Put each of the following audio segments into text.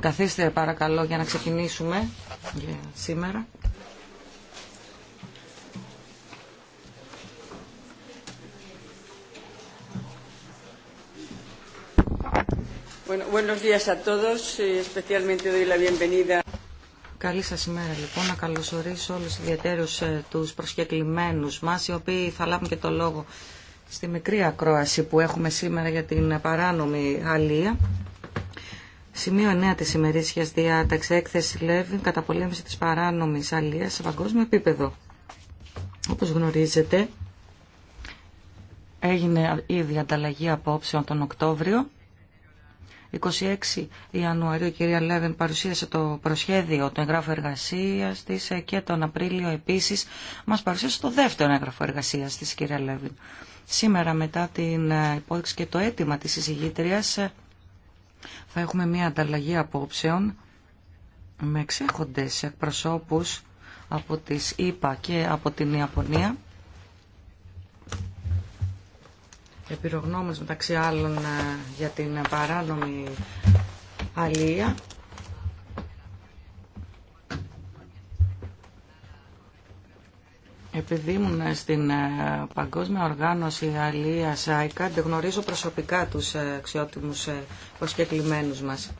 Καθίστε παρακαλώ για να ξεκινήσουμε για σήμερα. Καλή σας ημέρα λοιπόν, να καλωσορίσω όλους ιδιαίτερους ε, τους προσκεκλημένους μας, οι οποίοι θα λάβουν και το λόγο στη μικρή ακρόαση που έχουμε σήμερα για την παράνομη αλία. Σημείο 9 της ημερήσιας διάταξη έκθεση Λέβιν κατά πολέμηση της παράνομης αλίας σε παγκόσμιο επίπεδο. Όπως γνωρίζετε, έγινε ήδη ανταλλαγή απόψεων τον Οκτώβριο. 26 Ιανουαρίου η κυρία Λέβιν παρουσίασε το προσχέδιο του εγγράφου εργασία τη και τον Απρίλιο επίση μα παρουσίασε το δεύτερο εγγράφο εργασία τη κυρία Λέβεν. Σήμερα μετά την ε, υπόδειξη και το αίτημα της εισηγήτριας ε, θα έχουμε μια ανταλλαγή απόψεων με εξέχοντες εκπροσώπους από τις ΙΠΑ και από την Ιαπωνία. Επιρρογνώμες μεταξύ άλλων ε, για την παράνομη αλία Επειδή ήμουν στην ε, Παγκόσμια Οργάνωση Αλίας Σάικα γνωρίζω προσωπικά τους ε, αξιότιμους ε, προσκεκλημένους μας.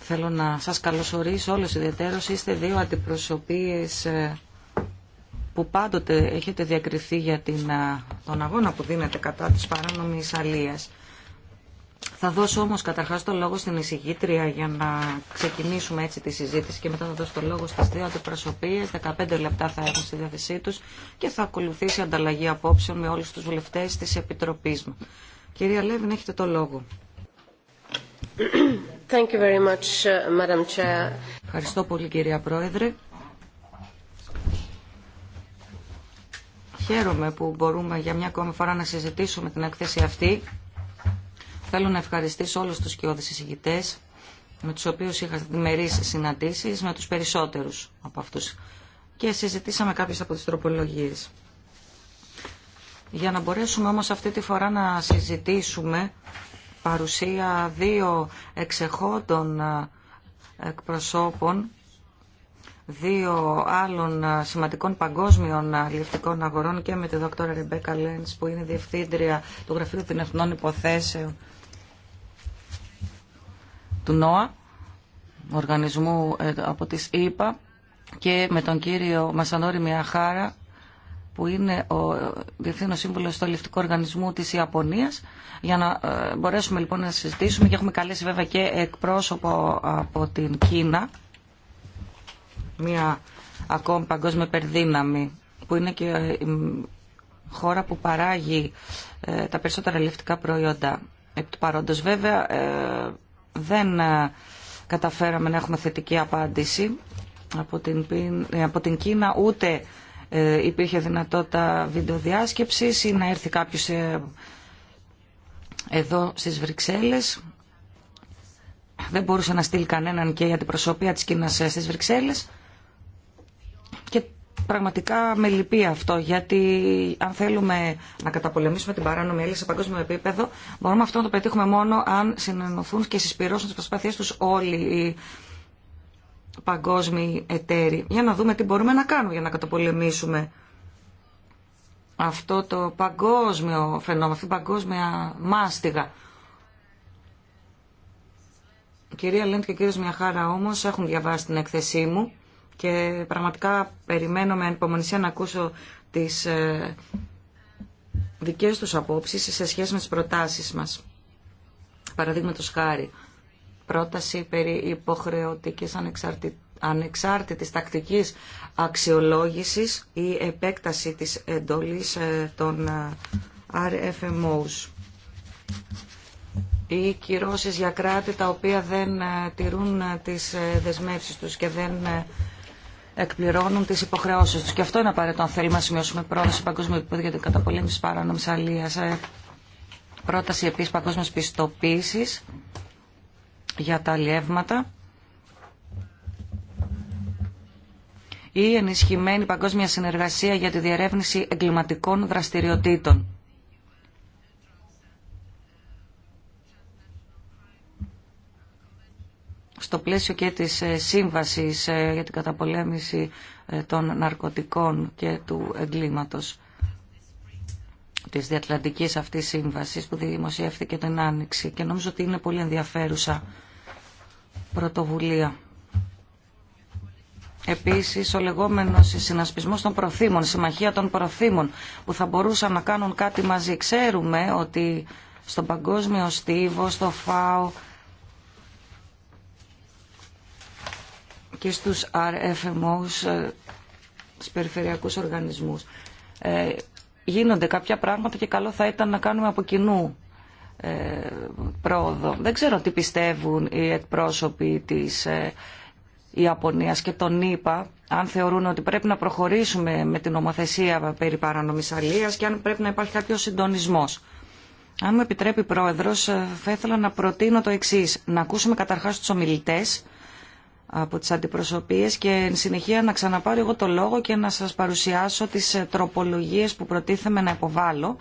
Θέλω να σας καλωσορίσω όλους ιδιαίτερως. Είστε δύο αντιπροσωπείες που πάντοτε έχετε διακριθεί για την, τον αγώνα που δίνετε κατά της παράνομης αλίας. Θα δώσω όμως καταρχάς το λόγο στην εισηγήτρια για να ξεκινήσουμε έτσι τη συζήτηση και μετά θα δώσω το λόγο στις δύο αντιπροσωπείες. 15 λεπτά θα έχουν στη διάθεσή τους και θα ακολουθήσει ανταλλαγή απόψεων με όλους τους βουλευτές της Επιτροπής μου. Κυρία Λέβιν, έχετε το λόγο. Thank you very much, Madam Chair. Ευχαριστώ πολύ κυρία Πρόεδρε. Χαίρομαι που μπορούμε για μια ακόμη φορά να συζητήσουμε την έκθεση αυτή Θέλω να ευχαριστήσω όλους τους κοιόδες εισηγητές, με τους οποίους είχα διμερείς συναντήσεις, με τους περισσότερους από αυτούς. Και συζητήσαμε κάποιες από τις τροπολογίες. Για να μπορέσουμε όμως αυτή τη φορά να συζητήσουμε παρουσία δύο εξεχόντων ε, εκπροσώπων δύο άλλων ε, σημαντικών παγκόσμιων ε, αλληλευτικών αγορών και με τη δόκτωρα Ρεμπέκα Λέντς που είναι διευθύντρια του Γραφείου των Εθνών Υποθέσεων του ΝΟΑ, οργανισμού ε, από τις είπα και με τον κύριο Μασανόρη Μιαχάρα που είναι ο ε, Διευθύνος Σύμβουλος του Αλληλευτικού Οργανισμού της Ιαπωνίας για να ε, μπορέσουμε λοιπόν να συζητήσουμε και έχουμε καλέσει βέβαια και εκπρόσωπο από την Κίνα μια ακόμη παγκόσμια υπερδύναμη που είναι και χώρα που παράγει τα περισσότερα αλληλευτικά προϊόντα. Επί του παρόντος βέβαια δεν ε, καταφέραμε να έχουμε θετική απάντηση από την, ε, από την Κίνα, ούτε ε, υπήρχε δυνατότητα βιντεοδιάσκεψης ή να έρθει κάποιος εδώ στις Βρυξέλλες. Δεν μπορούσε να στείλει κανέναν και η αντιπροσωπεία της Κίνας στις Βρυξέλλες. Και πραγματικά με λυπεί αυτό, γιατί αν θέλουμε να καταπολεμήσουμε την παράνομη έλλειψη σε παγκόσμιο επίπεδο, μπορούμε αυτό να το πετύχουμε μόνο αν συνενωθούν και συσπηρώσουν τι προσπάθειέ του όλοι οι παγκόσμιοι εταίροι. Για να δούμε τι μπορούμε να κάνουμε για να καταπολεμήσουμε αυτό το παγκόσμιο φαινόμενο, αυτή την παγκόσμια μάστιγα. Κυρία Λέντ και κύριος Μιαχάρα όμως έχουν διαβάσει την έκθεσή μου και πραγματικά περιμένω με ανυπομονησία να ακούσω τις ε, δικές τους απόψεις σε σχέση με τις προτάσεις μας. Παραδείγματο χάρη, πρόταση περί υποχρεωτικής ανεξάρτητης ανεξάρτητης τακτικής αξιολόγησης ή επέκταση της εντολής ε, των RFMOs ε, ή κυρώσεις για κράτη τα οποία δεν τηρούν τις δεσμεύσεις τους και δεν εκπληρώνουν τι υποχρεώσει του. Και αυτό είναι απαραίτητο αν θέλουμε να σημειώσουμε πρόταση παγκόσμιο για την καταπολέμηση παράνομη αλεία. Ε, πρόταση επίση παγκόσμια πιστοποίηση για τα αλλιεύματα. ή ενισχυμένη παγκόσμια συνεργασία για τη διερεύνηση εγκληματικών δραστηριοτήτων. στο πλαίσιο και της ε, σύμβασης ε, για την καταπολέμηση ε, των ναρκωτικών και του εγκλήματος της διατλαντικής αυτής σύμβασης που δημοσιεύθηκε την Άνοιξη και νομίζω ότι είναι πολύ ενδιαφέρουσα πρωτοβουλία. Επίσης, ο λεγόμενος συνασπισμός των προθήμων, συμμαχία των προθήμων, που θα μπορούσαν να κάνουν κάτι μαζί. Ξέρουμε ότι στον παγκόσμιο στίβο, στο ΦΑΟ, και στους RFMOs, ε, στους περιφερειακούς οργανισμούς. Ε, γίνονται κάποια πράγματα και καλό θα ήταν να κάνουμε από κοινού ε, πρόοδο. Δεν ξέρω τι πιστεύουν οι εκπρόσωποι της ε, Ιαπωνίας και τον ΗΠΑ, αν θεωρούν ότι πρέπει να προχωρήσουμε με την νομοθεσία περί παρανομισσαλίας και αν πρέπει να υπάρχει κάποιος συντονισμός. Αν μου επιτρέπει, Πρόεδρος, θα ήθελα να προτείνω το εξής. Να ακούσουμε καταρχάς τους ομιλητές από τις αντιπροσωπείες και εν συνεχεία να ξαναπάρω εγώ το λόγο και να σας παρουσιάσω τις ε, τροπολογίες που προτίθεμαι να υποβάλω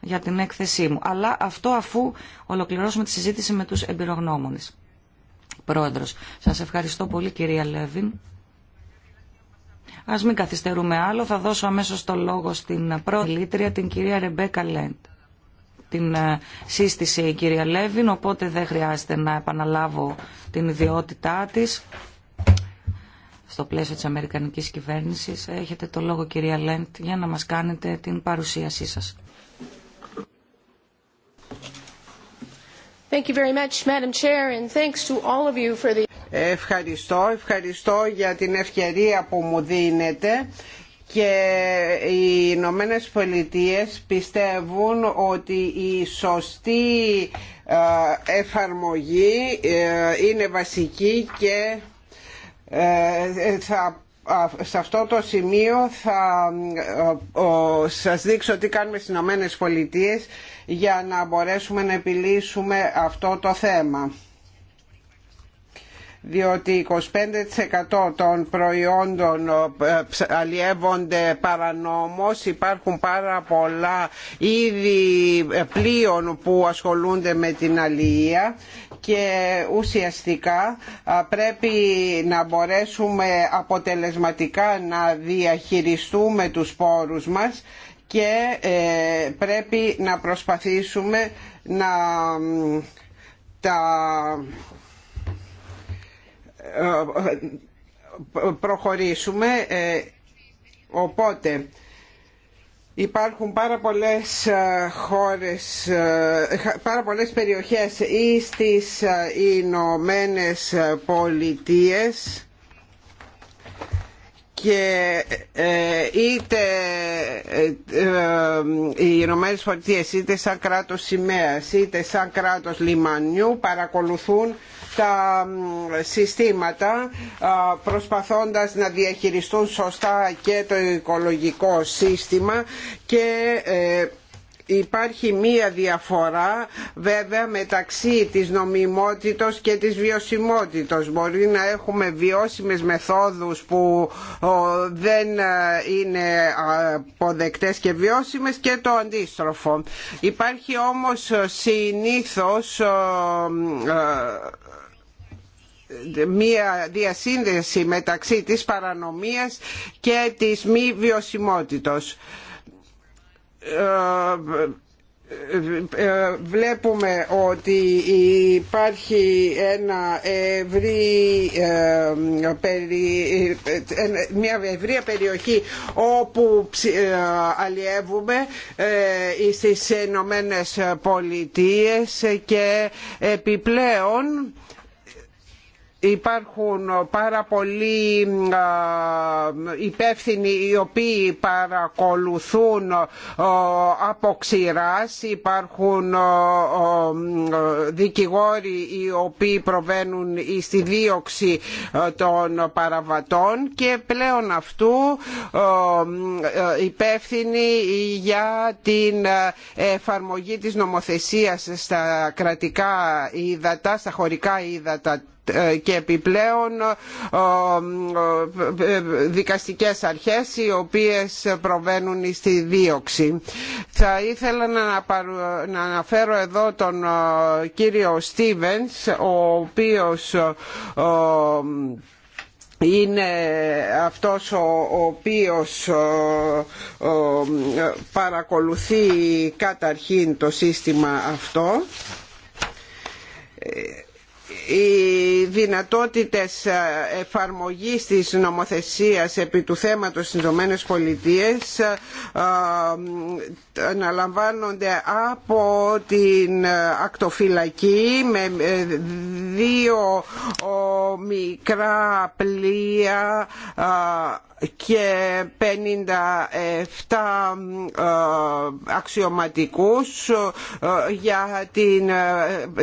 για την έκθεσή μου. Αλλά αυτό αφού ολοκληρώσουμε τη συζήτηση με τους εμπειρογνώμονες. Πρόεδρος, σας ευχαριστώ πολύ κυρία Λέβιν. Ας μην καθυστερούμε άλλο, θα δώσω αμέσως το λόγο στην πρώτη λύτρια, την κυρία Ρεμπέκα Λέντ. Την ε, σύστησε η κυρία Λέβιν, οπότε δεν χρειάζεται να επαναλάβω την ιδιότητά στο πλαίσιο της Αμερικανικής κυβέρνησης. Έχετε το λόγο κυρία Λέντ για να μας κάνετε την παρουσίασή σας. Ευχαριστώ, ευχαριστώ για την ευκαιρία που μου δίνετε και οι Ηνωμένε Πολιτείε πιστεύουν ότι η σωστή ε, εφαρμογή ε, είναι βασική και ε, ε, σε αυτό το σημείο θα ε, σας δείξω τι κάνουμε στις Ηνωμένε για να μπορέσουμε να επιλύσουμε αυτό το θέμα διότι 25% των προϊόντων ε, αλλιεύονται παρανόμως υπάρχουν πάρα πολλά είδη ε, πλοίων που ασχολούνται με την αλληλεία και ουσιαστικά ε, πρέπει να μπορέσουμε αποτελεσματικά να διαχειριστούμε τους πόρους μας και πρέπει να προσπαθήσουμε να τα προχωρήσουμε. Ε, οπότε υπάρχουν πάρα πολλές ε, χώρες, ε, πάρα πολλές περιοχές ή στις Ηνωμένε Πολιτείες και είτε οι Ηνωμένε Πολιτείε είτε σαν κράτος σημαίας είτε σαν κράτος λιμανιού παρακολουθούν τα συστήματα προσπαθώντας να διαχειριστούν σωστά και το οικολογικό σύστημα και ε, υπάρχει μία διαφορά βέβαια μεταξύ της νομιμότητος και της βιωσιμότητος. Μπορεί να έχουμε βιώσιμες μεθόδους που δεν ε, είναι αποδεκτές και βιώσιμες και το αντίστροφο. Υπάρχει όμως συνήθως ε, μία διασύνδεση μεταξύ της παρανομίας και της μη βιωσιμότητος ε, ε, βλέπουμε ότι υπάρχει ε, ένα μια ευρία περιοχή όπου αλλιεύουμε στις Ηνωμένε Πολιτείες και επιπλέον υπάρχουν πάρα πολλοί υπεύθυνοι οι οποίοι παρακολουθούν από ξηράς υπάρχουν δικηγόροι οι οποίοι προβαίνουν στη δίωξη των παραβατών και πλέον αυτού υπεύθυνοι για την εφαρμογή της νομοθεσίας στα κρατικά ύδατα, στα χωρικά ύδατα και επιπλέον δικαστικές αρχές οι οποίες προβαίνουν στη δίωξη. Θα ήθελα να αναφέρω εδώ τον κύριο Στίβενς ο οποίος είναι αυτός ο οποίος παρακολουθεί καταρχήν το σύστημα αυτό ε, οι δυνατότητες ε, εφαρμογής της νομοθεσίας επί του θέματος στις Ηνωμένες Πολιτείες ε, ε, αναλαμβάνονται από την ακτοφυλακή με δύο μικρά πλοία και 57 αξιωματικούς για την,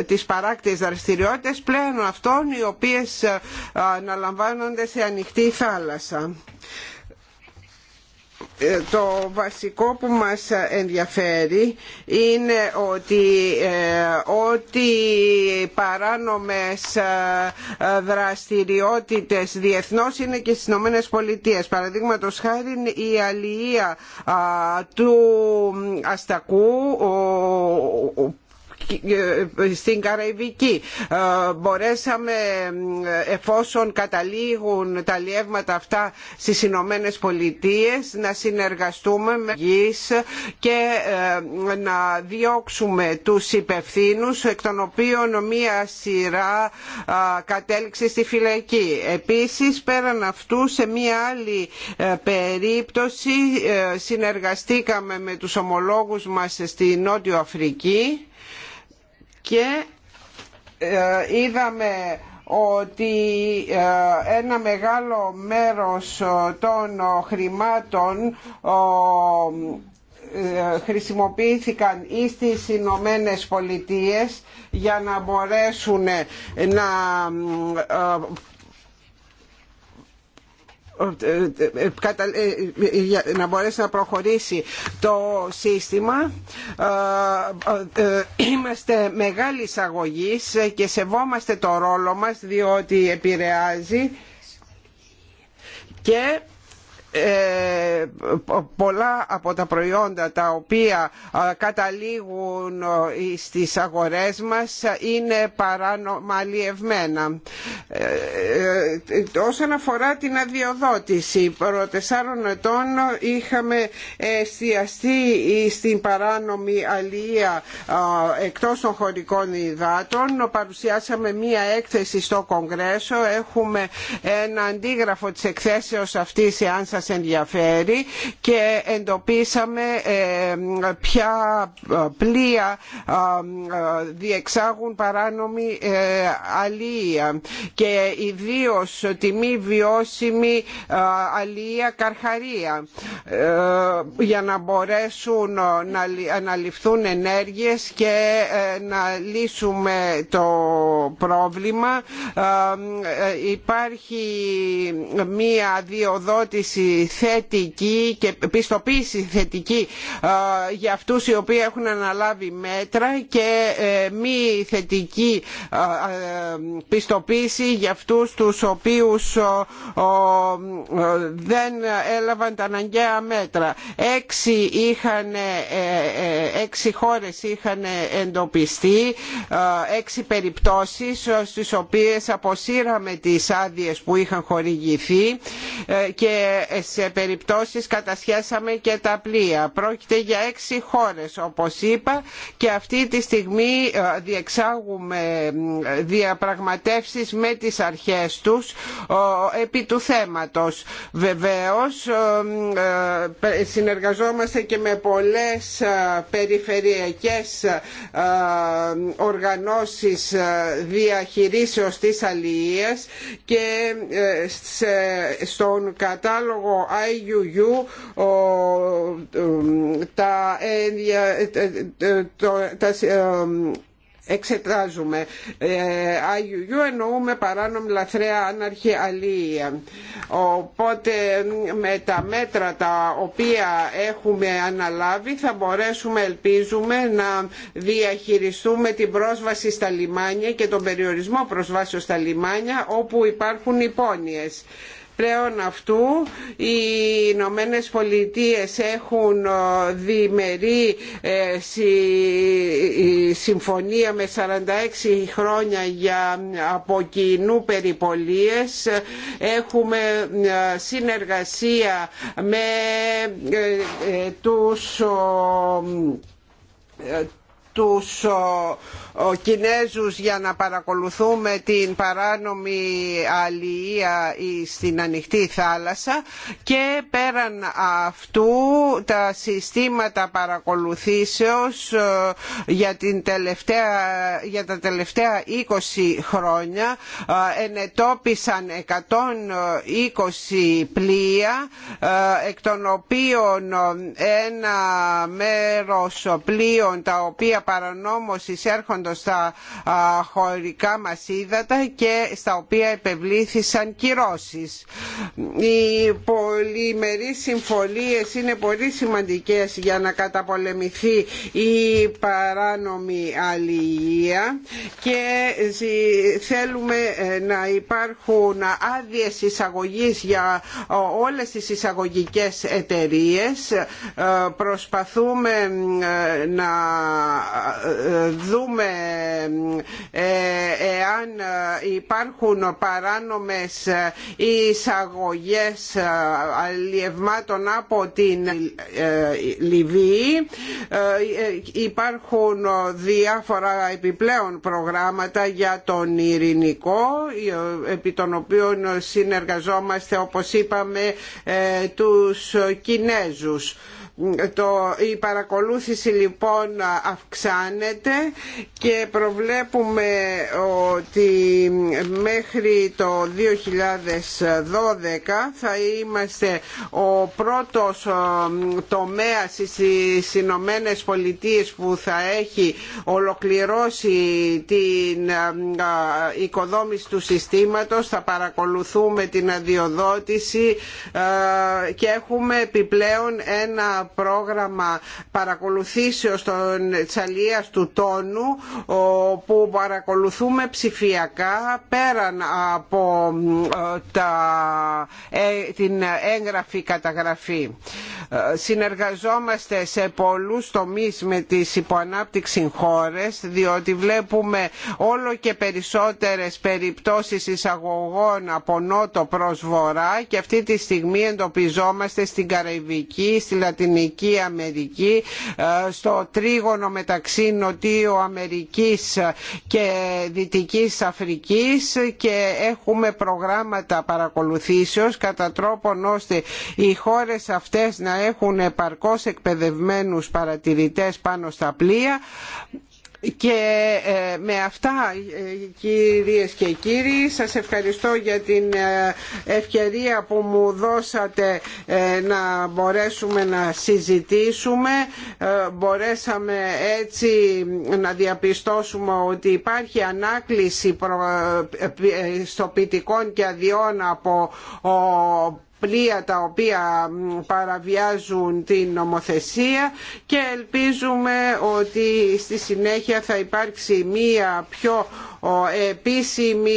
τις παράκτιες δραστηριότητες πλέον αυτών οι οποίες ε, αναλαμβάνονται σε ανοιχτή θάλασσα ε, το βασικό που μας ενδιαφέρει είναι ότι ε, ότι παράνομες δραστηριότητες διεθνώς είναι και στις Ηνωμένε Πολιτείε. Παραδείγματος χάρη η αλληλεία του Αστακού στην Καραϊβική. Ε, μπορέσαμε ε, εφόσον καταλήγουν τα λιεύματα αυτά στις Ηνωμένε Πολιτείε να συνεργαστούμε με γης και ε, να διώξουμε τους υπευθύνους εκ των οποίων μία σειρά κατέληξε στη φυλακή. Επίσης πέραν αυτού σε μία άλλη περίπτωση συνεργαστήκαμε με τους ομολόγους μας στη Νότιο Αφρική και ε, είδαμε ότι ε, ένα μεγάλο μέρος ε, των χρημάτων χρησιμοποιήθηκαν ή στις Ηνωμένε Πολιτείε για να μπορέσουν να να μπορέσει να προχωρήσει το σύστημα είμαστε μεγάλη εισαγωγή και σεβόμαστε το ρόλο μας διότι επηρεάζει και ε, πολλά από τα προϊόντα τα οποία καταλήγουν ε, στις αγορές μας είναι παράνομα αλλιευμένα. Ε, όσον αφορά την αδειοδότηση, προ τεσσάρων ετών είχαμε εστιαστεί στην παράνομη αλληλεία εκτός των χωρικών υδάτων. Παρουσιάσαμε μία έκθεση στο Κογκρέσο. Έχουμε ένα αντίγραφο της εκθέσεως αυτής, εάν σας μας ενδιαφέρει και εντοπίσαμε ε, ποια ε, πλοία ε, διεξάγουν παράνομη αλία και ιδίως τη μη βιώσιμη αλία καρχαρία για να μπορέσουν να αναλυφθούν ενέργειες και να λύσουμε το πρόβλημα υπάρχει μία διοδότηση θετική και πιστοποίηση θετική για αυτούς οι οποίοι έχουν αναλάβει μέτρα και ε, μη θετική πιστοποίηση για αυτούς τους οποίους δεν έλαβαν τα αναγκαία μέτρα. Έξι, είχαν, ε, ε, χώρες είχαν εντοπιστεί, έξι περιπτώσεις στις οποίες αποσύραμε τις άδειες που είχαν χορηγηθεί και ε, σε περιπτώσεις κατασχέσαμε και τα πλοία. Πρόκειται για έξι χώρες όπως είπα και αυτή τη στιγμή ε, διεξάγουμε διαπραγματεύσεις με τις αρχές τους επί του θέματος. Βεβαίως ε, συνεργαζόμαστε και με πολλές περιφερειακές οργανώσεις διαχειρήσεως της αλληλείας και στον κατάλογο λόγω IUU τα, τα ε, εξετάζουμε. Ε, IUU εννοούμε παράνομη λαθρέα άναρχη αλήθεια. Οπότε με τα μέτρα τα οποία έχουμε αναλάβει θα μπορέσουμε ελπίζουμε να διαχειριστούμε την πρόσβαση στα λιμάνια και τον περιορισμό προσβάσεως στα λιμάνια όπου υπάρχουν υπόνοιες Πλέον αυτού οι Ηνωμένε Πολιτείε έχουν ε, διμερή ε, συμφωνία με 46 χρόνια για ε, από κοινού περιπολίες. Έχουμε συνεργασία με τους τους Κινέζους για να παρακολουθούμε την παράνομη αλληλεία στην ανοιχτή θάλασσα και πέραν αυτού τα συστήματα παρακολουθήσεως για, την τελευταία, τα τελευταία 20 χρόνια ενετόπισαν 120 πλοία εκ των οποίων ένα μέρος πλοίων τα οποία παρανόμως εισέρχοντος στα χωρικά μας ύδατα και στα οποία επευλήθησαν κυρώσεις. Οι πολυμερείς συμφωνίες είναι πολύ σημαντικές για να καταπολεμηθεί η παράνομη αλληλεία και θέλουμε ε, να υπάρχουν άδειε εισαγωγής για όλες τις εισαγωγικές εταιρείες. Ε, προσπαθούμε ε, να δούμε ε, εάν υπάρχουν παράνομες εισαγωγές αλλιευμάτων από την ε, Λιβύη ε, υπάρχουν διάφορα επιπλέον προγράμματα για τον ειρηνικό επί των οποίων συνεργαζόμαστε όπως είπαμε τους Κινέζους το, η παρακολούθηση λοιπόν αυξάνεται και προβλέπουμε ότι μέχρι το 2012 θα είμαστε ο πρώτος τομέας στις Ηνωμένε Πολιτείε που θα έχει ολοκληρώσει την οικοδόμηση του συστήματος θα παρακολουθούμε την αδειοδότηση και έχουμε επιπλέον ένα πρόγραμμα παρακολουθήσεως των Τσαλίας του τόνου που παρακολουθούμε ψηφιακά πέραν από ε, ε, την έγγραφη καταγραφή. Ε, συνεργαζόμαστε σε πολλούς τομείς με τις υποανάπτυξη χώρες διότι βλέπουμε όλο και περισσότερες περιπτώσεις εισαγωγών από νότο προς βορρά και αυτή τη στιγμή εντοπιζόμαστε στην Καραϊβική, στη Λατινική Αμερική ε, στο τρίγωνο μεταξύ Νοτιού Αμερικής και Δυτικής Αφρικής και έχουμε προγράμματα παρακολουθήσεως κατά τρόπον ώστε οι χώρες αυτές να έχουν επαρκώς εκπαιδευμένους παρατηρητές πάνω στα πλοία και ε, με αυτά ε, κυρίες και κύριοι σας ευχαριστώ για την ε, ευκαιρία που μου δώσατε να μπορέσουμε να συζητήσουμε μπορέσαμε έτσι να διαπιστώσουμε ότι υπάρχει ανάκληση στο και αδειών από πλοία τα οποία παραβιάζουν την νομοθεσία και ελπίζουμε ότι στη συνέχεια θα υπάρξει μία πιο επίσημη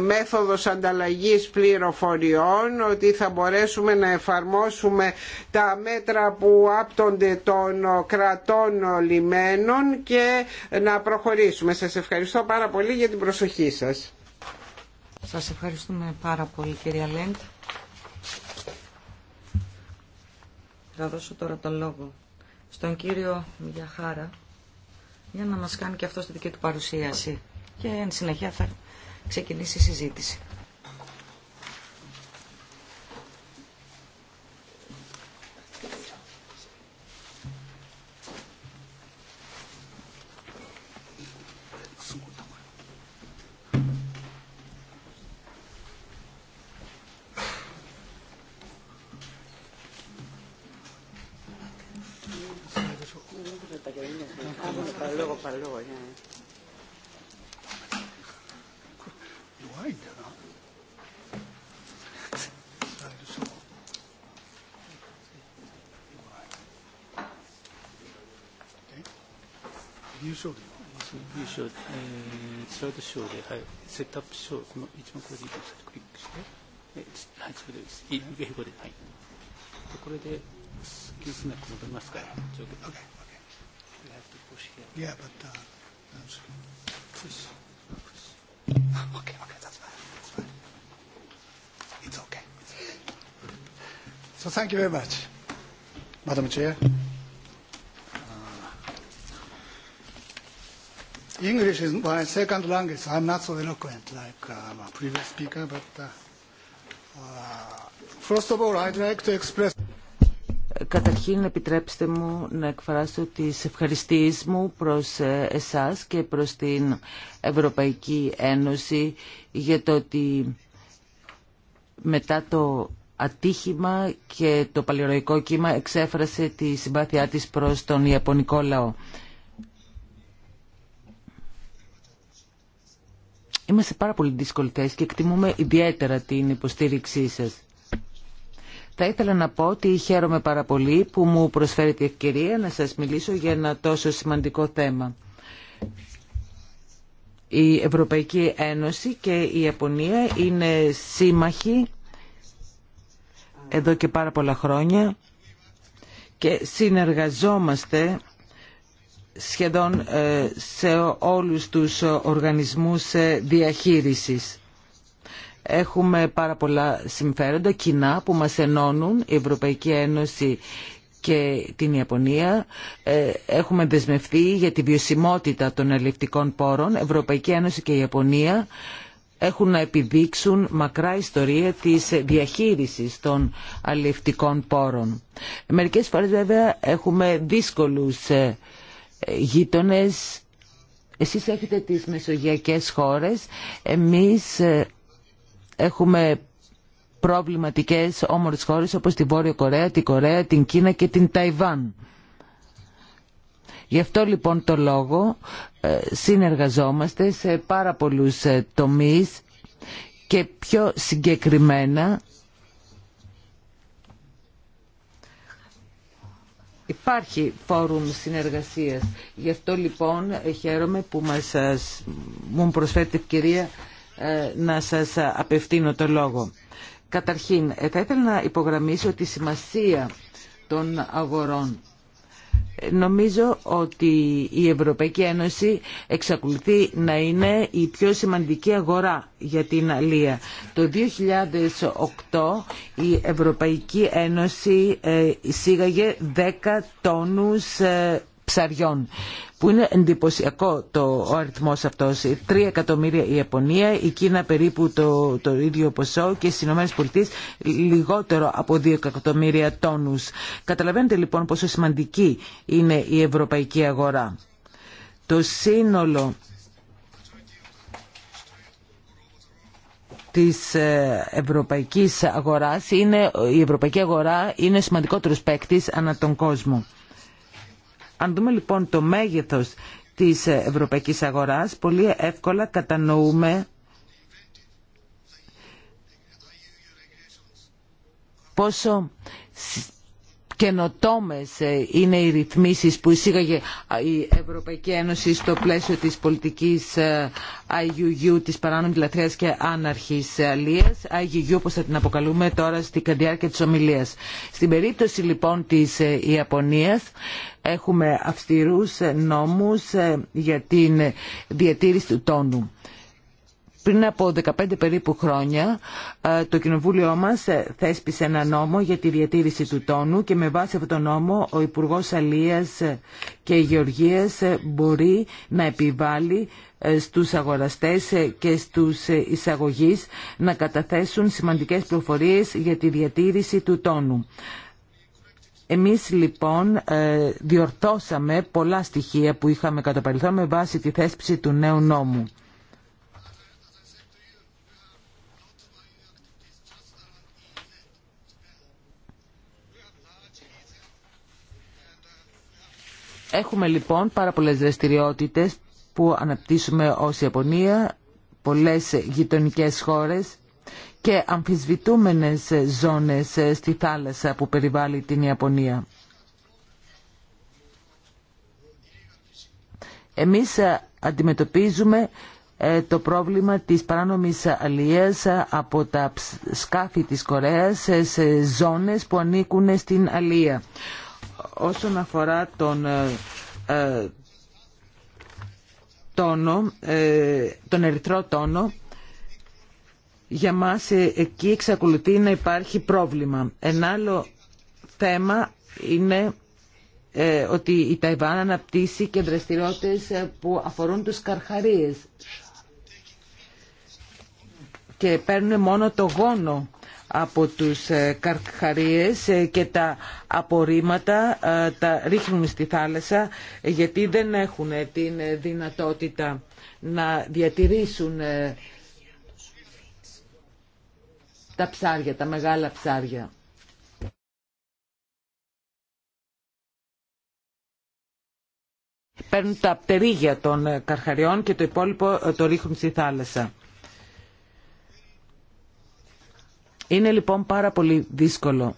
μέθοδος ανταλλαγής πληροφοριών ότι θα μπορέσουμε να εφαρμόσουμε τα μέτρα που άπτονται των κρατών λιμένων και να προχωρήσουμε. Σας ευχαριστώ πάρα πολύ για την προσοχή σας. Σας ευχαριστούμε πάρα πολύ κυρία Λέντ. Θα δώσω τώρα τον λόγο στον κύριο Μιαχάρα για να μας κάνει και αυτό τη δική του παρουσίαση και εν συνεχεία θα ξεκινήσει η συζήτηση. λόγο για You should. You should. Uh, third show they have set up show. この一番これでいいですか。クリックして。はい、それです。い、英語で。はい。これで、スキルスナック戻りますから。OK。Yeah, but uh, that's, just Okay, okay, that's fine. It's okay. So thank you very much, Madam Chair. English is my second language. I'm not so eloquent like uh, my previous speaker, but uh, uh, first of all, I'd like to express Καταρχήν επιτρέψτε μου να εκφράσω τις ευχαριστίες μου προς ε, εσάς και προς την Ευρωπαϊκή Ένωση για το ότι μετά το ατύχημα και το παλαιοροϊκό κύμα εξέφρασε τη συμπάθειά της προς τον Ιαπωνικό λαό. Είμαστε πάρα πολύ δύσκολοι και εκτιμούμε ιδιαίτερα την υποστήριξή σας. Θα ήθελα να πω ότι χαίρομαι πάρα πολύ που μου προσφέρει προσφέρετε ευκαιρία να σας μιλήσω για ένα τόσο σημαντικό θέμα. Η Ευρωπαϊκή Ένωση και η Ιαπωνία είναι σύμμαχοι εδώ και πάρα πολλά χρόνια και συνεργαζόμαστε σχεδόν ε, σε όλους τους οργανισμούς ε, διαχείρισης. Έχουμε πάρα πολλά συμφέροντα κοινά που μας ενώνουν η Ευρωπαϊκή Ένωση και την Ιαπωνία. Ε, έχουμε δεσμευτεί για τη βιωσιμότητα των ελληνικών πόρων. Ευρωπαϊκή Ένωση και η Ιαπωνία έχουν να επιδείξουν μακρά ιστορία της διαχείρισης των αλληλευτικών πόρων. Μερικές φορές βέβαια έχουμε δύσκολους ε, γείτονες. Εσείς έχετε τις μεσογειακές χώρες, εμείς ε, Έχουμε προβληματικές όμορες χώρες όπως τη Βόρεια Κορέα, την Κορέα, την Κίνα και την Ταϊβάν. Γι' αυτό λοιπόν το λόγο ε, συνεργαζόμαστε σε πάρα πολλούς ε, τομείς και πιο συγκεκριμένα Υπάρχει φόρουμ συνεργασίας. Γι' αυτό λοιπόν ε, χαίρομαι που μας μου προσφέρει την ευκαιρία ε, να σας απευθύνω το λόγο. Καταρχήν, ε, θα ήθελα να υπογραμμίσω τη σημασία των αγορών. Ε, νομίζω ότι η Ευρωπαϊκή Ένωση εξακολουθεί να είναι η πιο σημαντική αγορά για την Αλία. Το 2008 η Ευρωπαϊκή Ένωση εισήγαγε 10 τόνους ψαριών που είναι εντυπωσιακό το, ο αριθμός αυτός. 3 εκατομμύρια η Ιαπωνία, η Κίνα περίπου το, το ίδιο ποσό και στις Ηνωμένες Πολιτείες λιγότερο από 2 εκατομμύρια τόνους. Καταλαβαίνετε λοιπόν πόσο σημαντική είναι η ευρωπαϊκή αγορά. Το σύνολο της ε, ευρωπαϊκής αγοράς είναι, η ευρωπαϊκή αγορά είναι σημαντικότερος παίκτη ανά τον κόσμο. Αν δούμε λοιπόν το μέγεθος της ευρωπαϊκής αγοράς, πολύ εύκολα κατανοούμε πόσο καινοτόμες είναι οι ρυθμίσεις που εισήγαγε η Ευρωπαϊκή Ένωση στο πλαίσιο της πολιτικής ε, IUU, της παράνομης λατρείας και άναρχης αλίας, IUU όπως θα την αποκαλούμε τώρα στην διάρκεια της ομιλίας. Στην περίπτωση λοιπόν της ε, Ιαπωνίας Έχουμε αυστηρούς νόμους ε, για την διατήρηση του τόνου. Πριν από 15 περίπου χρόνια ε, το κοινοβούλιο μας ε, θέσπισε ένα νόμο για τη διατήρηση του τόνου και με βάση αυτόν τον νόμο ο Υπουργός Αλίας και Γεωργίας μπορεί να επιβάλλει στους αγοραστές και στους εισαγωγείς να καταθέσουν σημαντικές πληροφορίες για τη διατήρηση του τόνου. Εμείς λοιπόν ε, διορθώσαμε πολλά στοιχεία που είχαμε κατά παρελθόν με βάση τη θέσπιση του νέου νόμου. Έχουμε λοιπόν πάρα πολλές δραστηριότητες που αναπτύσσουμε ως Ιαπωνία, πολλές γειτονικές χώρες και αμφισβητούμενες ζώνες στη θάλασσα που περιβάλλει την Ιαπωνία. Εμείς αντιμετωπίζουμε ε, το πρόβλημα της παράνομης αλίας από τα σκάφη της Κορέας σε ζώνες που ανήκουν στην αλία. Όσον αφορά τον ε, ε, τόνο, τον ερυθρό τόνο, για μας ε, εκεί εξακολουθεί να υπάρχει πρόβλημα. Ένα άλλο θέμα είναι ε, ότι η Ταϊβάν αναπτύσσει και δραστηριότητες ε, που αφορούν τους καρχαρίες και παίρνουν μόνο το γόνο από τους καρχαρίες και τα απορρίμματα τα ρίχνουν στη θάλασσα γιατί δεν έχουν την δυνατότητα να διατηρήσουν τα ψάρια, τα μεγάλα ψάρια. Παίρνουν τα πτερίγια των ε, καρχαριών και το υπόλοιπο ε, το ρίχνουν στη θάλασσα. Είναι λοιπόν πάρα πολύ δύσκολο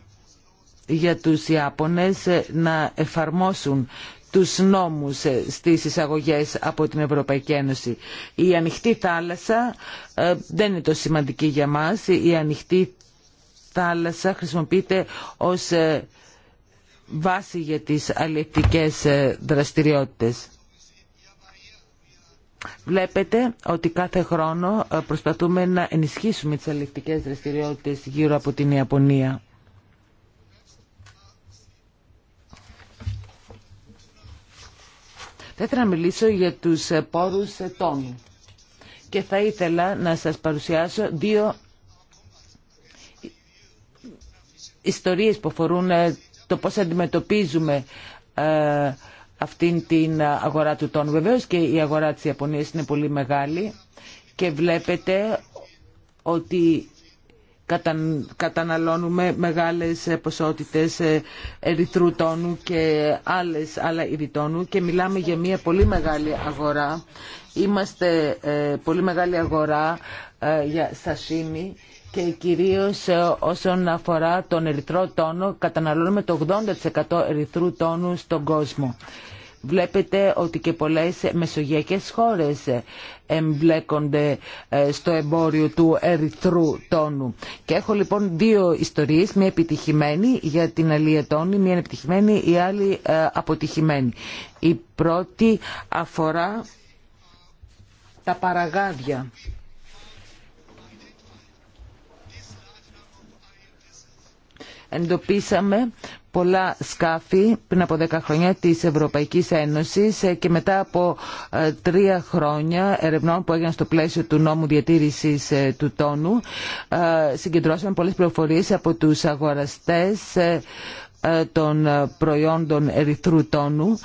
για τους Ιάπωνες ε, να εφαρμόσουν τους νόμους ε, στις εισαγωγές από την Ευρωπαϊκή Ένωση. Η ανοιχτή θάλασσα ε, δεν είναι το σημαντική για μας. Η ανοιχτή θάλασσα χρησιμοποιείται ως ε, βάση για τις αλληλευτικές δραστηριότητες. Βλέπετε ότι κάθε χρόνο προσπαθούμε να ενισχύσουμε τις αλληλευτικές δραστηριότητες γύρω από την Ιαπωνία. Θα ήθελα να μιλήσω για τους ε, πόρους ε, τόνου και θα ήθελα να σας παρουσιάσω δύο ιστορίες που αφορούν ε, το πώς αντιμετωπίζουμε αυτήν την αγορά του τόνου. Βεβαίως και η αγορά της Ιαπωνίας είναι πολύ μεγάλη και βλέπετε ότι καταναλώνουμε μεγάλες ε, ποσότητες ε, ερυθρού τόνου και άλλες άλλα τόνου και μιλάμε για μια πολύ μεγάλη αγορά. Είμαστε ε, πολύ μεγάλη αγορά για σασίμι και κυρίως όσον αφορά τον ερυθρό τόνο καταναλώνουμε το 80% ερυθρού τόνου στον κόσμο. Βλέπετε ότι και πολλές μεσογειακές χώρες εμπλέκονται ε, στο εμπόριο του ερυθρού τόνου. Και έχω λοιπόν δύο ιστορίες, μία επιτυχημένη για την αλία τόνη, μία επιτυχημένη, η άλλη ε, αποτυχημένη. Η πρώτη αφορά τα παραγάδια. εντοπίσαμε πολλά σκάφη πριν από 10 χρόνια της Ευρωπαϊκής Ένωσης ε, και μετά από ε, τρία χρόνια ερευνών που έγιναν στο πλαίσιο του νόμου διατήρησης ε, του τόνου συγκεντρώσαμε πολλές πληροφορίες από τους αγοραστές των προϊόντων ερυθρού τόνου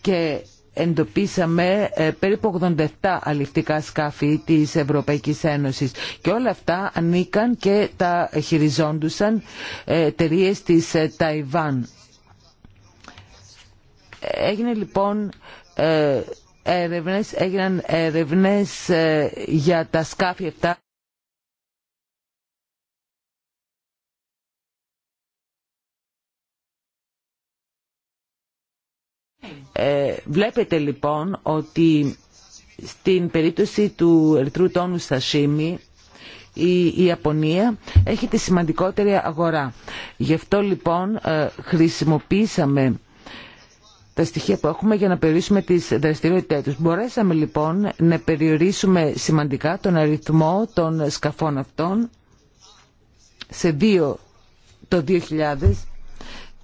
και εντοπίσαμε ε, περίπου 87 αληφτικά σκάφη της Ευρωπαϊκής Ένωσης και όλα αυτά ανήκαν και τα χειριζόντουσαν ε, εταιρείε της ε, Ταϊβάν. Έγινε λοιπόν έρευνες, έγιναν έρευνες για τα σκάφη αυτά Ε, βλέπετε λοιπόν ότι στην περίπτωση του ερθρού τόνου σασίμι η Ιαπωνία έχει τη σημαντικότερη αγορά. Γι' αυτό λοιπόν ε, χρησιμοποίησαμε τα στοιχεία που έχουμε για να περιορίσουμε τις δραστηριότητές τους. Μπορέσαμε λοιπόν να περιορίσουμε σημαντικά τον αριθμό των σκαφών αυτών σε δύο το 2000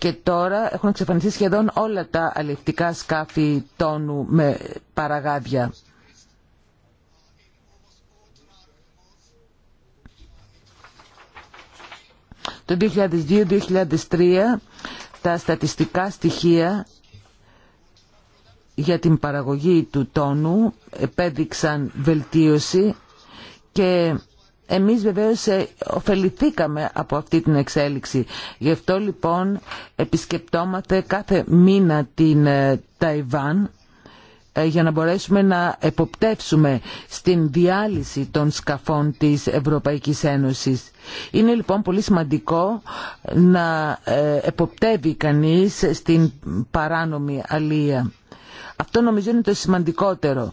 και τώρα έχουν εξαφανιστεί σχεδόν όλα τα αλληλευτικά σκάφη τόνου με παραγάδια. Το 2002-2003 τα στατιστικά στοιχεία για την παραγωγή του τόνου επέδειξαν βελτίωση και εμείς βεβαίως ε, ωφεληθήκαμε από αυτή την εξέλιξη. Γι' αυτό λοιπόν επισκεπτόμαστε κάθε μήνα την ε, Ταϊβάν ε, για να μπορέσουμε να εποπτεύσουμε στην διάλυση των σκαφών της Ευρωπαϊκής Ένωσης. Είναι λοιπόν πολύ σημαντικό να εποπτεύει κανείς στην παράνομη αλία. Αυτό νομίζω είναι το σημαντικότερο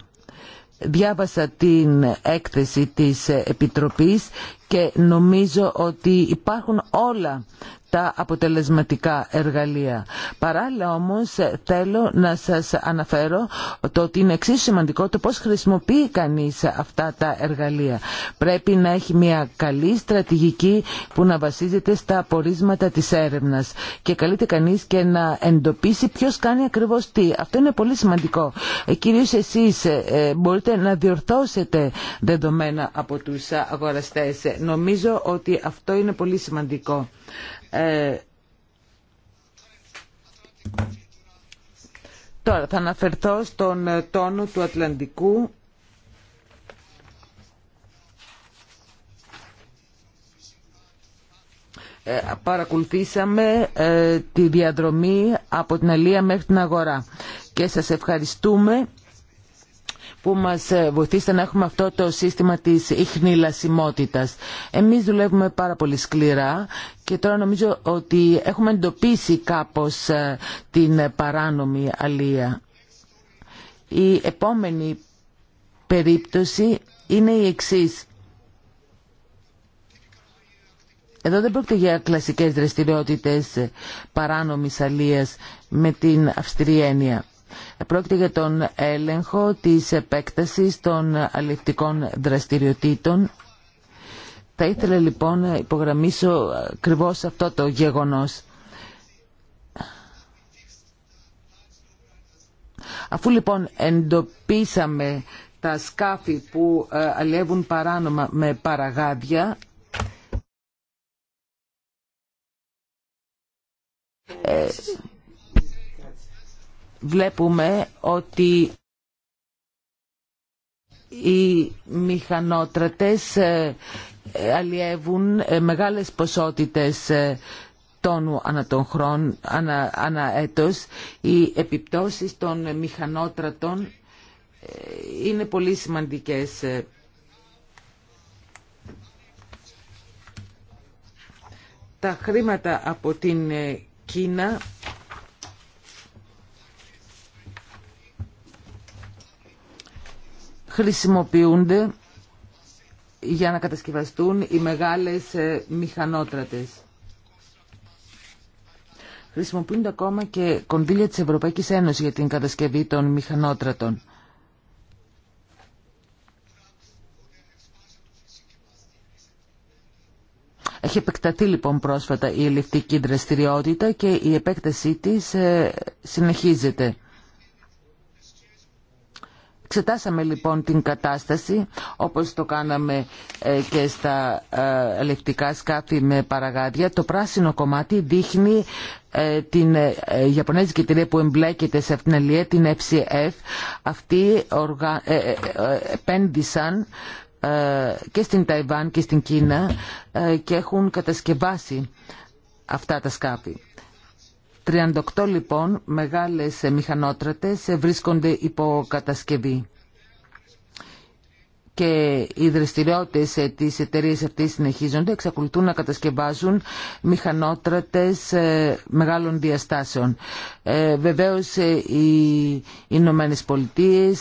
διάβασα την έκθεση της Επιτροπής και νομίζω ότι υπάρχουν όλα τα αποτελεσματικά εργαλεία. Παράλληλα όμως θέλω να σας αναφέρω το ότι είναι εξίσου σημαντικό το πώς χρησιμοποιεί κανείς αυτά τα εργαλεία. Πρέπει να έχει μια καλή στρατηγική που να βασίζεται στα απορίσματα της έρευνας και καλείται κανείς και να εντοπίσει ποιος κάνει ακριβώς τι. Αυτό είναι πολύ σημαντικό. Ε, κυρίως εσείς ε, ε, μπορείτε να διορθώσετε δεδομένα από τους αγοραστές, νομίζω ότι αυτό είναι πολύ σημαντικό. Ε, τώρα θα αναφερθώ στον τόνο του Ατλαντικού. Ε, παρακολουθήσαμε ε, τη διαδρομή από την Αλία μέχρι την αγορά και σας ευχαριστούμε που μας ε, βοηθήσετε να έχουμε αυτό το σύστημα της ιχνηλασιμότητας. Εμείς δουλεύουμε πάρα πολύ σκληρά και τώρα νομίζω ότι έχουμε εντοπίσει κάπως ε, την παράνομη αλία. Η επόμενη περίπτωση είναι η εξής. Εδώ δεν πρόκειται για κλασικές δραστηριότητες παράνομης αλίας με την αυστηρή Πρόκειται για τον έλεγχο της επέκτασης των αλληλευτικών δραστηριοτήτων. Θα ήθελα λοιπόν να υπογραμμίσω ακριβώ αυτό το γεγονός. Αφού λοιπόν εντοπίσαμε τα σκάφη που ε, αλεύουν παράνομα με παραγάδια, ε, βλέπουμε ότι οι μηχανότρατες ε, αλλιεύουν ε, μεγάλες ποσότητες ε, τόνου ανά τον χρόνο, ανά, ανά έτος. Οι επιπτώσεις των μηχανότρατων είναι πολύ σημαντικές. Τα χρήματα από την Κίνα χρησιμοποιούνται για να κατασκευαστούν οι μεγάλες ε, μηχανότρατες. Χρησιμοποιούνται ακόμα και κονδύλια της Ευρωπαϊκής Ένωσης για την κατασκευή των μηχανότρατων. Έχει επεκταθεί λοιπόν πρόσφατα η ελευτική δραστηριότητα και η επέκτασή της ε, συνεχίζεται. Ξετάσαμε λοιπόν την κατάσταση όπως το κάναμε ε, και στα ε, ελεκτικά σκάφη με παραγάδια. Το πράσινο κομμάτι δείχνει ε, την Ιαπωνέζικη εταιρεία που εμπλέκεται σε αυτήν την αλληλεία, την FCF. Αυτοί οργα... επένδυσαν και στην Ταϊβάν και στην Κίνα και έχουν κατασκευάσει αυτά τα σκάφη. 38 λοιπόν μεγάλες μηχανότρατες βρίσκονται υπό κατασκευή και οι δραστηριότητε ε, της εταιρεία αυτής συνεχίζονται, εξακολουθούν να κατασκευάζουν μηχανότρατες ε, μεγάλων διαστάσεων. Ε, βεβαίως οι Ηνωμένε Πολιτείε,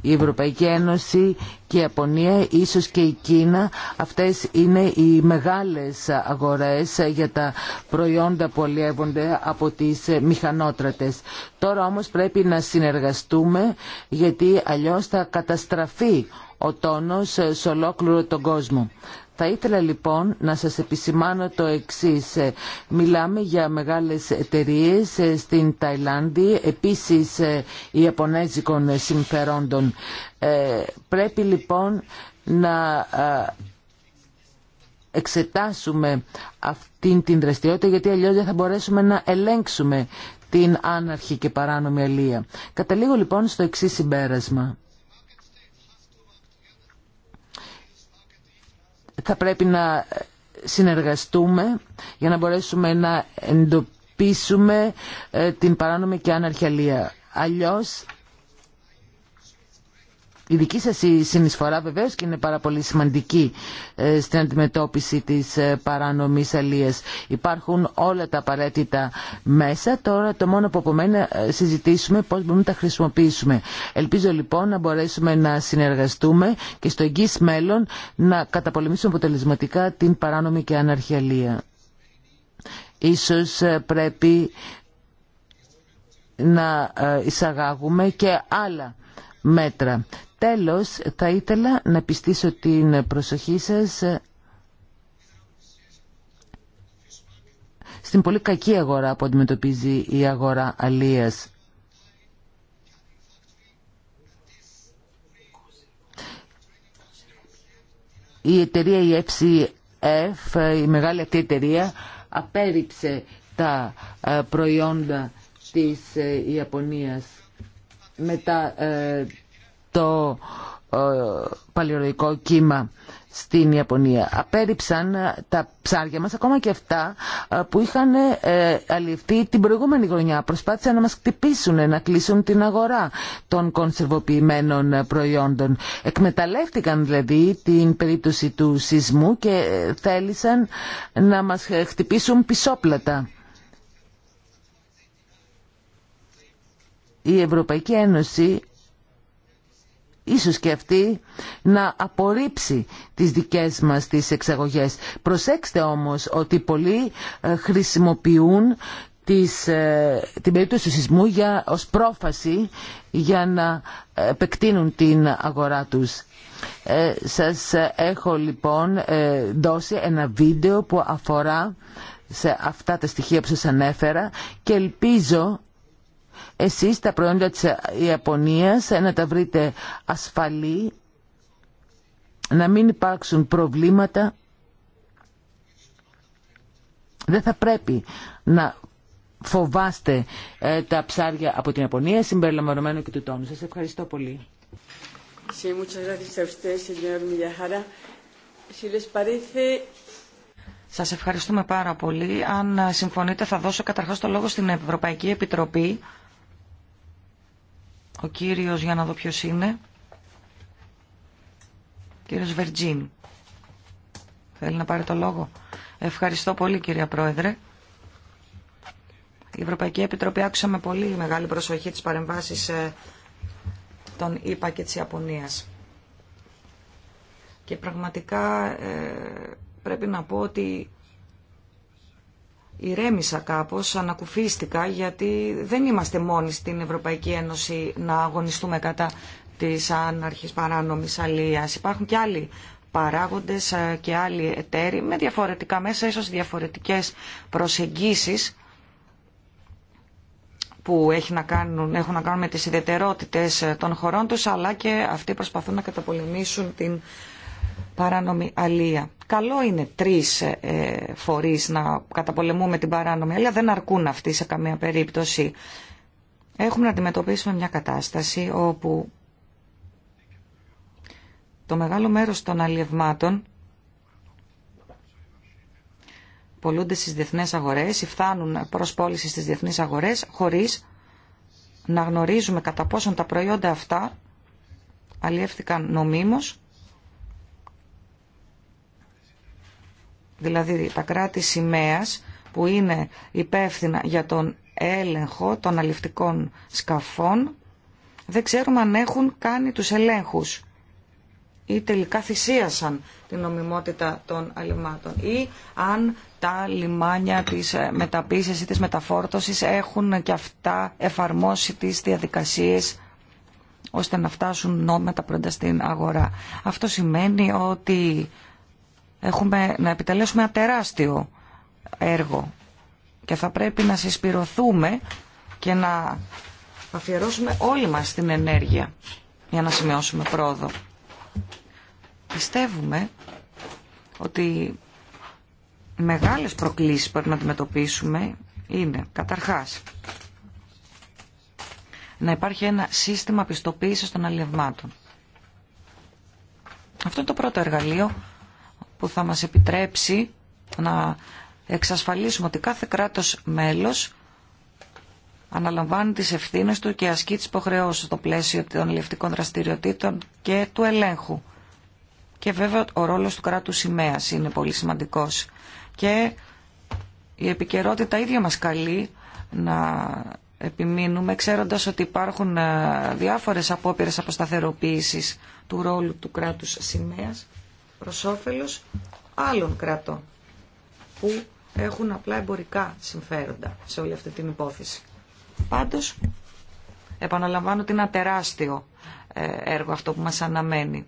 η Ευρωπαϊκή Ένωση και η Ιαπωνία, ίσως και η Κίνα, αυτές είναι οι μεγάλες αγορές για τα προϊόντα που αλλιεύονται από τις μηχανότρατες. Τώρα όμως πρέπει να συνεργαστούμε γιατί αλλιώς θα καταστραφεί ο τόνος ε, σε ολόκληρο τον κόσμο. Θα ήθελα λοιπόν να σας επισημάνω το εξής. Ε, μιλάμε για μεγάλες εταιρείε ε, στην Ταϊλάνδη, επίσης Ιαπωνέζικων συμφερόντων. Πρέπει λοιπόν να εξετάσουμε αυτήν την δραστηριότητα γιατί αλλιώς δεν θα μπορέσουμε να ελέγξουμε την άναρχη και παράνομη αλία. Καταλήγω λοιπόν στο εξής συμπέρασμα. θα πρέπει να συνεργαστούμε για να μπορέσουμε να εντοπίσουμε ε, την παράνομη και αναρχιαλία. Αλλιώς η δική σας συνεισφορά βεβαίως και είναι πάρα πολύ σημαντική ε, στην αντιμετώπιση της ε, παράνομης αλίας. Υπάρχουν όλα τα απαραίτητα μέσα. Τώρα το μόνο που απομένει να ε, συζητήσουμε πώς μπορούμε να τα χρησιμοποιήσουμε. Ελπίζω λοιπόν να μπορέσουμε να συνεργαστούμε και στο εγγύς μέλλον να καταπολεμήσουμε αποτελεσματικά την παράνομη και αναρχιαλία. Ίσως πρέπει να εισαγάγουμε και άλλα μέτρα Τέλος, θα ήθελα να πιστήσω την προσοχή σας στην πολύ κακή αγορά που αντιμετωπίζει η αγορά αλίας. Η εταιρεία η FCF, η μεγάλη αυτή εταιρεία, απέριψε τα ε, προϊόντα της ε, Ιαπωνίας μετά ε, το ε, παλαιολογικό κύμα στην Ιαπωνία. Απέριψαν ε, τα ψάρια μας, ακόμα και αυτά ε, που είχαν αληφθεί την προηγούμενη χρονιά. Προσπάθησαν να μας χτυπήσουν, να κλείσουν την αγορά των κονσερβοποιημένων προϊόντων. Εκμεταλλεύτηκαν δηλαδή την περίπτωση του σεισμού και θέλησαν να μας χτυπήσουν πισόπλατα. Η Ευρωπαϊκή Ένωση ίσως και αυτή να απορρίψει τις δικές μας τις εξαγωγές. Προσέξτε όμως ότι πολλοί ε, χρησιμοποιούν της, ε, την περίπτωση του σεισμού για, ως πρόφαση για να επεκτείνουν την αγορά τους. Ε, σας έχω λοιπόν δώσει ένα βίντεο που αφορά σε αυτά τα στοιχεία που σας ανέφερα και ελπίζω εσείς τα προϊόντα της Ιαπωνίας ε, να τα βρείτε ασφαλή, να μην υπάρξουν προβλήματα. Δεν θα πρέπει να φοβάστε ε, τα ψάρια από την Ιαπωνία, συμπεριλαμβανομένου και του τόνου. Σας ευχαριστώ πολύ. Σας ευχαριστούμε πάρα πολύ. Αν ε, συμφωνείτε θα δώσω καταρχάς το λόγο στην Ευρωπαϊκή Επιτροπή ο κύριος, για να δω ποιος είναι, κύριος Βερτζίν. Θέλει να πάρει το λόγο. Ευχαριστώ πολύ κυρία Πρόεδρε. Η Ευρωπαϊκή Επιτροπή άκουσα με πολύ μεγάλη προσοχή τις παρεμβάσεις ε, των ΙΠΑ και της Ιαπωνίας. Και πραγματικά ε, πρέπει να πω ότι ηρέμησα κάπως, ανακουφίστηκα, γιατί δεν είμαστε μόνοι στην Ευρωπαϊκή Ένωση να αγωνιστούμε κατά της άναρχης παράνομης αλίας. Υπάρχουν και άλλοι παράγοντες ε, και άλλοι εταίροι με διαφορετικά μέσα, ίσως διαφορετικές προσεγγίσεις που έχουν να κάνουν, έχουν να κάνουν με τις ιδιαιτερότητες των χωρών τους, αλλά και αυτοί προσπαθούν να καταπολεμήσουν την παράνομη αλεία. Καλό είναι τρεις ε, ε να καταπολεμούμε την παράνομη αλεία. δεν αρκούν αυτοί σε καμία περίπτωση. Έχουμε να αντιμετωπίσουμε μια κατάσταση όπου το μεγάλο μέρος των αλλιευμάτων πολλούνται στις διεθνές αγορές ή φτάνουν προς πώληση στις διεθνείς αγορές χωρίς να γνωρίζουμε κατά πόσον τα προϊόντα αυτά αλλιεύτηκαν νομίμως δηλαδή τα κράτη σημαίας που είναι υπεύθυνα για τον έλεγχο των αληφτικών σκαφών, δεν ξέρουμε αν έχουν κάνει τους ελέγχους ή τελικά θυσίασαν την νομιμότητα των αλημάτων ή αν τα λιμάνια της ε, μεταποίησης ή της μεταφόρτωσης έχουν και αυτά εφαρμόσει τις διαδικασίες ώστε να φτάσουν νόμετα πρώτα στην αγορά. Αυτό σημαίνει ότι έχουμε να επιτελέσουμε ένα τεράστιο έργο και θα πρέπει να συσπηρωθούμε και να αφιερώσουμε όλη μας την ενέργεια για να σημειώσουμε πρόοδο. Πιστεύουμε ότι μεγάλες προκλήσεις που πρέπει να αντιμετωπίσουμε είναι καταρχάς να υπάρχει ένα σύστημα πιστοποίησης των αλληλευμάτων. Αυτό είναι το πρώτο εργαλείο που θα μας επιτρέψει να εξασφαλίσουμε ότι κάθε κράτος μέλος αναλαμβάνει τις ευθύνες του και ασκεί τις υποχρεώσεις στο πλαίσιο των ελευτικών δραστηριοτήτων και του ελέγχου. Και βέβαια ο ρόλος του κράτους σημαία είναι πολύ σημαντικός. Και η επικαιρότητα ίδια μας καλεί να επιμείνουμε ξέροντας ότι υπάρχουν ε, διάφορες απόπειρες αποσταθεροποίησης του ρόλου του κράτους σημαίας προς όφελος άλλων κρατών που έχουν απλά εμπορικά συμφέροντα σε όλη αυτή την υπόθεση. Πάντως, επαναλαμβάνω ότι είναι ένα τεράστιο ε, έργο αυτό που μας αναμένει.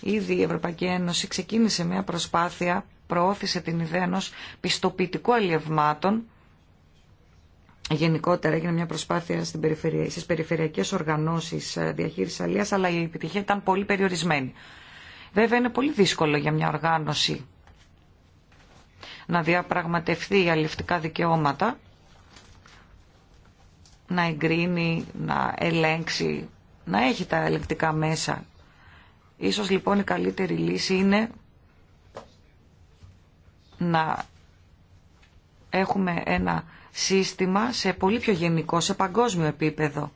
Ήδη η Ευρωπαϊκή Ένωση ξεκίνησε μια προσπάθεια, προώθησε την ιδέα ενός πιστοποιητικού αλλιευμάτων. Γενικότερα έγινε μια προσπάθεια στην περιφερεια, στις περιφερειακές οργανώσεις ε, διαχείρισης αλλίας, αλλά η επιτυχία ήταν πολύ περιορισμένη. Βέβαια είναι πολύ δύσκολο για μια οργάνωση να διαπραγματευτεί αλληλευτικά δικαιώματα, να εγκρίνει, να ελέγξει, να έχει τα ελεγκτικά μέσα. Ίσως λοιπόν η καλύτερη λύση είναι να έχουμε ένα σύστημα σε πολύ πιο γενικό, σε παγκόσμιο επίπεδο,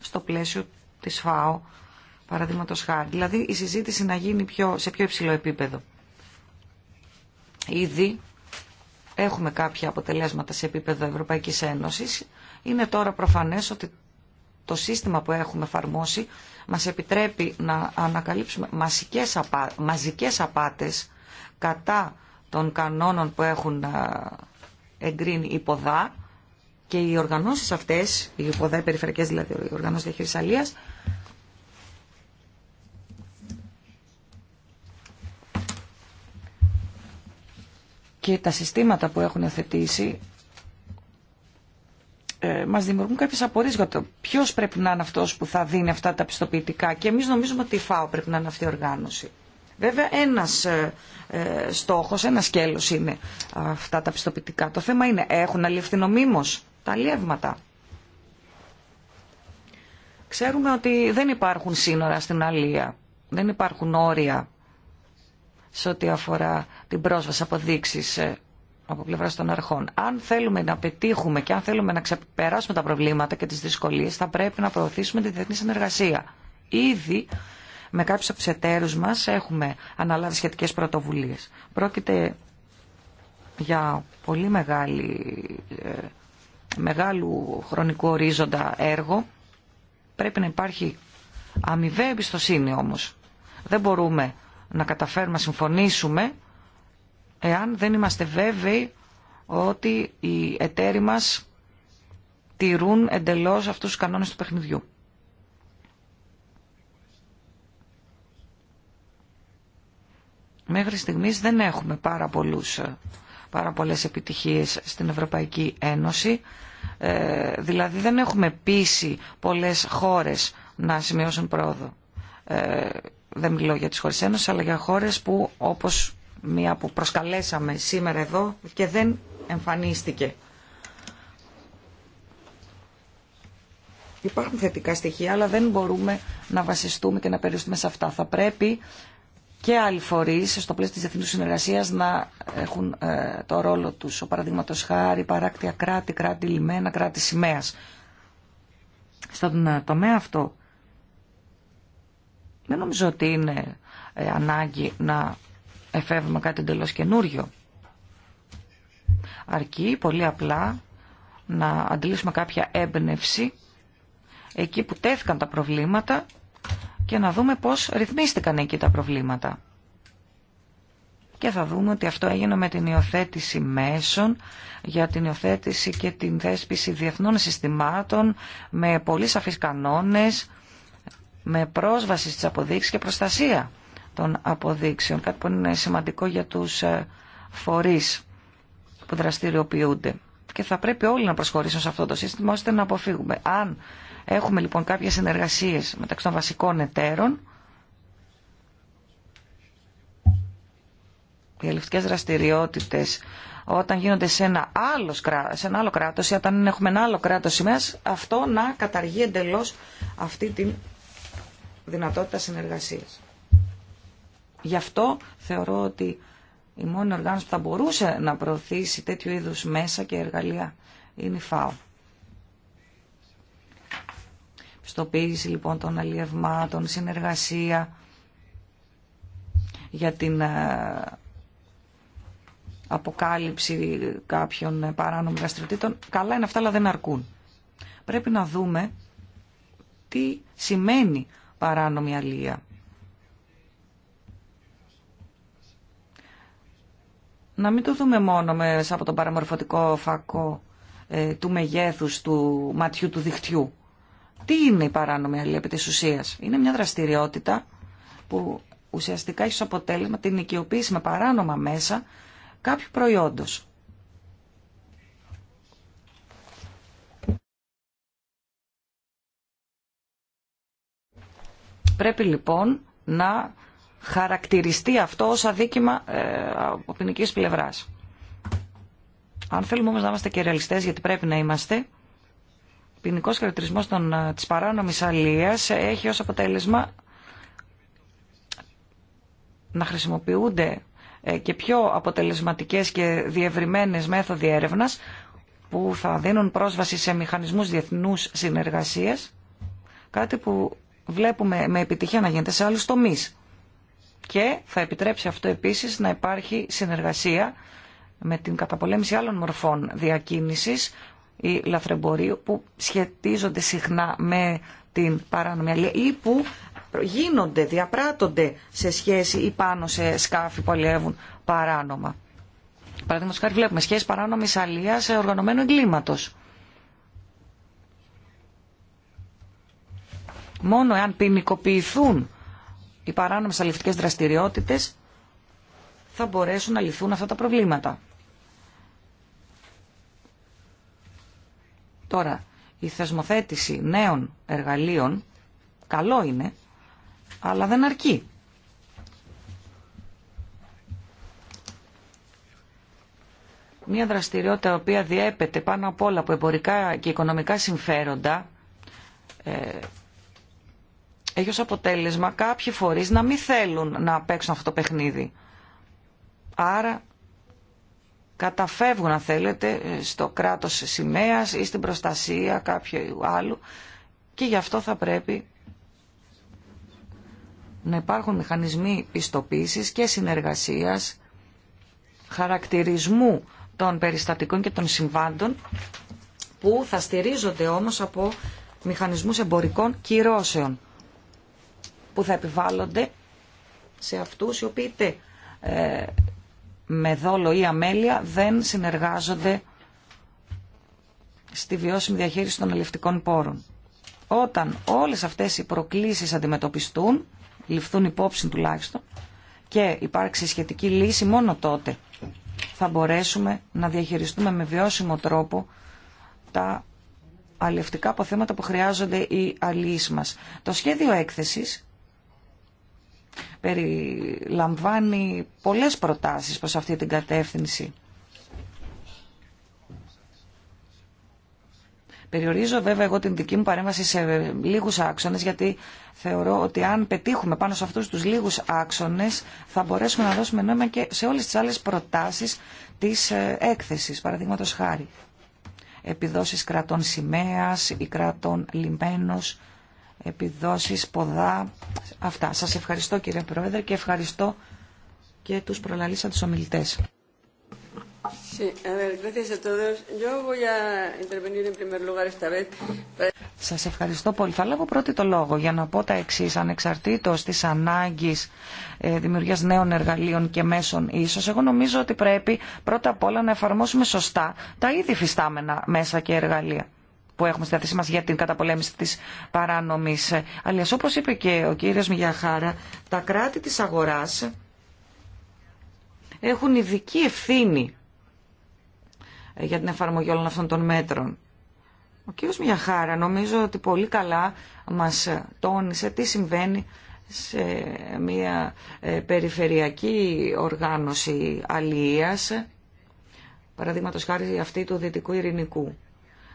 στο πλαίσιο της ΦΑΟ παραδείγματος χάρη. Δηλαδή η συζήτηση να γίνει πιο, σε πιο υψηλό επίπεδο. Ήδη έχουμε κάποια αποτελέσματα σε επίπεδο Ευρωπαϊκής Ένωσης. Είναι τώρα προφανές ότι το σύστημα που έχουμε εφαρμόσει μας επιτρέπει να ανακαλύψουμε μαζικές, απα... μαζικές απάτες κατά των κανόνων που έχουν ε, εγκρίνει η υποδά και οι οργανώσεις αυτές, οι ΠΟΔΑ, οι περιφερειακές δηλαδή οι οργανώσεις διαχείρισης και τα συστήματα που έχουν θετήσει ε, μας δημιουργούν κάποιες απορίες για ποιο πρέπει να είναι αυτό που θα δίνει αυτά τα πιστοποιητικά. Και εμείς νομίζουμε ότι η ΦΑΟ πρέπει να είναι αυτή η οργάνωση. Βέβαια, ένας ε, ε στόχο, ένα σκέλο είναι αυτά τα πιστοποιητικά. Το θέμα είναι, έχουν αλληλευθεί τα αλλιεύματα. Ξέρουμε ότι δεν υπάρχουν σύνορα στην αλία. Δεν υπάρχουν όρια σε ό,τι αφορά την πρόσβαση δείξεις ε, από πλευρά των αρχών. Αν θέλουμε να πετύχουμε και αν θέλουμε να ξεπεράσουμε τα προβλήματα και τις δυσκολίες, θα πρέπει να προωθήσουμε τη διεθνή συνεργασία. Ήδη με κάποιους από τους εταίρους μας έχουμε αναλάβει σχετικές πρωτοβουλίες. Πρόκειται για πολύ μεγάλη, ε, μεγάλου χρονικού ορίζοντα έργο. Πρέπει να υπάρχει αμοιβαία εμπιστοσύνη όμως. Δεν μπορούμε να καταφέρουμε να συμφωνήσουμε εάν δεν είμαστε βέβαιοι ότι οι εταίροι μας τηρούν εντελώς αυτούς τους κανόνες του παιχνιδιού. Μέχρι στιγμής δεν έχουμε πάρα, πολλούς, ε, πάρα πολλές επιτυχίες στην Ευρωπαϊκή Ένωση. Ε, δηλαδή δεν έχουμε πείσει πολλές χώρες να σημειώσουν πρόοδο. Ε, δεν μιλώ για τις χώρες Ένωσης, αλλά για χώρες που όπως μία που προσκαλέσαμε σήμερα εδώ και δεν εμφανίστηκε. Υπάρχουν θετικά στοιχεία, αλλά δεν μπορούμε να βασιστούμε και να περιοριστούμε σε αυτά. Θα πρέπει και άλλοι φορεί στο πλαίσιο τη διεθνού συνεργασία να έχουν ε, το ρόλο του. Ο παραδείγματο χάρη, παράκτια κράτη, κράτη λιμένα, κράτη σημαία. Στον ε, τομέα αυτό δεν νομίζω ότι είναι ε, ανάγκη να Εφεύγουμε κάτι εντελώ καινούριο. Αρκεί πολύ απλά να αντιλήσουμε κάποια έμπνευση εκεί που τέθηκαν τα προβλήματα και να δούμε πώς ρυθμίστηκαν εκεί τα προβλήματα. Και θα δούμε ότι αυτό έγινε με την υιοθέτηση μέσων για την υιοθέτηση και την θέσπιση διεθνών συστημάτων με πολύ σαφείς κανόνες, με πρόσβαση στις αποδείξεις και προστασία των αποδείξεων, κάτι που είναι σημαντικό για τους ε, φορείς που δραστηριοποιούνται. Και θα πρέπει όλοι να προσχωρήσουν σε αυτό το σύστημα ώστε να αποφύγουμε. Αν έχουμε λοιπόν κάποιες συνεργασίες μεταξύ των βασικών εταίρων, οι ελευθερικέ δραστηριότητε, όταν γίνονται σε ένα άλλο, σε άλλο κράτος ή όταν έχουμε ένα άλλο κράτος σημαία, αυτό να καταργεί εντελώς αυτή τη δυνατότητα συνεργασίας. Γι' αυτό θεωρώ ότι η μόνη οργάνωση που θα μπορούσε να προωθήσει τέτοιου είδους μέσα και εργαλεία είναι η ΦΑΟ. Πιστοποίηση λοιπόν των αλλιευμάτων, συνεργασία για την ε, αποκάλυψη κάποιων παράνομων δραστηριοτήτων. Καλά είναι αυτά, αλλά δεν αρκούν. Πρέπει να δούμε τι σημαίνει παράνομη αλληλεία. να μην το δούμε μόνο μέσα από τον παραμορφωτικό φακό ε, του μεγέθους του ματιού του δικτυού. Τι είναι η παράνομη αλληλεία ουσίας. Είναι μια δραστηριότητα που ουσιαστικά έχει ως αποτέλεσμα την οικειοποίηση με παράνομα μέσα κάποιου προϊόντος. Πρέπει λοιπόν να χαρακτηριστεί αυτό ως αδίκημα ε, από ποινικής πλευράς. Αν θέλουμε όμως να είμαστε και ρεαλιστές, γιατί πρέπει να είμαστε, ποινικό χαρακτηρισμός ε, τη παράνομη αλληλεία έχει ως αποτέλεσμα να χρησιμοποιούνται ε, και πιο αποτελεσματικές και διευρυμένες μέθοδοι έρευνας που θα δίνουν πρόσβαση σε μηχανισμούς διεθνούς συνεργασία κάτι που βλέπουμε με επιτυχία να γίνεται σε άλλους τομείς και θα επιτρέψει αυτό επίσης να υπάρχει συνεργασία με την καταπολέμηση άλλων μορφών διακίνησης ή λαθρεμπορίου που σχετίζονται συχνά με την παράνομη αλληλεία ή που γίνονται, διαπράττονται σε σχέση ή πάνω σε σκάφη που αλλιεύουν παράνομα. Παραδείγματο χάρη βλέπουμε σχέση παράνομης αλληλεία σε οργανωμένο εγκλήματος. Μόνο εάν ποινικοποιηθούν οι παράνομες αληφτικές δραστηριότητες θα μπορέσουν να λυθούν αυτά τα προβλήματα. Τώρα, η θεσμοθέτηση νέων εργαλείων καλό είναι, αλλά δεν αρκεί. Μια δραστηριότητα η οποία διέπεται πάνω απ' όλα από εμπορικά και οικονομικά συμφέροντα ε, έχει ως αποτέλεσμα κάποιοι φορείς να μην θέλουν να παίξουν αυτό το παιχνίδι. Άρα καταφεύγουν, να θέλετε, στο κράτος σημαία ή στην προστασία κάποιου άλλου και γι' αυτό θα πρέπει να υπάρχουν μηχανισμοί πιστοποίησης και συνεργασίας, χαρακτηρισμού των περιστατικών και των συμβάντων, που θα στηρίζονται όμως από μηχανισμούς εμπορικών κυρώσεων που θα επιβάλλονται σε αυτούς οι οποίοι ε, με δόλο ή αμέλεια δεν συνεργάζονται στη βιώσιμη διαχείριση των ελευτικών πόρων. Όταν όλες αυτές οι προκλήσεις αντιμετωπιστούν, ληφθούν υπόψη τουλάχιστον, και υπάρξει σχετική λύση, μόνο τότε θα μπορέσουμε να διαχειριστούμε με βιώσιμο τρόπο τα αλληλευτικά αποθέματα που χρειάζονται οι αλληλείς μας. Το σχέδιο έκθεσης περιλαμβάνει πολλές προτάσεις προς αυτή την κατεύθυνση. Περιορίζω βέβαια εγώ την δική μου παρέμβαση σε λίγους άξονες γιατί θεωρώ ότι αν πετύχουμε πάνω σε αυτούς τους λίγους άξονες θα μπορέσουμε να δώσουμε νόημα και σε όλες τις άλλες προτάσεις της ε, έκθεσης, παραδείγματος χάρη. Επιδόσεις κρατών σημαία ή κρατών λιμένος, επιδόσεις, ποδά. Αυτά. Σας ευχαριστώ κύριε Πρόεδρε και ευχαριστώ και τους τους ομιλητές. Σας ευχαριστώ πολύ. Θα λάβω πρώτη το λόγο για να πω τα εξή. Ανεξαρτήτως της ανάγκης ε, δημιουργίας νέων εργαλείων και μέσων ίσως, εγώ νομίζω ότι πρέπει πρώτα απ' όλα να εφαρμόσουμε σωστά τα ήδη φυστάμενα μέσα και εργαλεία που έχουμε στη θέση μα για την καταπολέμηση τη παράνομη. Αλλιώ, όπω είπε και ο κύριο Μιγιαχάρα, τα κράτη τη αγορά έχουν ειδική ευθύνη για την εφαρμογή όλων αυτών των μέτρων. Ο κύριος Μιαχάρα νομίζω ότι πολύ καλά μας τόνισε τι συμβαίνει σε μια ε, περιφερειακή οργάνωση αλληλείας, παραδείγματος χάρη αυτή του Δυτικού Ειρηνικού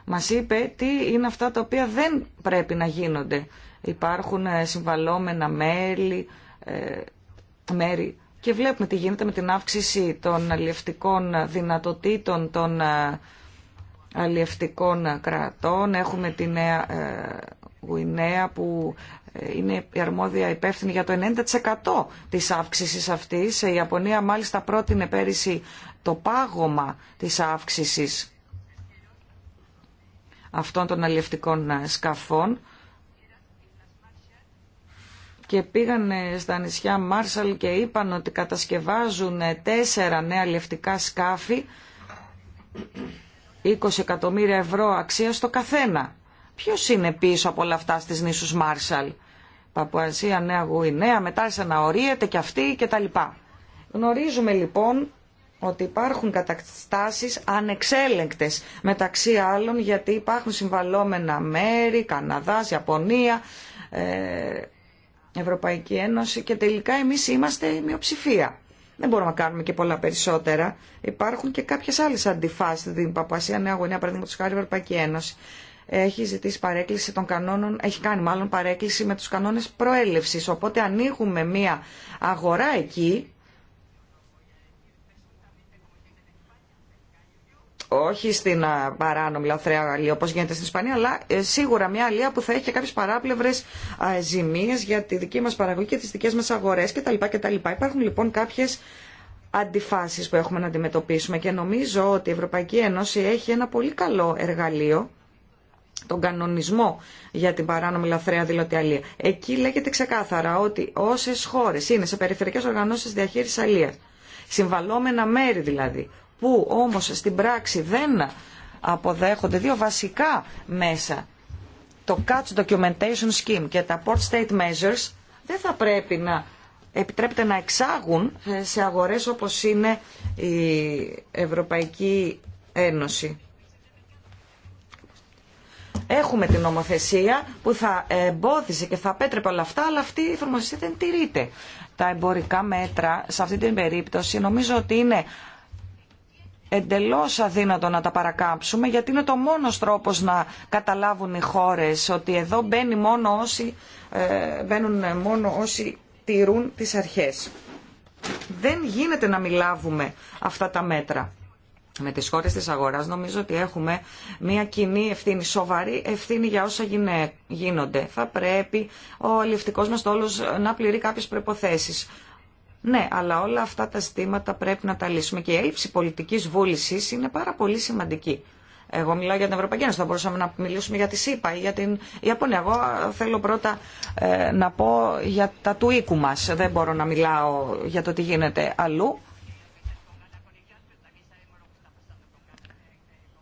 μας είπε τι είναι αυτά τα οποία δεν πρέπει να γίνονται. Υπάρχουν ε, συμβαλόμενα μέλη, ε, μέρη και βλέπουμε τι γίνεται με την αύξηση των αλλιευτικών δυνατοτήτων των ε, αλλιευτικών κρατών. Έχουμε τη Νέα Γουινέα που είναι η αρμόδια υπεύθυνη για το 90% της αύξησης αυτής. Η Ιαπωνία μάλιστα πρότεινε πέρυσι το πάγωμα της αύξησης αυτών των αλληλευτικών ε, σκαφών και πήγαν στα νησιά Μάρσαλ και είπαν ότι κατασκευάζουν τέσσερα νέα αλληλευτικά σκάφη 20 εκατομμύρια ευρώ αξία στο καθένα. Ποιος είναι πίσω από όλα αυτά στις νήσους Μάρσαλ. Παπουασία, Νέα Γουινέα, μετά ορίεται και αυτή και τα λοιπά. Γνωρίζουμε λοιπόν ότι υπάρχουν καταστάσεις ανεξέλεγκτες μεταξύ άλλων γιατί υπάρχουν συμβαλόμενα μέρη, Καναδάς, Ιαπωνία, ε, Ευρωπαϊκή Ένωση και τελικά εμείς είμαστε η μειοψηφία. Δεν μπορούμε να κάνουμε και πολλά περισσότερα. Υπάρχουν και κάποιες άλλες αντιφάσεις δηλαδή, η Παπασία Νέα Γωνία, παραδείγματος χάρη Ευρωπαϊκή Ένωση. Έχει ζητήσει παρέκκληση των κανόνων, έχει κάνει μάλλον παρέκκληση με τους κανόνες προέλευσης. Οπότε ανοίγουμε μία αγορά εκεί όχι στην παράνομη λαθρέα αλία όπως γίνεται στην Ισπανία, αλλά ε, σίγουρα μια αλία που θα έχει και κάποιες παράπλευρες ζημίες για τη δική μας παραγωγή και τις δικές μας αγορές κτλ. κτλ. Υπάρχουν λοιπόν κάποιες αντιφάσεις που έχουμε να αντιμετωπίσουμε και νομίζω ότι η Ευρωπαϊκή Ένωση έχει ένα πολύ καλό εργαλείο τον κανονισμό για την παράνομη λαθρέα δηλωτή αλία. Εκεί λέγεται ξεκάθαρα ότι όσες χώρες είναι σε περιφερειακές οργανώσεις διαχείρισης αλίας, συμβαλόμενα μέρη δηλαδή, που όμως στην πράξη δεν αποδέχονται δύο βασικά μέσα. Το Catch Documentation Scheme και τα Port State Measures δεν θα πρέπει να επιτρέπεται να εξάγουν σε αγορές όπως είναι η Ευρωπαϊκή Ένωση. Έχουμε την νομοθεσία που θα εμπόδιζε και θα απέτρεπε όλα αυτά, αλλά αυτή η εφαρμοσία δεν τηρείται. Τα εμπορικά μέτρα σε αυτή την περίπτωση νομίζω ότι είναι εντελώς αδύνατο να τα παρακάμψουμε γιατί είναι το μόνος τρόπος να καταλάβουν οι χώρες ότι εδώ μπαίνει μόνο όσοι, ε, μπαίνουν μόνο όσοι τηρούν τις αρχές. Δεν γίνεται να μιλάβουμε αυτά τα μέτρα. Με τις χώρες της αγοράς νομίζω ότι έχουμε μια κοινή ευθύνη, σοβαρή ευθύνη για όσα γίνονται. Θα πρέπει ο ληφτικός μας τόλος να πληρεί κάποιες προϋποθέσεις ναι, αλλά όλα αυτά τα ζητήματα πρέπει να τα λύσουμε και η έλλειψη πολιτική βούλησης είναι πάρα πολύ σημαντική. Εγώ μιλάω για την Ευρωπαϊκή Ένωση, θα μπορούσαμε να μιλήσουμε για τη ΣΥΠΑ ή για την Ιαπωνία. Εγώ θέλω πρώτα ε, να πω για τα του οίκου μα. Δεν μπορώ να μιλάω για το τι γίνεται αλλού.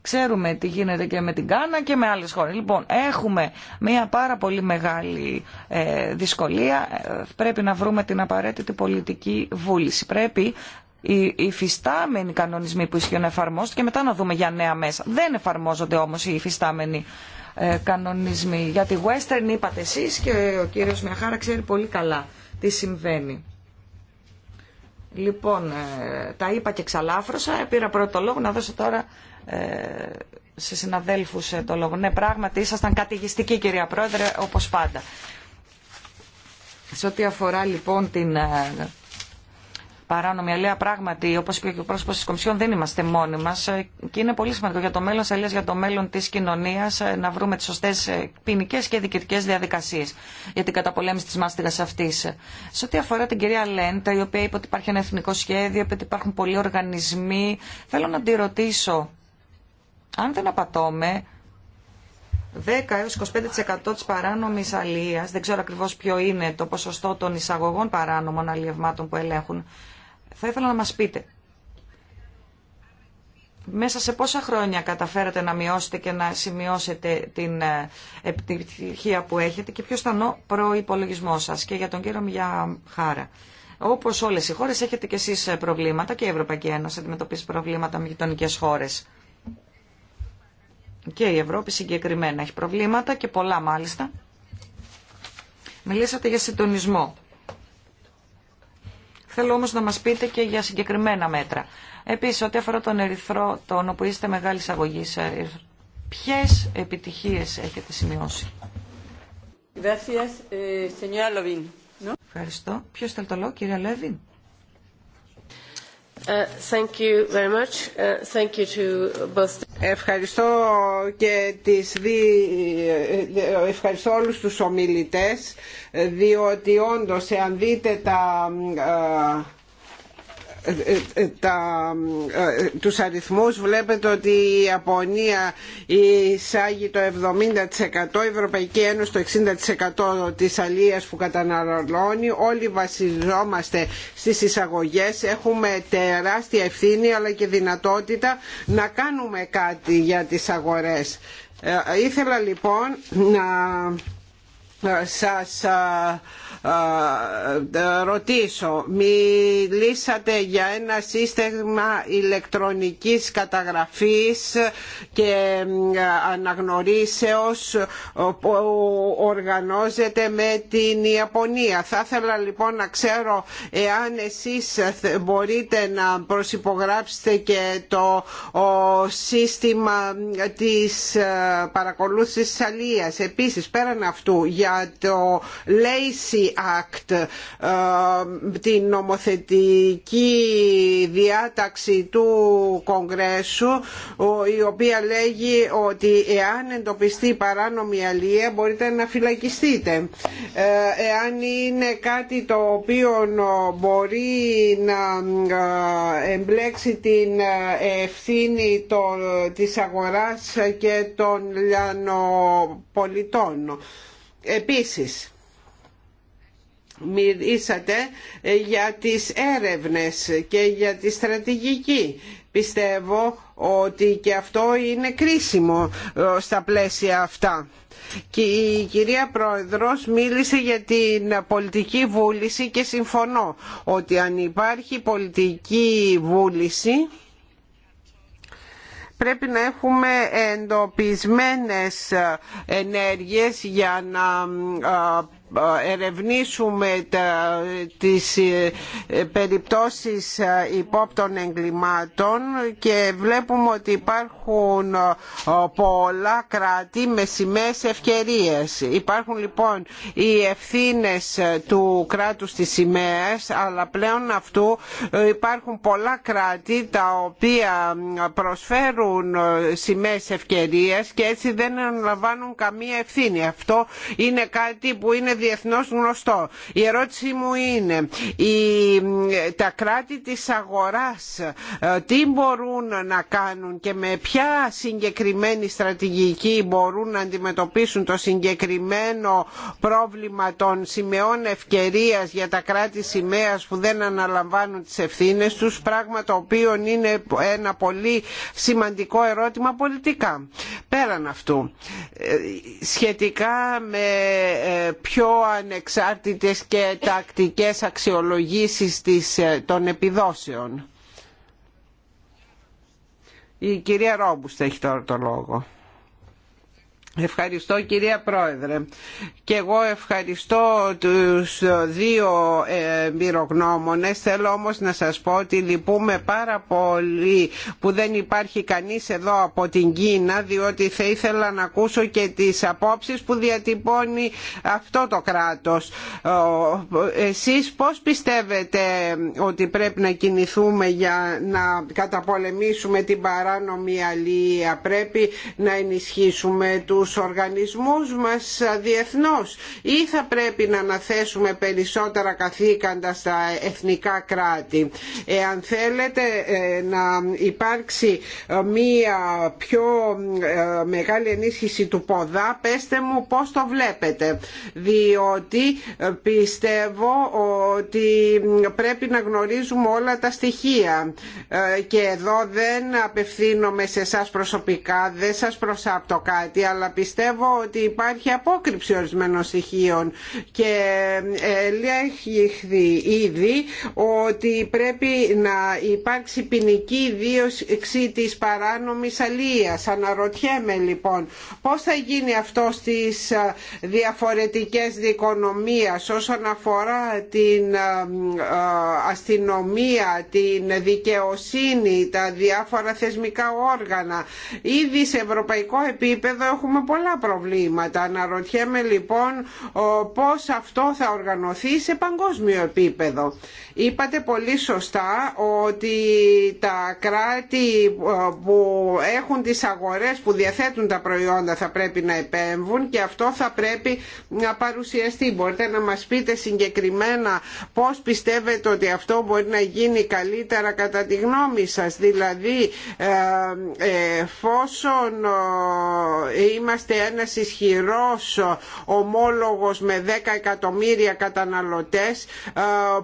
Ξέρουμε τι γίνεται και με την Κάνα και με άλλες χώρες. Λοιπόν, έχουμε μια πάρα πολύ μεγάλη ε, δυσκολία. Ε, πρέπει να βρούμε την απαραίτητη πολιτική βούληση. Πρέπει οι υφιστάμενοι κανονισμοί που ισχύουν να εφαρμόζονται και μετά να δούμε για νέα μέσα. Δεν εφαρμόζονται όμως οι υφιστάμενοι ε, κανονισμοί. Γιατί τη Western είπατε εσείς και ο κύριος Μιαχάρα ξέρει πολύ καλά τι συμβαίνει. Λοιπόν, τα είπα και ξαλάφρωσα, πήρα πρώτο λόγο να δώσω τώρα ε, σε συναδέλφου ε, το λόγο. Ναι, πράγματι ήσασταν κατηγιστικοί κυρία Πρόεδρε, όπω πάντα. Σε ό,τι αφορά λοιπόν την ε, παράνομη αλληλεία, πράγματι, όπω είπε και ο πρόσωπο τη Κομισιόν, δεν είμαστε μόνοι μα και είναι πολύ σημαντικό για το μέλλον της για το μέλλον τη κοινωνίας, να βρούμε τις σωστέ ποινικέ και διοικητικέ διαδικασίε για την καταπολέμηση τη μάστιγα αυτή. Σε ό,τι αφορά την κυρία Λέντα, η οποία είπε ότι υπάρχει ένα εθνικό σχέδιο, είπε ότι υπάρχουν πολλοί οργανισμοί, θέλω να τη ρωτήσω αν δεν απατώμε, 10 έως 25% της παράνομης αλίας, δεν ξέρω ακριβώς ποιο είναι το ποσοστό των εισαγωγών παράνομων αλιευμάτων που ελέγχουν, θα ήθελα να μας πείτε. Μέσα σε πόσα χρόνια καταφέρατε να μειώσετε και να σημειώσετε την ε, επιτυχία που έχετε και ποιος ήταν ο προϋπολογισμός σας και για τον κύριο Μιά Χάρα. Όπως όλες οι χώρες έχετε και εσείς ε, προβλήματα και η Ευρωπαϊκή Ένωση αντιμετωπίζει προβλήματα με γειτονικέ χώρες. Και η Ευρώπη συγκεκριμένα έχει προβλήματα και πολλά μάλιστα. Μιλήσατε για συντονισμό. Θέλω όμως να μας πείτε και για συγκεκριμένα μέτρα. Επίσης, ό,τι αφορά τον ερυθρό τόνο που είστε μεγάλη αγωγή, ε, ποιες επιτυχίες έχετε σημειώσει. Eh, Ευχαριστώ. Ποιος θέλει το λόγο, κυρία Λέβιν. Ευχαριστώ και τις ε, ευχαριστώ όλους τους ομιλητές διότι όντως εάν δείτε τα ε, τα, ε, τους αριθμούς βλέπετε ότι η Ιαπωνία εισάγει το 70% η Ευρωπαϊκή Ένωση το 60% της αλίας που καταναλώνει όλοι βασιζόμαστε στις εισαγωγές έχουμε τεράστια ευθύνη αλλά και δυνατότητα να κάνουμε κάτι για τις αγορές ε, ήθελα λοιπόν να ε, σας ε, ρωτήσω. Μιλήσατε για ένα σύστημα ηλεκτρονικής καταγραφής και αναγνωρίσεως που οργανώζεται με την Ιαπωνία. Θα ήθελα λοιπόν να ξέρω εάν εσείς μπορείτε να προσυπογράψετε και το σύστημα της ε, παρακολούθησης αλίας. Επίσης πέραν αυτού για το Lacey Act, ε, την νομοθετική διάταξη του Κογκρέσου η οποία λέγει ότι εάν εντοπιστεί παράνομη αλία μπορείτε να φυλακιστείτε. Ε, εάν είναι κάτι το οποίο μπορεί να ε, εμπλέξει την ευθύνη της αγοράς και των λιανοπολιτών. Επίσης, μιλήσατε ε, για τις έρευνες και για τη στρατηγική. Πιστεύω ότι και αυτό είναι κρίσιμο ε, στα πλαίσια αυτά. Και η κυρία Πρόεδρος μίλησε για την πολιτική βούληση και συμφωνώ ότι αν υπάρχει πολιτική βούληση πρέπει να έχουμε εντοπισμένες ε, ενέργειες για να ε, ερευνήσουμε τα, τις ε, περιπτώσεις ε, υπόπτων εγκλημάτων και βλέπουμε ότι υπάρχουν πολλά κράτη με σημαίες ευκαιρίες. Υπάρχουν λοιπόν οι ευθύνες του κράτους της σημαίες αλλά πλέον αυτού υπάρχουν πολλά κράτη τα οποία προσφέρουν σημαίες ευκαιρίες και έτσι δεν αναλαμβάνουν καμία ευθύνη. Αυτό είναι κάτι που είναι διεθνώς γνωστό. Η ερώτησή μου είναι τα κράτη της αγοράς ε, τι μπορούν να κάνουν και με ποια συγκεκριμένη στρατηγική μπορούν να αντιμετωπίσουν το συγκεκριμένο πρόβλημα των σημεών ευκαιρίας για τα κράτη σημαίας που δεν αναλαμβάνουν τις ευθύνες τους πράγμα το οποίο είναι ένα πολύ σημαντικό ερώτημα πολιτικά. Πέραν αυτού, ε, σχετικά με ε, ποιο πιο ανεξάρτητες και τακτικές αξιολογήσεις ε, των επιδόσεων. Η κυρία Ρόμπους έχει τώρα το λόγο. Ευχαριστώ κυρία Πρόεδρε και εγώ ευχαριστώ τους δύο ε, μυρογνώμονες. θέλω όμως να σας πω ότι λυπούμε πάρα πολύ που δεν υπάρχει κανείς εδώ από την Κίνα διότι θα ήθελα να ακούσω και τις απόψεις που διατυπώνει αυτό το κράτος εσείς πώς πιστεύετε ότι πρέπει να κινηθούμε για να καταπολεμήσουμε την παράνομη αλληλεία. πρέπει να ενισχύσουμε τους τους οργανισμούς μας διεθνώς ή θα πρέπει να αναθέσουμε περισσότερα καθήκαντα στα εθνικά κράτη. Εάν θέλετε ε, να υπάρξει ε, μία πιο ε, μεγάλη ενίσχυση του ποδά, πέστε μου πώς το βλέπετε. Διότι πιστεύω ότι πρέπει να γνωρίζουμε όλα τα στοιχεία και εδώ δεν απευθύνομαι σε εσά προσωπικά, δεν σας προσάπτω κάτι, αλλά πιστεύω ότι υπάρχει απόκρυψη ορισμένων στοιχείων και ε, λέγει ήδη ότι πρέπει να υπάρξει ποινική δίωξη της παράνομης αλίας. Αναρωτιέμαι λοιπόν πώς θα γίνει αυτό στις ε, διαφορετικές δικονομίες όσον αφορά την ε, αστυνομία, την δικαιοσύνη, τα διάφορα θεσμικά όργανα. Ήδη σε ευρωπαϊκό επίπεδο έχουμε πολλά προβλήματα. Αναρωτιέμαι λοιπόν πώς αυτό θα οργανωθεί σε παγκόσμιο επίπεδο. Είπατε πολύ σωστά ότι τα κράτη ε, που έχουν τις αγορές που διαθέτουν τα προϊόντα θα πρέπει να επέμβουν και αυτό θα πρέπει να παρουσιαστεί. Μπορείτε να μας πείτε συγκεκριμένα πώς πιστεύετε ότι αυτό μπορεί να γίνει καλύτερα κατά τη γνώμη σας. Δηλαδή, ε, ε, εφόσον είμαστε ένας ισχυρός ομόλογος με 10 εκατομμύρια καταναλωτές,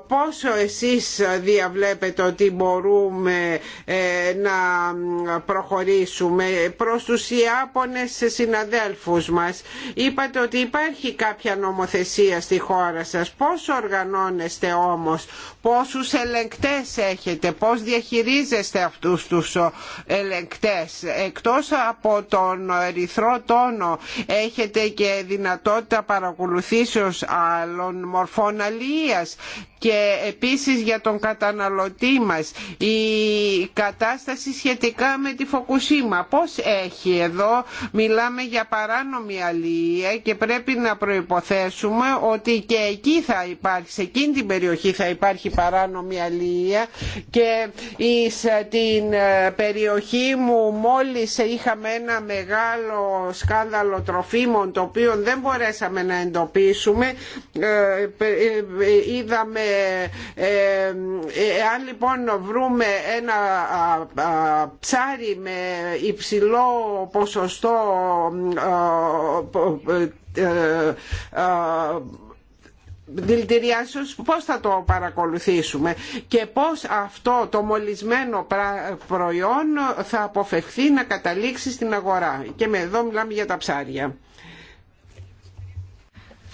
πόσο εσείς διαβλέπετε ότι μπορούμε ε, να προχωρήσουμε προς τους Ιάπωνες συναδέλφους μας. Είπατε ότι υπάρχει κάποια νομοθεσία στη χώρα σας. Πώς οργανώνεστε όμως, πόσους ελεγκτές έχετε, πώς διαχειρίζεστε αυτούς τους ελεγκτές. Εκτός από τον ερυθρό τόνο έχετε και δυνατότητα παρακολουθήσεως άλλων μορφών και επίσης για τον καταναλωτή μας η κατάσταση σχετικά με τη Φοκουσίμα. Πώς έχει εδώ, μιλάμε για παράνομη αλληλεία και πρέπει να προϋποθέσουμε ότι και εκεί θα υπάρχει, σε εκείνη την περιοχή θα υπάρχει παράνομη αλληλεία και ε, την ε, περιοχή μου μόλις είχαμε ένα μεγάλο σκάνδαλο τροφίμων το οποίο δεν μπορέσαμε να εντοπίσουμε ε, είδαμε αν λοιπόν βρούμε ένα ψάρι με υψηλό ποσοστό δηλητηριάσεως πώς θα το παρακολουθήσουμε και πώς αυτό το μολυσμένο προϊόν θα αποφευχθεί να καταλήξει στην αγορά. Και με εδώ μιλάμε για τα ψάρια.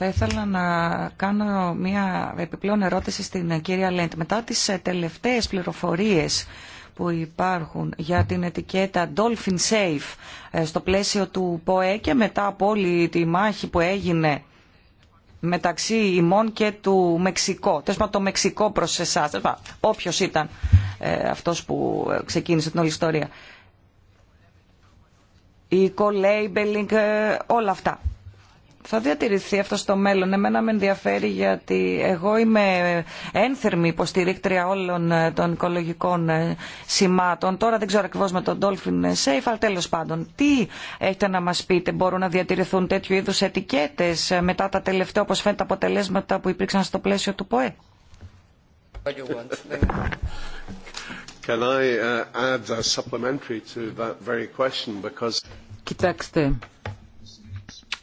Θα ήθελα να κάνω μια επιπλέον ερώτηση στην κυρία Λέντ. Μετά τις ε, τελευταίες πληροφορίες που υπάρχουν για την ετικέτα Dolphin Safe ε, στο πλαίσιο του ΠΟΕ και μετά από όλη τη μάχη που έγινε μεταξύ ημών και του Μεξικό. Τέλο πάντων, το Μεξικό προ εσά. Όποιο ήταν ε, αυτός αυτό που ε, ξεκίνησε την όλη co Eco-labeling, ε, όλα αυτά θα διατηρηθεί αυτό στο μέλλον. Εμένα με ενδιαφέρει γιατί εγώ είμαι ένθερμη υποστηρίκτρια όλων ε, των οικολογικών ε, σημάτων. Τώρα δεν ξέρω ακριβώ με τον Dolphin Safe, αλλά τέλο πάντων, τι έχετε να μα πείτε, μπορούν να διατηρηθούν τέτοιου είδου ετικέτε ε, μετά τα τελευταία, όπω φαίνεται, αποτελέσματα που υπήρξαν στο πλαίσιο του ΠΟΕ. Κοιτάξτε,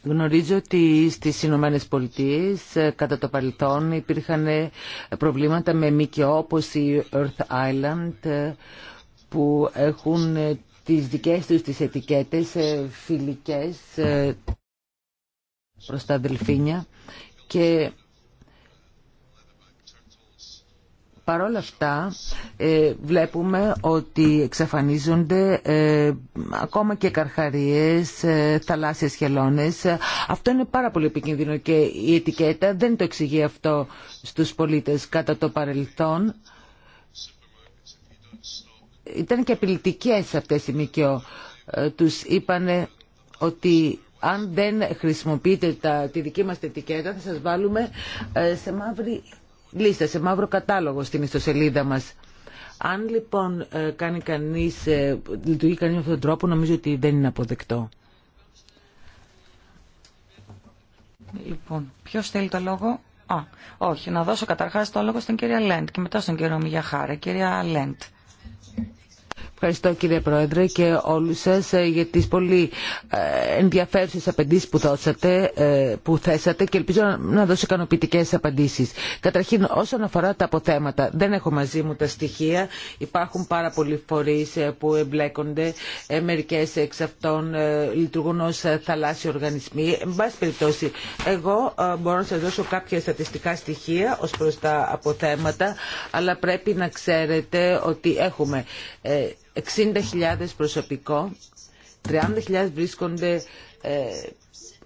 Γνωρίζω ότι στις Ηνωμένε Πολιτείε, ε, κατά το παρελθόν υπήρχαν ε, προβλήματα με ΜΚΟ όπως η Earth Island ε, που έχουν τις δικές τους τις ετικέτες φιλικές προς τα αδελφίνια και Παρ' αυτά ε, βλέπουμε ότι εξαφανίζονται ε, ακόμα και καρχαρίες, ε, θαλάσσιες χελώνες. Αυτό είναι πάρα πολύ επικίνδυνο και η ετικέτα δεν το εξηγεί αυτό στους πολίτες κατά το παρελθόν. Ήταν και απειλητικές αυτές οι ΜΚΟ. Ε, τους είπαν ότι αν δεν χρησιμοποιείτε τα, τη δική μας ετικέτα θα σας βάλουμε σε μαύρη λίστα, σε μαύρο κατάλογο στην ιστοσελίδα μα. Αν λοιπόν ε, κάνει κανείς, ε, λειτουργεί κανείς με αυτόν τον τρόπο, νομίζω ότι δεν είναι αποδεκτό. Λοιπόν, ποιο θέλει το λόγο. Α, όχι, να δώσω κατάρχα το λόγο στην κυρία Λέντ και μετά στον κύριο Μιγιαχάρα. Κυρία Λέντ. Ευχαριστώ κύριε Πρόεδρε και όλους σας ε, για τις πολύ ε, ενδιαφέρουσες απαντήσεις που, δώσατε, ε, που θέσατε και ελπίζω να δώσω ικανοποιητικέ απαντήσεις. Καταρχήν όσον αφορά τα αποθέματα, δεν έχω μαζί μου τα στοιχεία. Υπάρχουν πάρα πολλοί φορείς που εμπλέκονται. Μερικές εξ αυτών λειτουργούν ως θαλάσσιοι οργανισμοί. Εν πάση περιπτώσει, εγώ μπορώ να σας δώσω κάποια στατιστικά στοιχεία ως προς τα αποθέματα, αλλά πρέπει να ξέρετε ότι έχουμε 60.000 προσωπικό, 30.000 βρίσκονται ε,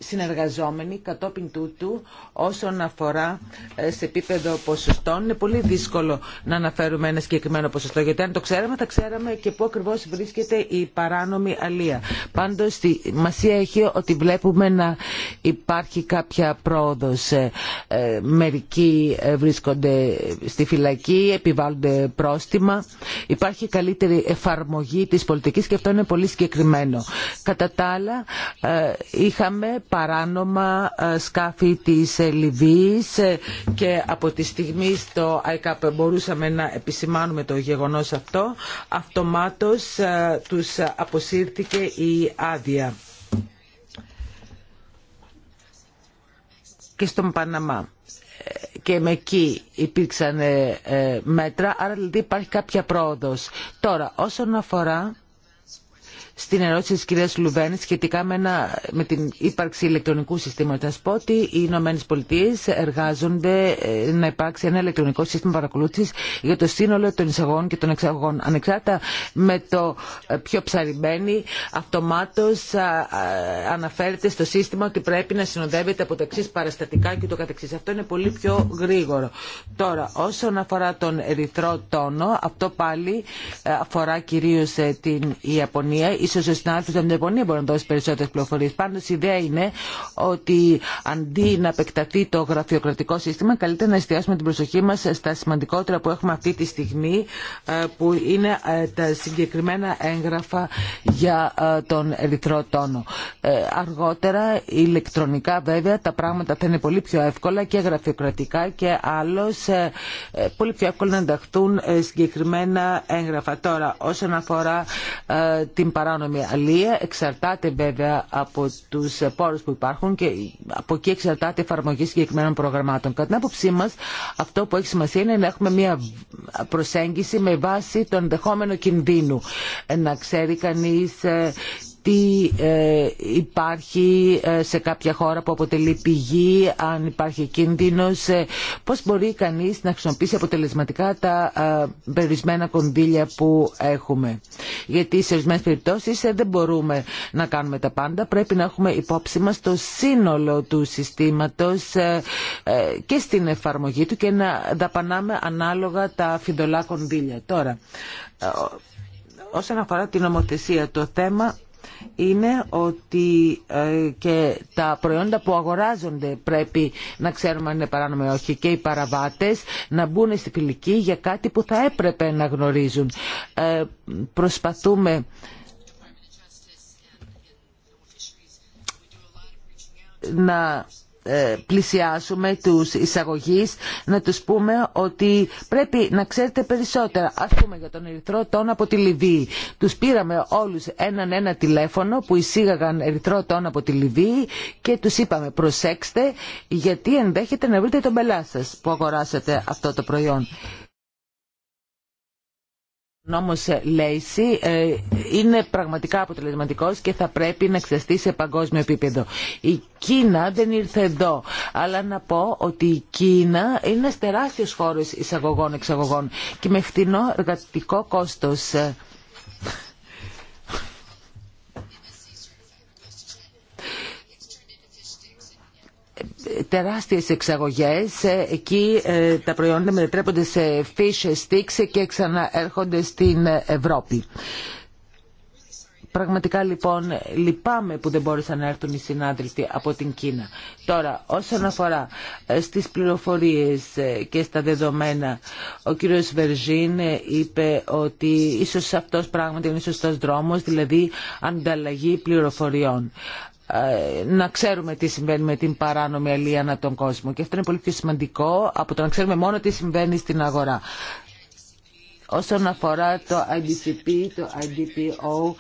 συνεργαζόμενοι κατόπιν τούτου όσον αφορά ε, σε επίπεδο ποσοστών. Είναι πολύ δύσκολο να αναφέρουμε ένα συγκεκριμένο ποσοστό γιατί αν το ξέραμε θα ξέραμε και πού ακριβώ βρίσκεται η παράνομη αλεία. Πάντως στη μασία έχει ότι βλέπουμε να υπάρχει κάποια πρόοδος. Ε, ε, μερικοί βρίσκονται στη φυλακή, επιβάλλονται πρόστιμα. Υπάρχει καλύτερη εφαρμογή τη πολιτική και αυτό είναι πολύ συγκεκριμένο. Κατά τα άλλα είχαμε παράνομα ε, σκάφη της ε, Λιβύης ε, και από τη στιγμή στο ΑΕΚΑΠ μπορούσαμε να επισημάνουμε το γεγονός αυτό, αυτομάτως τους αποσύρθηκε η άδεια. Και στον Παναμά και με εκεί υπήρξαν μέτρα, άρα δηλαδή υπάρχει κάποια πρόοδος. Τώρα, όσον αφορά στην ερώτηση της κυρίας Λουβέν σχετικά με, ένα, με την ύπαρξη ηλεκτρονικού συστήματος. Να πω ότι οι Ηνωμένε Πολιτείε εργάζονται ε, να υπάρξει ένα ηλεκτρονικό σύστημα παρακολούθησης για το σύνολο των εισαγών και των εξαγών. Ανεξάρτητα με το ε, πιο ψαριμμένοι, αυτομάτως αναφέρεται στο σύστημα ότι πρέπει να συνοδεύεται από τα εξή παραστατικά και το καθεξής. Αυτό είναι πολύ πιο γρήγορο. Τώρα, όσον αφορά τον ερυθρό τόνο, αυτό πάλι ε, αφορά κυρίως την Ιαπωνία Ίσως ο συνάδελφο από την Ιαπωνία μπορεί να δώσει περισσότερε πληροφορίε. Πάντως η ιδέα είναι ότι αντί να επεκταθεί το γραφειοκρατικό σύστημα, καλύτερα να εστιάσουμε την προσοχή μα στα σημαντικότερα που έχουμε αυτή τη στιγμή, ε, που είναι ε, τα συγκεκριμένα έγγραφα για ε, τον ερυθρό τόνο. Αργότερα, ηλεκτρονικά βέβαια, τα πράγματα θα είναι πολύ πιο εύκολα και γραφειοκρατικά και άλλω πολύ πιο εύκολα να ενταχθούν συγκεκριμένα έγγραφα. Τώρα, όσον αφορά την παράδοση παράνομη αλία εξαρτάται βέβαια από τους πόρου που υπάρχουν και από εκεί εξαρτάται η εφαρμογή συγκεκριμένων προγραμμάτων. Κατά την άποψή μα αυτό που έχει σημασία είναι να έχουμε μια προσέγγιση με βάση τον δεχόμενο κινδύνου. Ε, να ξέρει κανείς ε, τι ε, υπάρχει ε, σε κάποια χώρα που αποτελεί πηγή, αν υπάρχει κίνδυνος, ε, πώς μπορεί κανείς να χρησιμοποιήσει αποτελεσματικά τα περισμένα κονδύλια που έχουμε. Γιατί σε ορισμένε περιπτώσεις δεν μπορούμε να κάνουμε τα πάντα, πρέπει να έχουμε υπόψη μας το σύνολο του συστήματος και στην εφαρμογή του και να δαπανάμε ανάλογα τα φιντολά κονδύλια. Τώρα, όσον αφορά την νομοθεσία, το θέμα είναι ότι ε, και τα προϊόντα που αγοράζονται πρέπει να ξέρουμε αν είναι όχι και οι παραβάτες να μπουν στη φιλική για κάτι που θα έπρεπε να γνωρίζουν. Ε, προσπαθούμε να ε, πλησιάσουμε τους εισαγωγείς να τους πούμε ότι πρέπει να ξέρετε περισσότερα ας πούμε για τον ερυθρό τόνο από τη Λιβύη τους πήραμε όλους έναν ένα τηλέφωνο που εισήγαγαν ερυθρό τόνο από τη Λιβύη και τους είπαμε προσέξτε γιατί ενδέχεται να βρείτε τον πελά σας που αγοράσατε αυτό το προϊόν νόμος ε, Λέισι ε, είναι πραγματικά αποτελεσματικός και θα πρέπει να εξεταστεί σε παγκόσμιο επίπεδο. Η Κίνα δεν ήρθε εδώ, αλλά να πω ότι η Κίνα είναι ένας τεράστιος χώρος εισαγωγών-εξαγωγών και με φθηνό εργατικό κόστος. Ε, τεράστιες εξαγωγές. Ε, εκεί ε, τα προϊόντα μετατρέπονται σε fish sticks και ξαναέρχονται στην Ευρώπη. Πραγματικά λοιπόν λυπάμαι που δεν μπόρεσαν να έρθουν οι συνάδελφοι από την Κίνα. Τώρα όσον αφορά ε, στις πληροφορίες και στα δεδομένα ο κύριος Βερζίν είπε ότι ίσως αυτός πράγματι είναι σωστός δρόμος δηλαδή ανταλλαγή πληροφοριών. Ε, να ξέρουμε τι συμβαίνει με την παράνομη αλία ανά τον κόσμο. Και αυτό είναι πολύ πιο σημαντικό από το να ξέρουμε μόνο τι συμβαίνει στην αγορά. Όσον αφορά το IDCP, το IDPO,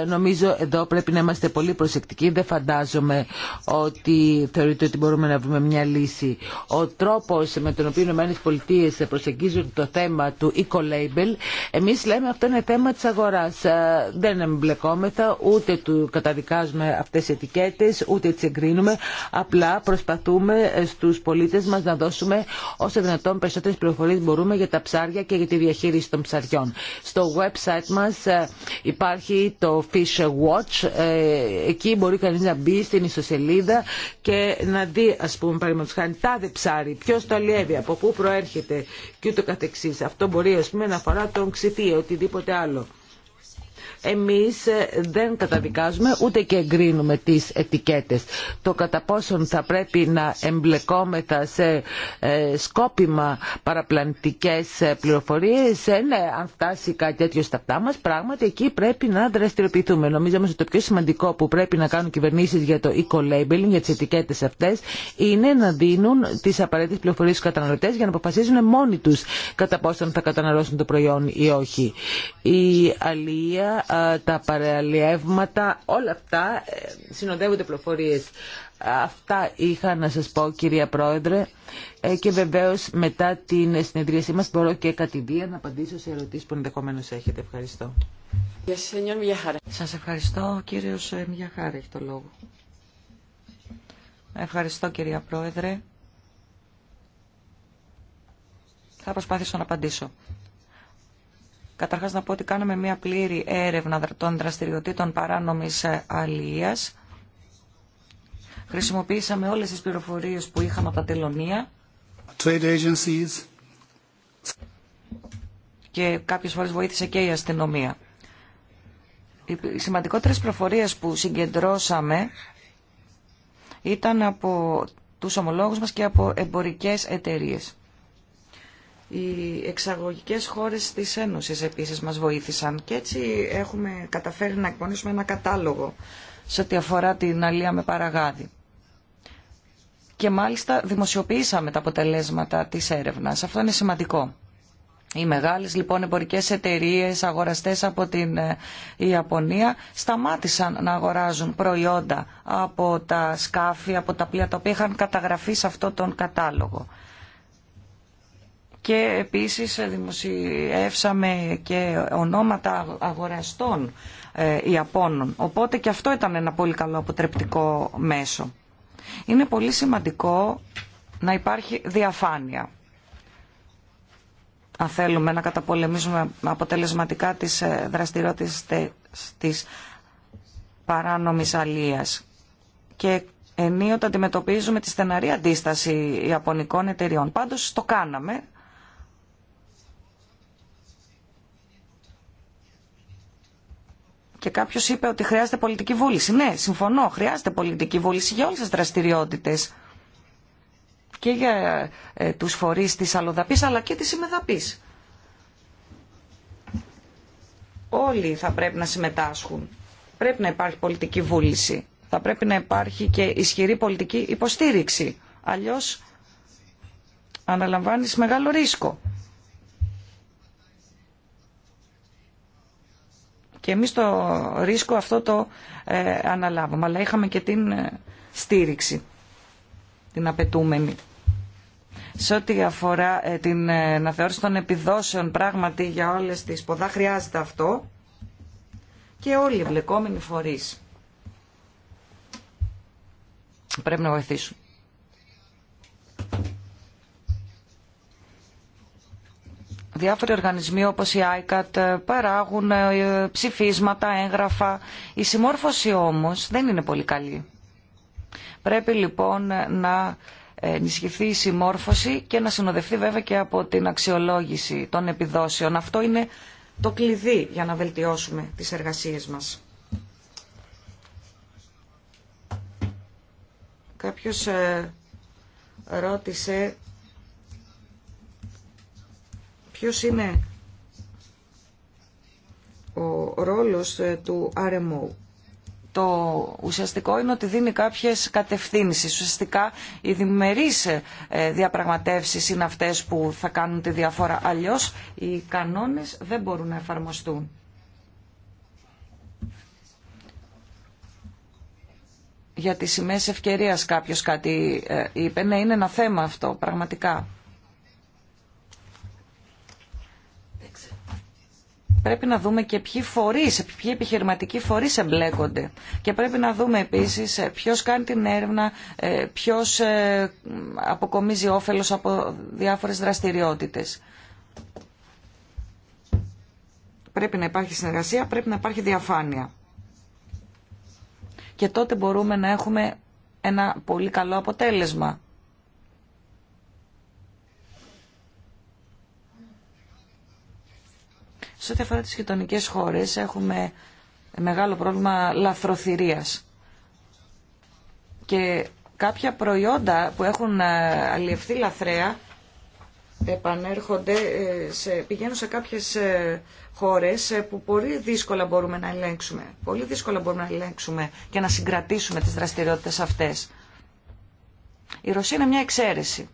ε, νομίζω εδώ πρέπει να είμαστε πολύ προσεκτικοί. Δεν φαντάζομαι ότι θεωρείτε ότι μπορούμε να βρούμε μια λύση. Ο τρόπος με τον οποίο οι ΗΠΑ προσεγγίζουν το θέμα του eco-label, εμείς λέμε αυτό είναι θέμα της αγοράς. Ε, δεν εμπλεκόμεθα, ούτε του καταδικάζουμε αυτές τις ετικέτες, ούτε τις εγκρίνουμε. Απλά προσπαθούμε στους πολίτες μας να δώσουμε όσο δυνατόν περισσότερες πληροφορίες μπορούμε για τα ψάρια και για τη διαχείριση των ψαριών. Στο website μας ε, υπάρχει το Fish Watch. Ε, εκεί μπορεί κανείς να μπει στην ιστοσελίδα και να δει, ας πούμε, παραδείγματος χάνει τάδε ψάρι, ποιος το αλλιεύει, από πού προέρχεται και ούτω καθεξής. Αυτό μπορεί, ας πούμε, να αφορά τον ή οτιδήποτε άλλο. Εμείς δεν καταδικάζουμε ούτε και εγκρίνουμε τις ετικέτες. Το κατά πόσον θα πρέπει να εμπλεκόμεθα σε ε, σκόπιμα παραπλανητικές ε, πληροφορίες, ε, ναι, αν φτάσει κάτι τέτοιο στα αυτά μας, πράγματι εκεί πρέπει να δραστηριοποιηθούμε. Νομίζω ότι το πιο σημαντικό που πρέπει να κάνουν κυβερνήσεις για το eco-labeling, για τις ετικέτες αυτές, είναι να δίνουν τις απαραίτητες πληροφορίες στους καταναλωτές για να αποφασίζουν μόνοι τους κατά πόσον θα καταναλώσουν το προϊόν ή όχι. Η αλία ε, τα παραλιεύματα, όλα αυτά ε, συνοδεύονται πληροφορίες. Αυτά είχα να σας πω κυρία Πρόεδρε ε, και βεβαίως μετά την συνεδρίασή μας μπορώ και κατηδία να απαντήσω σε ερωτήσεις που ενδεχομένω έχετε. Ευχαριστώ. Σας ευχαριστώ κύριος Μιαχάρη έχει το λόγο. Ευχαριστώ κυρία Πρόεδρε. Θα προσπαθήσω να απαντήσω Καταρχάς να πω ότι κάναμε μια πλήρη έρευνα των δραστηριοτήτων παράνομης ε, αλίας. Χρησιμοποίησαμε όλες τις πληροφορίες που είχαμε από τα τελωνία. Και κάποιες φορές βοήθησε και η αστυνομία. Οι σημαντικότερες πληροφορίες που συγκεντρώσαμε ήταν από τους ομολόγους μας και από εμπορικές εταιρείες. Οι εξαγωγικές χώρες της Ένωσης επίσης μας βοήθησαν και έτσι έχουμε καταφέρει να εκπονήσουμε ένα κατάλογο σε ό,τι αφορά την αλία με παραγάδι. Και μάλιστα δημοσιοποιήσαμε τα αποτελέσματα της έρευνας. Αυτό είναι σημαντικό. Οι μεγάλες λοιπόν εμπορικές εταιρείες, αγοραστές από την ε, Ιαπωνία σταμάτησαν να αγοράζουν προϊόντα από τα σκάφη, από τα πλοία τα οποία είχαν καταγραφεί σε αυτό τον κατάλογο και επίσης δημοσιεύσαμε και ονόματα αγοραστών ε, Ιαπώνων. Οπότε και αυτό ήταν ένα πολύ καλό αποτρεπτικό μέσο. Είναι πολύ σημαντικό να υπάρχει διαφάνεια. Αν θέλουμε να καταπολεμήσουμε αποτελεσματικά τις ε, δραστηριότητες της παράνομης αλίας. Και ενίοτε αντιμετωπίζουμε τη στεναρή αντίσταση Ιαπωνικών εταιριών. Πάντως το κάναμε Και κάποιο είπε ότι χρειάζεται πολιτική βούληση. Ναι, συμφωνώ, χρειάζεται πολιτική βούληση για όλε τι δραστηριότητε. Και για ε, του φορεί τη αλλοδαπή αλλά και τη ημεδαπή. Όλοι θα πρέπει να συμμετάσχουν. Πρέπει να υπάρχει πολιτική βούληση. Θα πρέπει να υπάρχει και ισχυρή πολιτική υποστήριξη. Αλλιώς αναλαμβάνεις μεγάλο ρίσκο. και εμείς το ρίσκο αυτό το ε, αναλάβαμε. Αλλά είχαμε και την ε, στήριξη, την απαιτούμενη. Σε ό,τι αφορά ε, την ε, αναθεώρηση των επιδόσεων πράγματι για όλες τις ποδά χρειάζεται αυτό και όλοι οι εμπλεκόμενοι φορείς πρέπει να βοηθήσουν. διάφοροι οργανισμοί όπως η ICAT ε, παράγουν ε, ε, ψηφίσματα, έγγραφα. Η συμμόρφωση όμως δεν είναι πολύ καλή. Πρέπει λοιπόν να ενισχυθεί η συμμόρφωση και να συνοδευτεί βέβαια και από την αξιολόγηση των επιδόσεων. Αυτό είναι το κλειδί για να βελτιώσουμε τις εργασίες μας. Κάποιος ρώτησε ποιος είναι ο ρόλος ε, του RMO. Το ουσιαστικό είναι ότι δίνει κάποιες κατευθύνσεις. Ουσιαστικά οι διμερείς ε, διαπραγματεύσεις είναι αυτές που θα κάνουν τη διαφορά. Αλλιώς οι κανόνες δεν μπορούν να εφαρμοστούν. Για τις σημαίες ευκαιρίας κάποιος κάτι ε, είπε. Ναι, είναι ένα θέμα αυτό, πραγματικά. πρέπει να δούμε και ποιοι φορείς, ποιοι επιχειρηματικοί φορεί εμπλέκονται. Και πρέπει να δούμε επίσης ε, ποιο κάνει την έρευνα, ε, ποιο ε, αποκομίζει όφελος από διάφορες δραστηριότητες. Πρέπει να υπάρχει συνεργασία, πρέπει να υπάρχει διαφάνεια. Και τότε μπορούμε να έχουμε ένα πολύ καλό αποτέλεσμα. Σε ό,τι αφορά τι γειτονικέ χώρες έχουμε μεγάλο πρόβλημα λαθροθυρία. Και κάποια προϊόντα που έχουν ε, αλλιευθεί λαθρέα επανέρχονται, ε, σε, πηγαίνουν σε κάποιες ε, χώρες που πολύ δύσκολα μπορούμε να ελέγξουμε. Πολύ δύσκολα μπορούμε να ελέγξουμε και να συγκρατήσουμε τις δραστηριότητες αυτές. Η Ρωσία είναι μια εξαίρεση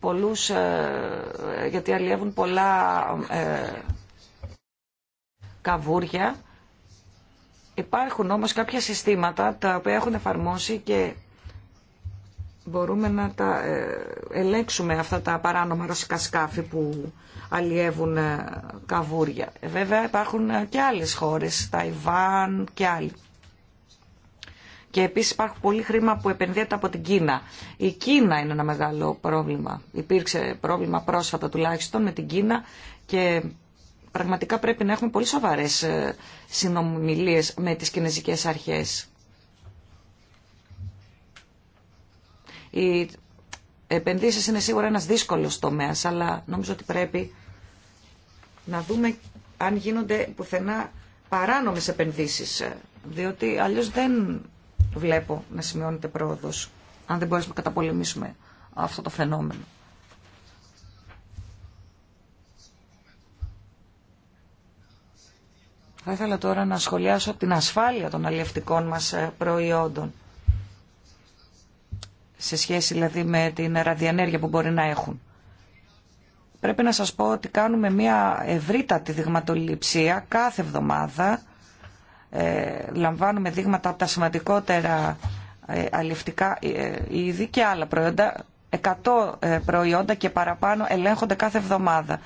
πολλούς, ε, γιατί αλλιεύουν πολλά ε, καβούρια. Υπάρχουν όμως κάποια συστήματα τα οποία έχουν εφαρμόσει και μπορούμε να τα ε, ελέγξουμε αυτά τα παράνομα ρωσικά σκάφη που αλλιεύουν καβούρια. Βέβαια υπάρχουν και άλλες χώρες, Ταϊβάν και άλλοι. Και επίσης υπάρχει πολύ χρήμα που επενδύεται από την Κίνα. Η Κίνα είναι ένα μεγάλο πρόβλημα. Υπήρξε πρόβλημα πρόσφατα τουλάχιστον με την Κίνα και πραγματικά πρέπει να έχουμε πολύ σοβαρές ε, συνομιλίες με τις κινέζικες αρχές. Οι επενδύσεις είναι σίγουρα ένας δύσκολος τομέας, αλλά νομίζω ότι πρέπει να δούμε αν γίνονται πουθενά παράνομες επενδύσεις, ε, διότι αλλιώς δεν βλέπω να σημειώνεται πρόοδος αν δεν μπορέσουμε να καταπολεμήσουμε αυτό το φαινόμενο. Θα ήθελα τώρα να σχολιάσω την ασφάλεια των αλλιευτικών μας ε, προϊόντων σε σχέση δηλαδή με την ραδιενέργεια που μπορεί να έχουν. Πρέπει να σας πω ότι κάνουμε μια ευρύτατη δειγματοληψία κάθε εβδομάδα ε, λαμβάνουμε δείγματα από τα σημαντικότερα ε, αλληλευτικά ε, είδη και άλλα προϊόντα. 100 προϊόντα και παραπάνω ελέγχονται κάθε εβδομάδα.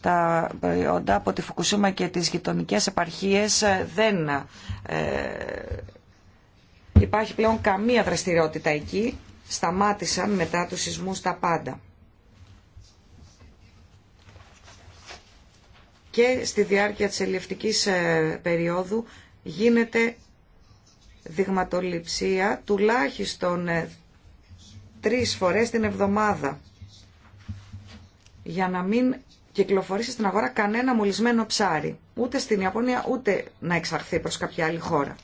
Τα προϊόντα από τη Φουκουσούμα και τις γειτονικές επαρχίες δεν υπάρχει πλέον καμία δραστηριότητα εκεί. Σταμάτησαν μετά τους σεισμούς τα πάντα. Και στη διάρκεια της ελευτικής περίοδου γίνεται δειγματοληψία τουλάχιστον ε, τρεις φορές την εβδομάδα για να μην κυκλοφορήσει στην αγορά κανένα μολυσμένο ψάρι ούτε στην Ιαπωνία ούτε να εξαρθεί προς κάποια άλλη χώρα.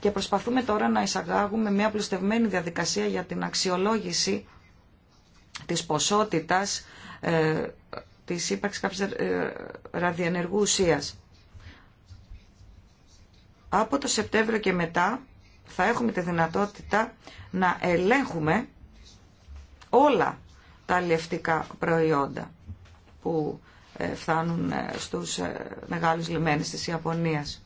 Και προσπαθούμε τώρα να εισαγάγουμε μια πλουστευμένη διαδικασία για την αξιολόγηση της ποσότητας ε, της ύπαρξης κάποιας ε, ραδιενεργού ουσίας από το Σεπτέμβριο και μετά θα έχουμε τη δυνατότητα να ελέγχουμε όλα τα αλλιευτικά προϊόντα που ε, φτάνουν ε, στους ε, μεγάλους λιμένες της Ιαπωνίας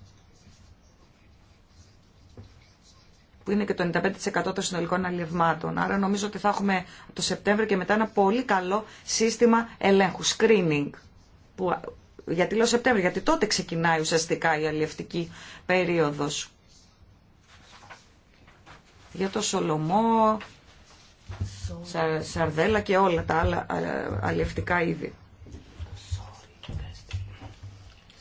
που είναι και το 95% των συνολικών αλλιευμάτων. Άρα νομίζω ότι θα έχουμε το Σεπτέμβριο και μετά ένα πολύ καλό σύστημα ελέγχου, screening, που γιατί λέω Σεπτέμβριο, γιατί τότε ξεκινάει ουσιαστικά η αλλιευτική περίοδος. Για το Σολομό, Σαρδέλα και όλα τα άλλα αλλιευτικά είδη.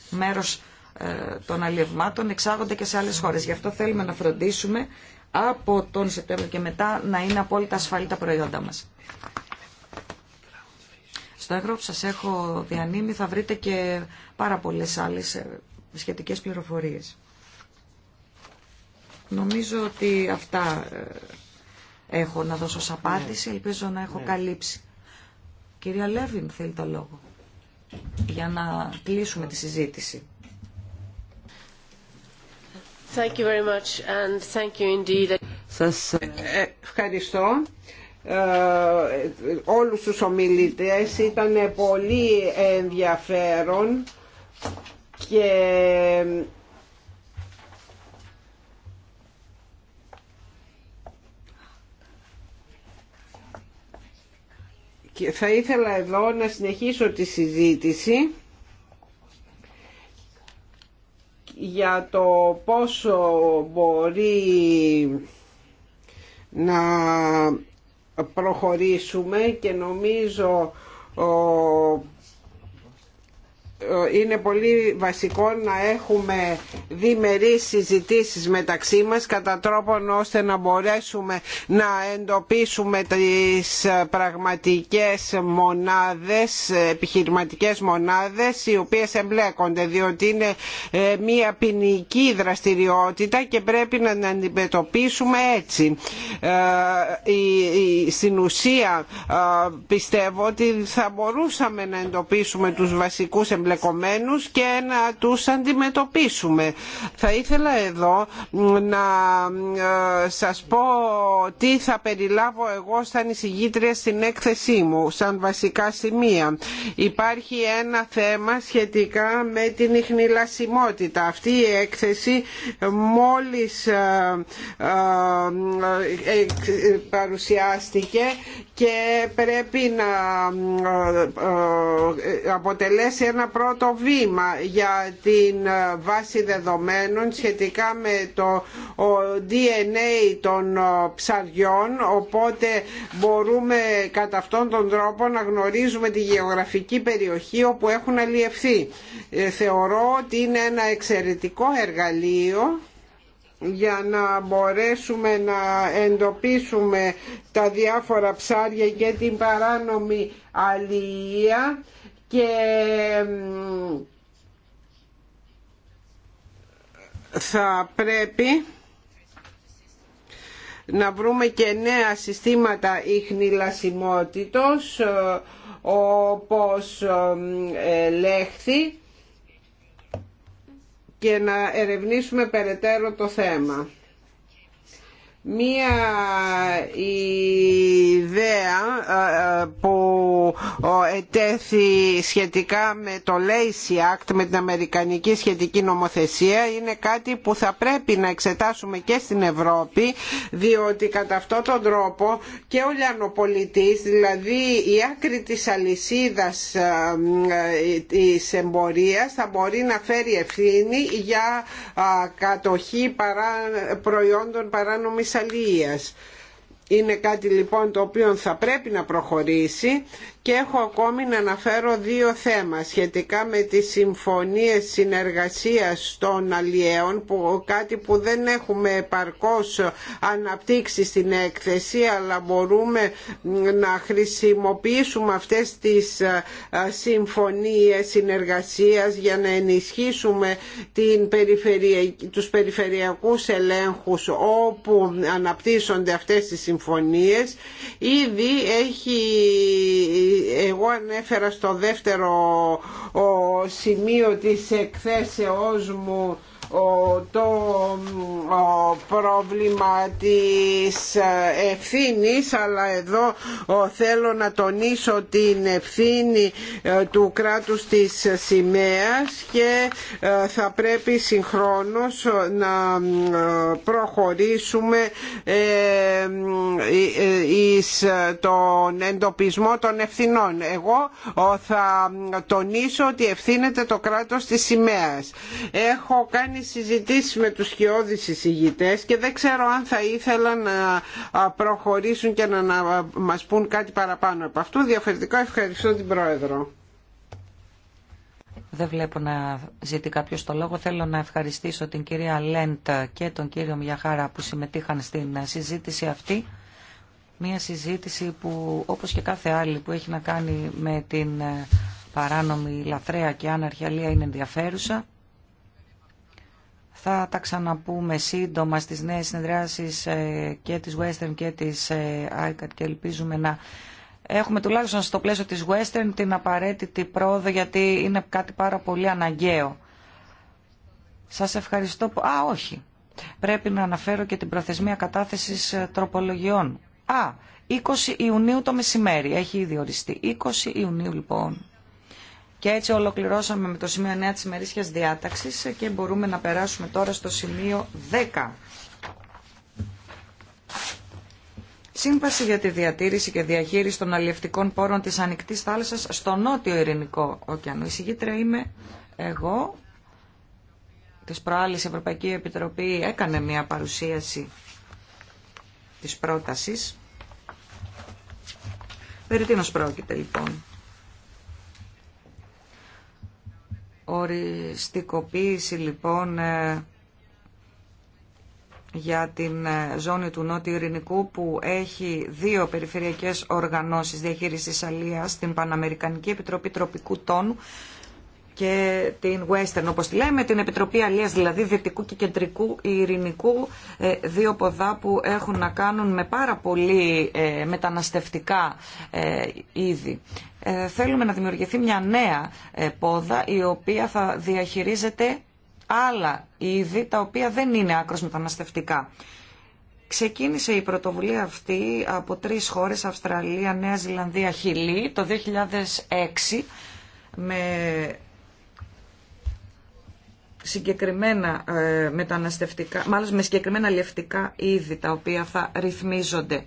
Μέρος ε, των αλλιευμάτων εξάγονται και σε άλλες χώρες. Γι' αυτό θέλουμε να φροντίσουμε από τον Σεπτέμβριο και μετά να είναι απόλυτα ασφαλή τα προϊόντα μας. Στο έγγραφο που σας έχω διανύμει θα βρείτε και πάρα πολλές άλλες ε, σχετικές πληροφορίες. Νομίζω ότι αυτά ε, έχω να δώσω σαν απάντηση. Ναι. Ελπίζω να έχω ναι. καλύψει. Κυρία Λέβιν θέλει το λόγο για να κλείσουμε τη συζήτηση. Thank you very much and ε, ευχαριστώ. Ε, όλους τους ομιλητές ήταν πολύ ενδιαφέρον και και θα ήθελα εδώ να συνεχίσω τη συζήτηση για το πόσο μπορεί να προχωρήσουμε και νομίζω ε, είναι πολύ βασικό να έχουμε διμερείς συζητήσεις μεταξύ μας κατά τρόπον ώστε να μπορέσουμε να εντοπίσουμε τις πραγματικές μονάδες, επιχειρηματικές μονάδες οι οποίες εμπλέκονται διότι είναι ε, μια ποινική δραστηριότητα και πρέπει να την αντιμετωπίσουμε έτσι. Ε, στην ουσία πιστεύω ότι θα μπορούσαμε να εντοπίσουμε τους βασικούς εμπλεκομένους και να τους αντιμετωπίσουμε. Θα ήθελα εδώ να σας πω τι θα περιλάβω εγώ σαν εισηγήτρια στην έκθεσή μου, σαν βασικά σημεία. Υπάρχει ένα θέμα σχετικά με την ιχνηλασιμότητα. Αυτή η έκθεση μόλις ε, παρουσιάστηκε και πρέπει να ε, αποτελέσει ένα πρώτο βήμα για την ε, βάση δεδομένων σχετικά με το DNA των ε, ψαριών οπότε μπορούμε κατά αυτόν τον τρόπο να γνωρίζουμε τη γεωγραφική περιοχή όπου έχουν αλλιευθεί. Ε, θεωρώ ότι είναι ένα εξαιρετικό εργαλείο για να μπορέσουμε να εντοπίσουμε τα διάφορα ψάρια και την παράνομη αλληλεία και θα πρέπει να βρούμε και νέα συστήματα ιχνηλασιμότητος ε, όπως ε, λέχθη και να ερευνήσουμε περαιτέρω το θέμα μία ιδέα ε, ε, που ε, ετέθη σχετικά με το Lacey Act, με την Αμερικανική σχετική νομοθεσία, είναι κάτι που θα πρέπει να εξετάσουμε και στην Ευρώπη, διότι κατά αυτόν τον τρόπο και ο λιανοπολιτής, δηλαδή η άκρη της αλυσίδας της εμπορίας θα μπορεί να φέρει ευθύνη για κατοχή προϊόντων παράνομης είναι κάτι λοιπόν το οποίο θα πρέπει να προχωρήσει και έχω ακόμη να αναφέρω δύο θέματα σχετικά με τις συμφωνίες συνεργασίας των αλλιέων που κάτι που δεν έχουμε επαρκώς αναπτύξει στην έκθεση αλλά μπορούμε να χρησιμοποιήσουμε αυτές τις ε, συμφωνίες συνεργασίας για να ενισχύσουμε την τους περιφερειακούς ελέγχους όπου αναπτύσσονται αυτές τις συμφωνίες. Ήδη έχει εγώ ανέφερα στο δεύτερο σημείο της εκθέσεώς μου το πρόβλημα της ε, ευθύνης αλλά εδώ θέλω να τονίσω την ευθύνη ε, του κράτους της σημαίας και ε, θα πρέπει συγχρόνως να προχωρήσουμε εις τον εντοπισμό των ευθυνών. Εγώ θα τονίσω ότι ευθύνεται το κράτος της σημαίας. Έχω κάνει συζητήσεις με τους χειώδεις εισηγητές και δεν ξέρω αν θα ήθελα να προχωρήσουν και να μας πούν κάτι παραπάνω από αυτού. Διαφορετικά ευχαριστώ την Πρόεδρο. Δεν βλέπω να ζητεί κάποιο το λόγο. Θέλω να ευχαριστήσω την κυρία Λέντα και τον κύριο Μιαχάρα που συμμετείχαν στην συζήτηση αυτή. Μία συζήτηση που όπως και κάθε άλλη που έχει να κάνει με την ε, παράνομη λαθρέα και άναρχιαλία είναι ενδιαφέρουσα. Θα τα ξαναπούμε σύντομα στις νέες συνεδριάσεις ε, και της Western και της ε, ICAT και ελπίζουμε να έχουμε τουλάχιστον στο πλαίσιο της Western την απαραίτητη πρόοδο γιατί είναι κάτι πάρα πολύ αναγκαίο. Σας ευχαριστώ. Α, όχι. Πρέπει να αναφέρω και την προθεσμία κατάθεσης ε, τροπολογιών. Α, 20 Ιουνίου το μεσημέρι. Έχει ήδη οριστεί. 20 Ιουνίου λοιπόν. Και έτσι ολοκληρώσαμε με το σημείο 9 της ημερήσιας διάταξης και μπορούμε να περάσουμε τώρα στο σημείο 10. Σύμβαση για τη διατήρηση και διαχείριση των αλλιευτικών πόρων της ανοιχτής θάλασσας στο νότιο ειρηνικό ωκεανό. Η είμαι εγώ. Της προάλλες η Ευρωπαϊκή Επιτροπή έκανε μια παρουσίαση της πρότασης. Περί τίνος πρόκειται λοιπόν. οριστικοποίηση λοιπόν ε, για την ε, ζώνη του Νότιου Ειρηνικού που έχει δύο περιφερειακές οργανώσεις διαχείρισης αλίας, την Παναμερικανική Επιτροπή Τροπικού Τόνου και την Western, όπως τη λέμε, την Επιτροπή Αλίας, δηλαδή Δυτικού και Κεντρικού Ειρηνικού, ε, δύο ποδά που έχουν να κάνουν με πάρα πολύ μεταναστευτικά είδη. Ε, θέλουμε να δημιουργηθεί μια νέα ε, πόδα η οποία θα διαχειρίζεται άλλα είδη τα οποία δεν είναι άκρως μεταναστευτικά. Ξεκίνησε η πρωτοβουλία αυτή από τρεις χώρες, Αυστραλία, Νέα Ζηλανδία, Χιλή, το 2006 με συγκεκριμένα ε, μεταναστευτικά, μάλλον με συγκεκριμένα λευτικά είδη τα οποία θα ρυθμίζονται.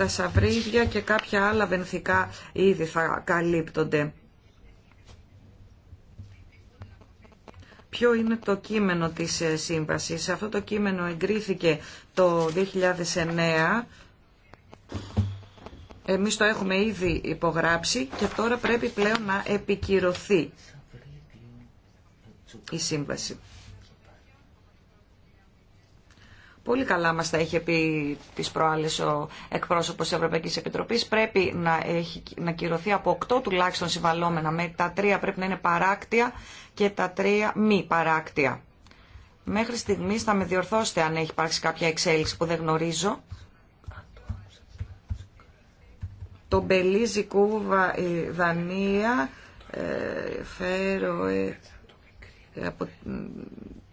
τα σαβρίδια και κάποια άλλα βενθικά είδη θα καλύπτονται. Ποιο είναι το κείμενο της ε, σύμβασης. Αυτό το κείμενο εγκρίθηκε το 2009. Εμείς το έχουμε ήδη υπογράψει και τώρα πρέπει πλέον να επικυρωθεί η σύμβαση. Πολύ καλά μας τα είχε πει τις προάλλες ο εκπρόσωπος της Ευρωπαϊκής Επιτροπής. Πρέπει να, έχει, να κυρωθεί από 8 τουλάχιστον συμβαλόμενα με τα τρία πρέπει να είναι παράκτια και τα τρία μη παράκτια. Μέχρι στιγμής θα με διορθώσετε αν έχει υπάρξει κάποια εξέλιξη που δεν γνωρίζω. Το Μπελίζη, Κούβα, η Δανία, ε,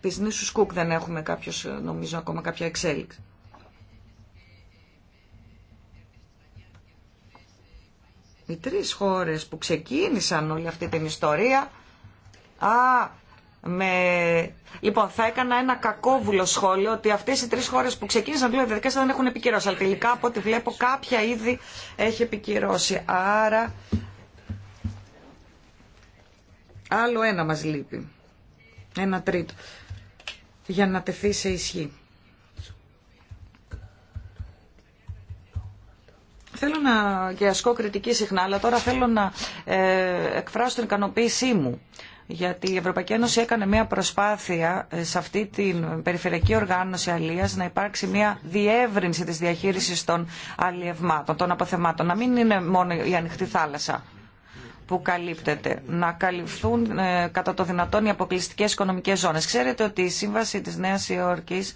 της νήσου Κουκ δεν έχουμε κάποιος, νομίζω, ακόμα κάποια εξέλιξη. Οι τρεις χώρες που ξεκίνησαν όλη αυτή την ιστορία, α, με... Λοιπόν, θα έκανα ένα κακόβουλο σχόλιο ότι αυτέ οι τρει χώρε που ξεκίνησαν δύο διαδικασίε δεν έχουν επικυρώσει. Αλλά τελικά από ό,τι βλέπω κάποια ήδη έχει επικυρώσει. Άρα. Άλλο ένα μας λείπει. Ένα τρίτο για να τεθεί σε ισχύ. Θέλω να, και ασκώ κριτική συχνά, αλλά τώρα θέλω να ε, εκφράσω την ικανοποίησή μου. Γιατί η Ευρωπαϊκή Ένωση έκανε μια προσπάθεια ε, σε αυτή την περιφερειακή οργάνωση αλίας να υπάρξει μια διεύρυνση της διαχείρισης των αλλιευμάτων, των αποθεμάτων. Να μην είναι μόνο η ανοιχτή θάλασσα που καλύπτεται. Να καλυφθούν ε, κατά το δυνατόν οι αποκλειστικές οικονομικές ζώνες. Ξέρετε ότι η Σύμβαση της Νέας Υόρκης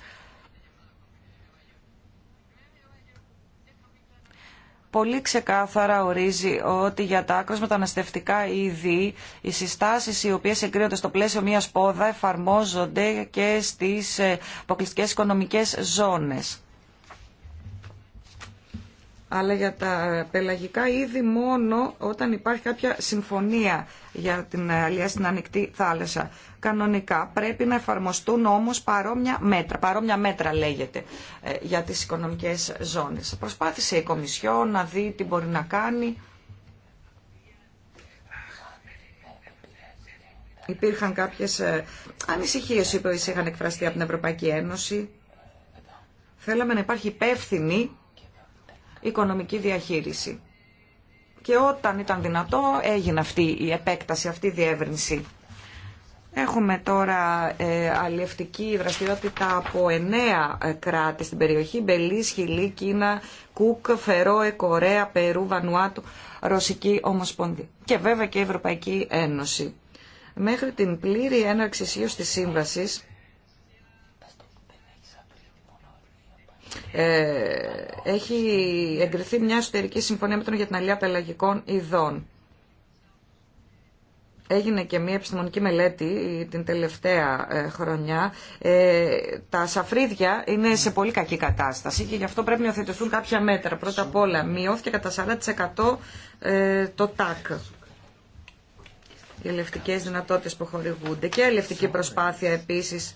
πολύ ξεκάθαρα ορίζει ότι για τα άκρως μεταναστευτικά είδη οι συστάσεις οι οποίες εγκρίνονται στο πλαίσιο μιας πόδα εφαρμόζονται και στις ε, αποκλειστικές οικονομικές ζώνες αλλά για τα πελαγικά είδη μόνο όταν υπάρχει κάποια συμφωνία για την αλληλεία στην ανοιχτή θάλασσα. Κανονικά πρέπει να εφαρμοστούν όμως παρόμοια μέτρα, παρόμοια μέτρα λέγεται, ε, για τις οικονομικές ζώνες. Προσπάθησε η Κομισιό να δει τι μπορεί να κάνει. Υπήρχαν κάποιες ε, ανησυχίες οι είχαν εκφραστεί από την Ευρωπαϊκή Ένωση. Θέλαμε να υπάρχει υπεύθυνη οικονομική διαχείριση. Και όταν ήταν δυνατό έγινε αυτή η επέκταση, αυτή η διεύρυνση. Έχουμε τώρα ε, αλλιευτική δραστηριότητα από εννέα ε, κράτη στην περιοχή. Μπελή, Χιλή, Κίνα, Κουκ, Φερόε, Κορέα, Περού, Βανουάτου, Ρωσική Ομοσπονδία. Και βέβαια και Ευρωπαϊκή Ένωση. Μέχρι την πλήρη έναρξη ισχύω τη σύμβασης Ε, έχει εγκριθεί μια εσωτερική συμφωνία με τον για την αλληλεία πελαγικών ειδών. Έγινε και μια επιστημονική μελέτη την τελευταία ε, χρονιά. Ε, τα σαφρίδια είναι σε πολύ κακή κατάσταση και γι' αυτό πρέπει να υιοθετηθούν κάποια μέτρα. Πρώτα απ' όλα μειώθηκε κατά 40% το ΤΑΚ οι ελευτικές δυνατότητες που χορηγούνται και η ελευτική προσπάθεια επίσης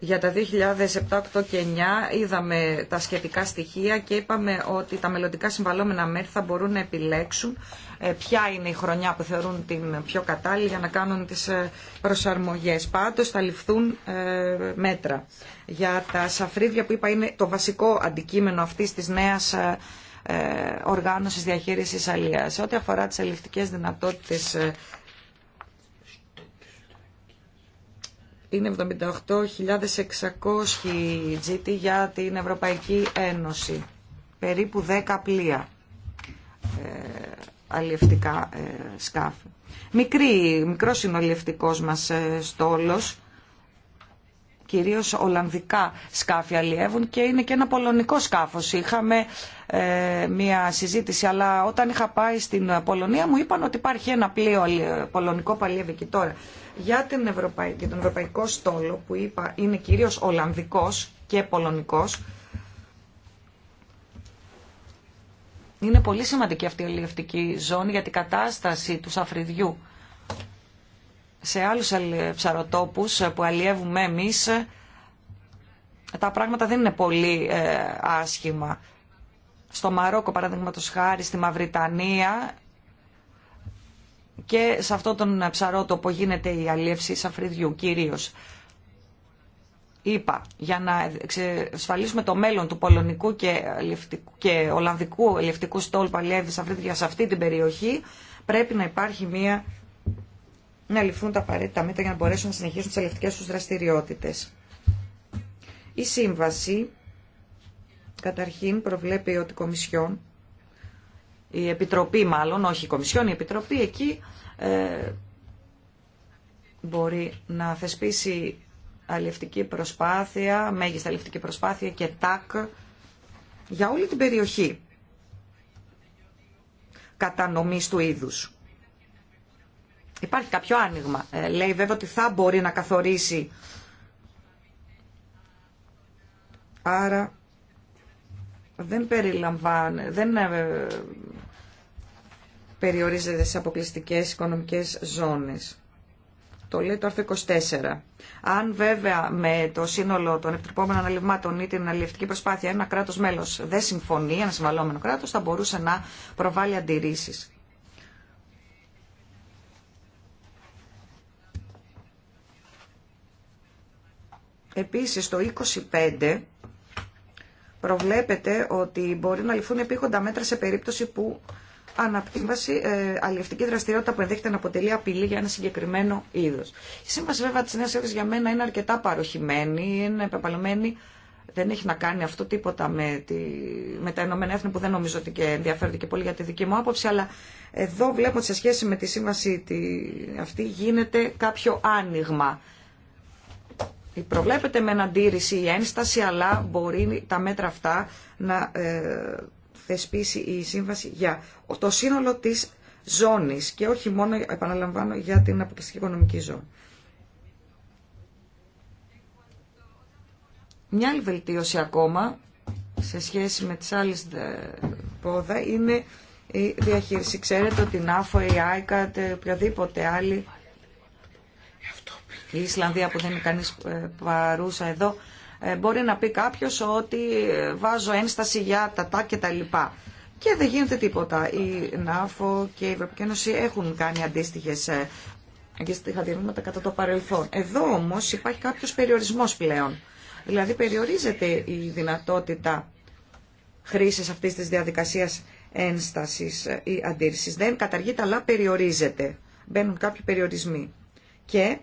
για τα 2007, 2008 και 2009 είδαμε τα σχετικά στοιχεία και είπαμε ότι τα μελλοντικά συμβαλόμενα μέρη θα μπορούν να επιλέξουν ε, ποια είναι η χρονιά που θεωρούν την πιο κατάλληλη για να κάνουν τις ε, προσαρμογές. Πάντως θα ληφθούν ε, μέτρα. Για τα σαφρίδια που είπα είναι το βασικό αντικείμενο αυτής της νέας οργάνωσης διαχείρισης αλίας. Ό,τι αφορά τις αλληλευτικές δυνατότητες είναι 78.600 GT για την Ευρωπαϊκή Ένωση. Περίπου 10 πλοία ε, αλλιευτικά ε, σκάφη. Μικρή, μικρός είναι μας ε, στόλος κυρίως Ολλανδικά σκάφη αλλιεύουν και είναι και ένα πολωνικό σκάφος. Είχαμε ε, μια συζήτηση, αλλά όταν είχα πάει στην Πολωνία μου είπαν ότι υπάρχει ένα πλοίο πολωνικό που αλλιεύει τώρα. Για, την τον Ευρωπαϊκό Στόλο που είπα είναι κυρίως Ολλανδικός και Πολωνικός, είναι πολύ σημαντική αυτή η αλλιευτική ζώνη για την κατάσταση του σαφριδιού σε άλλους ψαροτόπους ε, που αλλιεύουμε εμείς ε, τα πράγματα δεν είναι πολύ ε, άσχημα. Στο Μαρόκο, παραδείγματο χάρη, στη Μαυριτανία και σε αυτόν τον ψαρότοπο γίνεται η αλλιεύση σαφριδιού κυρίως. Είπα, για να εξασφαλίσουμε το μέλλον του πολωνικού και, και ολλανδικού ελευτικού στόλου που αλλιεύει σαφρίδια σε αυτή την περιοχή, πρέπει να υπάρχει μία να ληφθούν τα απαραίτητα μέτρα για να μπορέσουν να συνεχίσουν τι ελευτικέ του δραστηριότητε. Η σύμβαση καταρχήν προβλέπει ότι η Κομισιόν, η Επιτροπή μάλλον, όχι η Κομισιόν, η Επιτροπή εκεί ε, μπορεί να θεσπίσει αλληλευτική προσπάθεια, μέγιστα αλληλευτική προσπάθεια και τάκ για όλη την περιοχή κατανομής του είδους. Υπάρχει κάποιο άνοιγμα. Ε, λέει βέβαια ότι θα μπορεί να καθορίσει. Άρα δεν περιλαμβάνει, δεν ε, περιορίζεται σε αποκλειστικές οικονομικές ζώνες. Το λέει το άρθρο 24. Αν βέβαια με το σύνολο των επιτρεπόμενων αναλυμάτων ή την αλληλευτική προσπάθεια ένα κράτος μέλος δεν συμφωνεί, ένα συμβαλόμενο κράτος, θα μπορούσε να προβάλλει αντιρρήσεις. Επίσης το 25 προβλέπεται ότι μπορεί να ληφθούν επίγοντα μέτρα σε περίπτωση που αναπτύμβαση ε, αλληλευτική δραστηριότητα που ενδέχεται να αποτελεί απειλή για ένα συγκεκριμένο είδο. Η σύμβαση βέβαια τη Νέα Υόρκη για μένα είναι αρκετά παροχημένη, είναι επεπαλωμένη. Δεν έχει να κάνει αυτό τίποτα με, τη, με τα Ηνωμένα Έθνη που δεν νομίζω ότι και ενδιαφέρονται και πολύ για τη δική μου άποψη, αλλά εδώ βλέπω ότι σε σχέση με τη σύμβαση τη, αυτή γίνεται κάποιο άνοιγμα προβλέπεται με αντίρρηση η ένσταση, αλλά μπορεί τα μέτρα αυτά να ε, θεσπίσει η σύμβαση για το σύνολο της ζώνης και όχι μόνο, επαναλαμβάνω, για την αποκλειστική οικονομική ζώνη. Μια άλλη βελτίωση ακόμα σε σχέση με τις άλλες ε, πόδα είναι η διαχείριση. Ξέρετε ότι η ΝΑΦΟ, η ΆΙΚΑΤ, ε, οποιαδήποτε άλλη η Ισλανδία που δεν είναι κανείς ε, παρούσα εδώ, ε, μπορεί να πει κάποιος ότι ε, βάζω ένσταση για τα τα και τα λοιπά. Και δεν γίνεται τίποτα. Η ΝΑΦΟ και η Ευρωπαϊκή Ένωση έχουν κάνει αντίστοιχες αντίστοιχα κατά το παρελθόν. Εδώ όμως υπάρχει κάποιος περιορισμός πλέον. Δηλαδή περιορίζεται η δυνατότητα χρήσης αυτής της διαδικασίας ένστασης ή αντίρρησης. Δεν καταργείται αλλά περιορίζεται. Μπαίνουν κάποιοι περιορισμοί. Και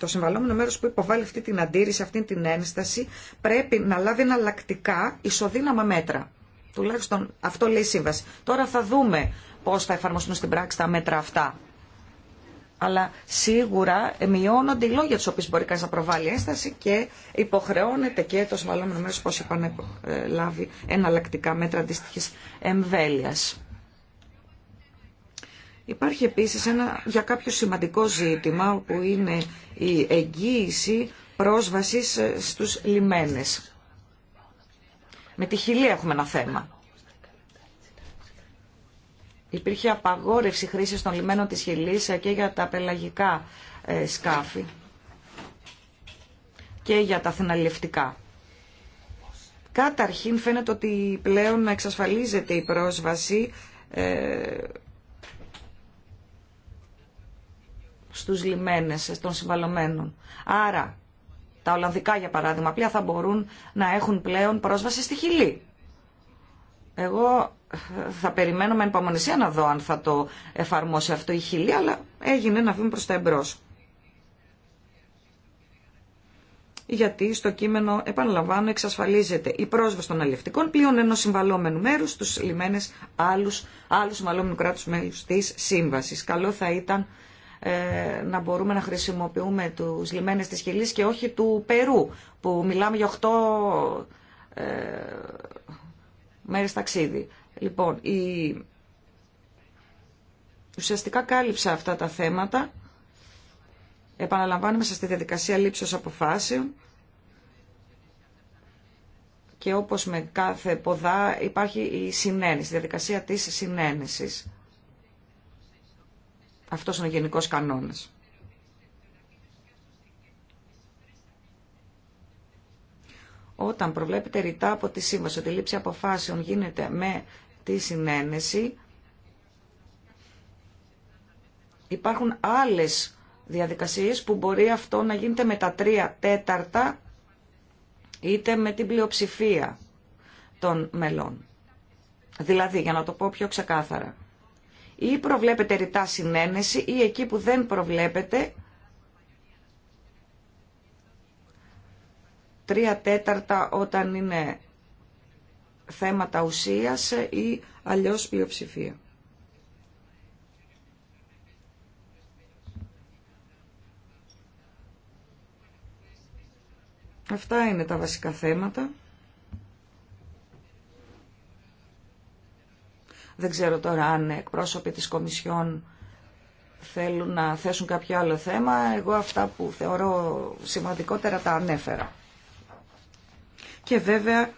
το συμβαλόμενο μέρος που υποβάλλει αυτή την αντίρρηση, αυτή την ένσταση, πρέπει να λάβει εναλλακτικά ισοδύναμα μέτρα. Τουλάχιστον αυτό λέει η σύμβαση. Τώρα θα δούμε πώς θα εφαρμοστούν στην πράξη τα μέτρα αυτά. Αλλά σίγουρα μειώνονται οι λόγια του οποίου μπορεί κανεί να προβάλλει ένσταση και υποχρεώνεται και το συμβαλόμενο μέρο, όπω είπα, να ε, λάβει εναλλακτικά μέτρα αντίστοιχη εμβέλεια. Υπάρχει επίσης ένα για κάποιο σημαντικό ζήτημα που είναι η εγγύηση πρόσβασης ε, στους λιμένες. Με τη χιλή έχουμε ένα θέμα. Υπήρχε απαγόρευση χρήσης των λιμένων της χιλής ε, και για τα πελαγικά ε, σκάφη και για τα θυναλιευτικά. Καταρχήν φαίνεται ότι πλέον εξασφαλίζεται η πρόσβαση στους λιμένες των συμβαλωμένων. Άρα, τα Ολλανδικά για παράδειγμα πλοία θα μπορούν να έχουν πλέον πρόσβαση στη Χιλή. Εγώ ε, θα περιμένω με υπομονησία να δω αν θα το εφαρμόσει αυτό η Χιλή, αλλά έγινε να βήμα προς τα εμπρός. γιατί στο κείμενο, επαναλαμβάνω, εξασφαλίζεται η πρόσβαση των αλληλευτικών πλοίων ενό συμβαλόμενου μέρου στου λιμένε άλλου άλλους συμβαλόμενου κράτου μέλου τη σύμβαση. Καλό θα ήταν ε, να μπορούμε να χρησιμοποιούμε τους λιμένες της Χιλής και όχι του Περού που μιλάμε για 8 ε, μέρες ταξίδι. Λοιπόν, η... ουσιαστικά κάλυψα αυτά τα θέματα. Επαναλαμβάνουμε σας τη διαδικασία λήψεως αποφάσεων και όπως με κάθε ποδά υπάρχει η συνένεση, η διαδικασία της συνένεσης. Αυτός είναι ο γενικός κανόνας. Όταν προβλέπεται ρητά από τη σύμβαση ότι η λήψη αποφάσεων γίνεται με τη συνένεση, υπάρχουν άλλες διαδικασίες που μπορεί αυτό να γίνεται με τα τρία τέταρτα είτε με την πλειοψηφία των μελών. Δηλαδή, για να το πω πιο ξεκάθαρα, ή προβλέπετε ρητά συνένεση ή εκεί που δεν προβλέπετε τρία τέταρτα όταν είναι θέματα ουσίας ή αλλιώς πλειοψηφία. Αυτά είναι τα βασικά θέματα. Δεν ξέρω τώρα αν εκπρόσωποι της Κομισιόν θέλουν να θέσουν κάποιο άλλο θέμα. Εγώ αυτά που θεωρώ σημαντικότερα τα ανέφερα. Και βέβαια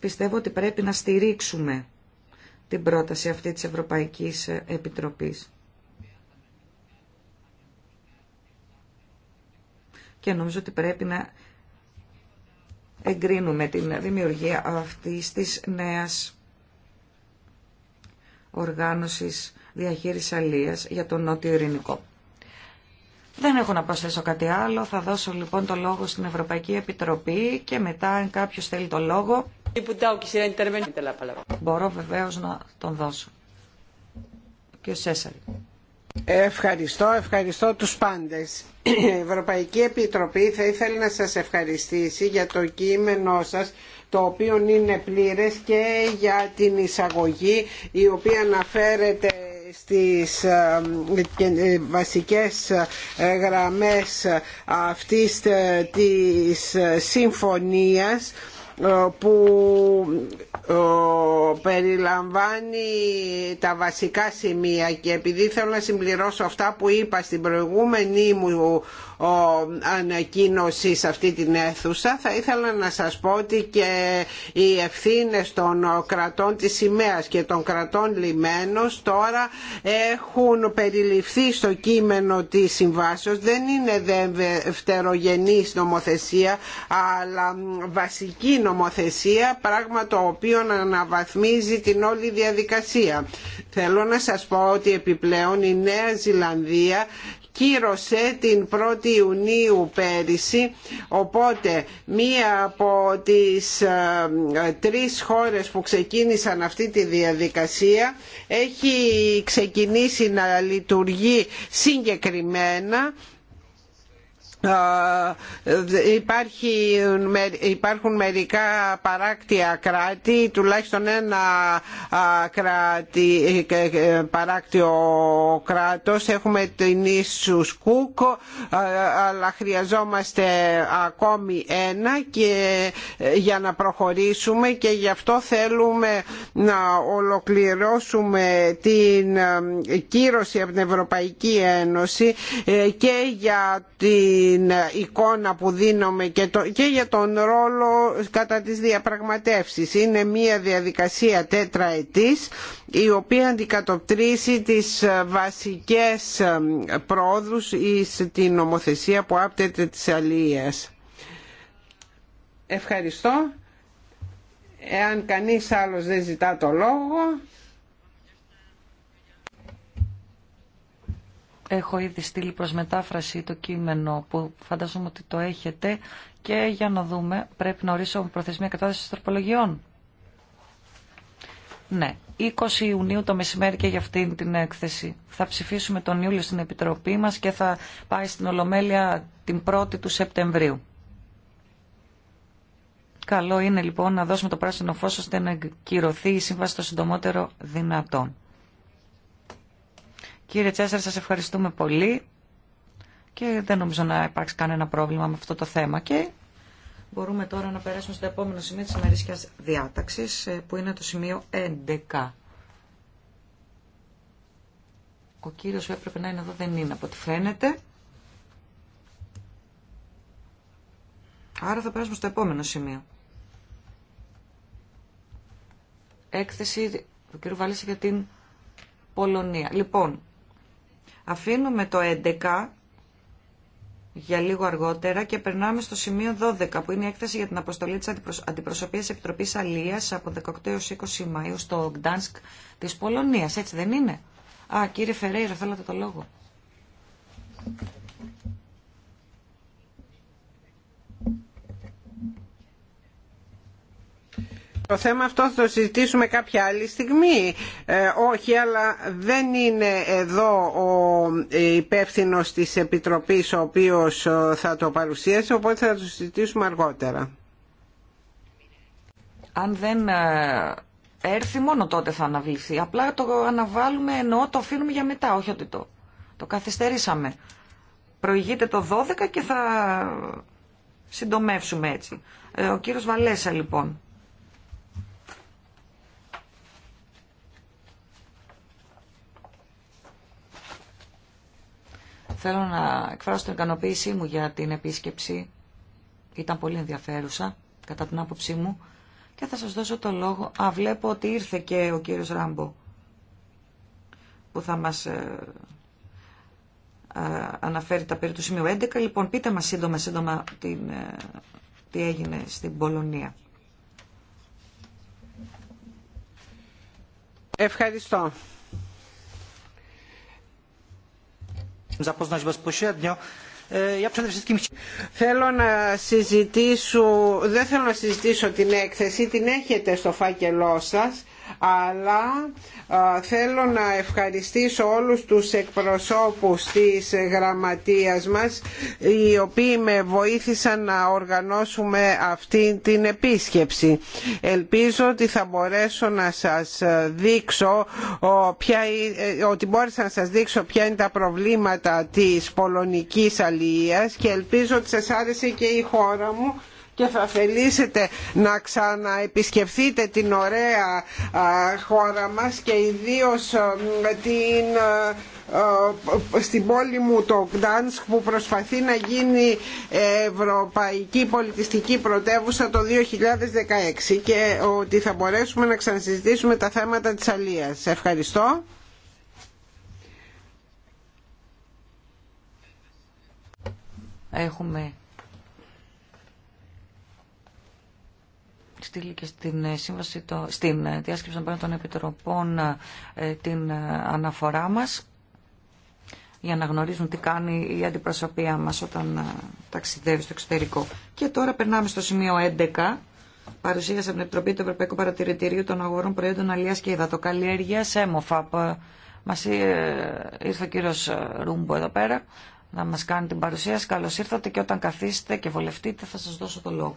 πιστεύω ότι πρέπει να στηρίξουμε την πρόταση αυτή της Ευρωπαϊκής Επιτροπής. Και νομίζω ότι πρέπει να εγκρίνουμε την δημιουργία αυτής της νέας Οργάνωσης Διαχείρισης Αλίας για τον Νότιο Ειρηνικό. Δεν έχω να προσθέσω κάτι άλλο. Θα δώσω λοιπόν το λόγο στην Ευρωπαϊκή Επιτροπή και μετά, αν κάποιο θέλει το λόγο, μπορώ βεβαίω να τον δώσω. Και Σέσσαρη. Ευχαριστώ, ευχαριστώ τους πάντες. Η Ευρωπαϊκή Επιτροπή θα ήθελε να σας ευχαριστήσει για το κείμενό σας το οποίο είναι πλήρες και για την εισαγωγή η οποία αναφέρεται στις ε, ε, βασικές ε, γραμμές αυτής της συμφωνίας που περιλαμβάνει τα βασικά σημεία και επειδή θέλω να συμπληρώσω αυτά που είπα στην προηγούμενη μου ανακοίνωση σε αυτή την αίθουσα θα ήθελα να σας πω ότι και οι ευθύνε των κρατών της σημαίας και των κρατών λιμένος τώρα έχουν περιληφθεί στο κείμενο της συμβάσεως δεν είναι δευτερογενής νομοθεσία αλλά βασική νομοθεσία πράγμα το οποίο αναβαθμίζει την όλη διαδικασία. Θέλω να σας πω ότι επιπλέον η Νέα Ζηλανδία κύρωσε την 1η Ιουνίου πέρυσι οπότε μία από τις ε, τρεις χώρες που ξεκίνησαν αυτή τη διαδικασία έχει ξεκινήσει να λειτουργεί συγκεκριμένα Υπάρχει, υπάρχουν μερικά παράκτια κράτη, τουλάχιστον ένα κράτη, παράκτιο κράτος. Έχουμε την Ίσου αλλά χρειαζόμαστε ακόμη ένα και ε, για να προχωρήσουμε και γι' αυτό θέλουμε να ολοκληρώσουμε την ε, κύρωση από την Ευρωπαϊκή Ένωση ε, και για τη την εικόνα που δίνομαι και, για τον ρόλο κατά τις διαπραγματεύσεις. Είναι μια διαδικασία τέτραετής η οποία αντικατοπτρίζει τις βασικές πρόοδους στην νομοθεσία που άπτεται της αλληλείας. Ευχαριστώ. Εάν κανείς άλλος δεν ζητά το λόγο... Έχω ήδη στείλει προς μετάφραση το κείμενο που φαντάζομαι ότι το έχετε και για να δούμε πρέπει να ορίσω προθεσμία κατάσταση τροπολογιών. Ναι, 20 Ιουνίου το μεσημέρι και για αυτήν την έκθεση. Θα ψηφίσουμε τον Ιούλιο στην Επιτροπή μας και θα πάει στην Ολομέλεια την 1η του Σεπτεμβρίου. Καλό είναι λοιπόν να δώσουμε το πράσινο φως ώστε να εγκυρωθεί η σύμβαση το πρασινο φως ωστε να κυρωθει δυνατόν. Κύριε Τσέσσαρ, σας ευχαριστούμε πολύ και δεν νομίζω να υπάρξει κανένα πρόβλημα με αυτό το θέμα. Και μπορούμε τώρα να περάσουμε στο επόμενο σημείο της ημερήσιας διάταξης, ε, που είναι το σημείο 11. Ο κύριος που έπρεπε να είναι εδώ δεν είναι από ό,τι φαίνεται. Άρα θα περάσουμε στο επόμενο σημείο. Έκθεση του κύριου Βαλίση για την Πολωνία. Λοιπόν, Αφήνουμε το 11 για λίγο αργότερα και περνάμε στο σημείο 12 που είναι η έκθεση για την αποστολή της Αντιπροσωπείας Επιτροπής Αλίας από 18 έως 20 Μαΐου στο Γκτάνσκ της Πολωνίας. Έτσι δεν είναι. Α, κύριε Φερέιρα, θέλατε το λόγο. Το θέμα αυτό θα το συζητήσουμε κάποια άλλη στιγμή. Ε, όχι, αλλά δεν είναι εδώ ο υπεύθυνο της Επιτροπής ο οποίος ε, θα το παρουσίασε, οπότε θα το συζητήσουμε αργότερα. Αν δεν ε, έρθει μόνο τότε θα αναβληθεί. Απλά το αναβάλουμε ενώ το αφήνουμε για μετά, όχι ότι το, το καθυστερήσαμε. Προηγείται το 12 και θα συντομεύσουμε έτσι. Ο κύριος Βαλέσα λοιπόν. Θέλω να εκφράσω την ικανοποίησή μου για την επίσκεψη. Ήταν πολύ ενδιαφέρουσα, κατά την άποψή μου. Και θα σας δώσω το λόγο. Α, βλέπω ότι ήρθε και ο κύριος Ράμπο, που θα μας ε, ε, αναφέρει τα περί του 11. Λοιπόν, πείτε μας σύντομα, σύντομα την, ε, τι έγινε στην Πολωνία. Ευχαριστώ. E, θέλω να συζητήσω, δεν θέλω να συζητήσω την έκθεση, την έχετε στο φάκελό σας αλλά θέλω να ευχαριστήσω όλους τους εκπροσώπους της γραμματείας μας οι οποίοι με βοήθησαν να οργανώσουμε αυτή την επίσκεψη. Ελπίζω ότι θα μπορέσω να σας δείξω ποια, ε, ότι μπόρεσα να σας δείξω ποια είναι τα προβλήματα της πολωνικής αλληλείας και ελπίζω ότι σας άρεσε και η χώρα μου και θα θελήσετε να ξαναεπισκεφθείτε την ωραία χώρα μας και ιδίως την στην πόλη μου το Γκτάνσκ που προσπαθεί να γίνει Ευρωπαϊκή Πολιτιστική Πρωτεύουσα το 2016 και ότι θα μπορέσουμε να ξανασυζητήσουμε τα θέματα της Αλίας. Ευχαριστώ. Έχουμε στείλει και στην, ε, σύμβαση το, στην ε, διάσκεψη των πρώτων επιτροπών ε, την αναφορά μας για να γνωρίζουν τι κάνει η αντιπροσωπεία μας όταν ταξιδεύει στο εξωτερικό. Και τώρα περνάμε στο σημείο 11. Παρουσίασε από την Επιτροπή του Ευρωπαϊκού Παρατηρητηρίου των Αγορών Προϊόντων Αλίας και Ιδατοκαλλιέργεια, ΕΜΟΦΑΠ. Μα ήρθε ο κύριο Ρούμπο εδώ πέρα να μας κάνει την παρουσίαση. Καλώ ήρθατε και όταν καθίσετε και βολευτείτε θα σας δώσω το λόγο.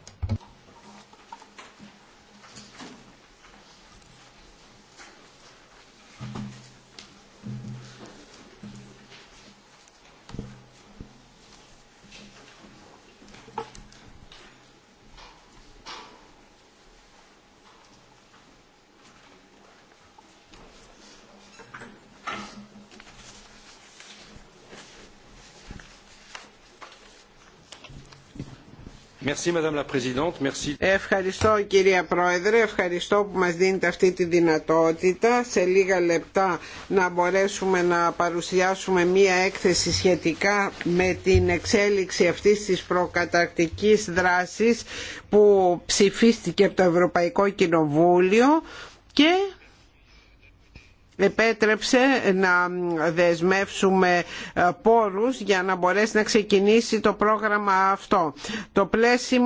Ευχαριστώ κυρία Πρόεδρε, ευχαριστώ που μας δίνετε αυτή τη δυνατότητα σε λίγα λεπτά να μπορέσουμε να παρουσιάσουμε μία έκθεση σχετικά με την εξέλιξη αυτής της προκαταρκτικής δράσης που ψηφίστηκε από το Ευρωπαϊκό Κοινοβούλιο και επέτρεψε να δεσμεύσουμε ε, πόρους για να μπορέσει να ξεκινήσει το πρόγραμμα αυτό. Το πλαίσιο,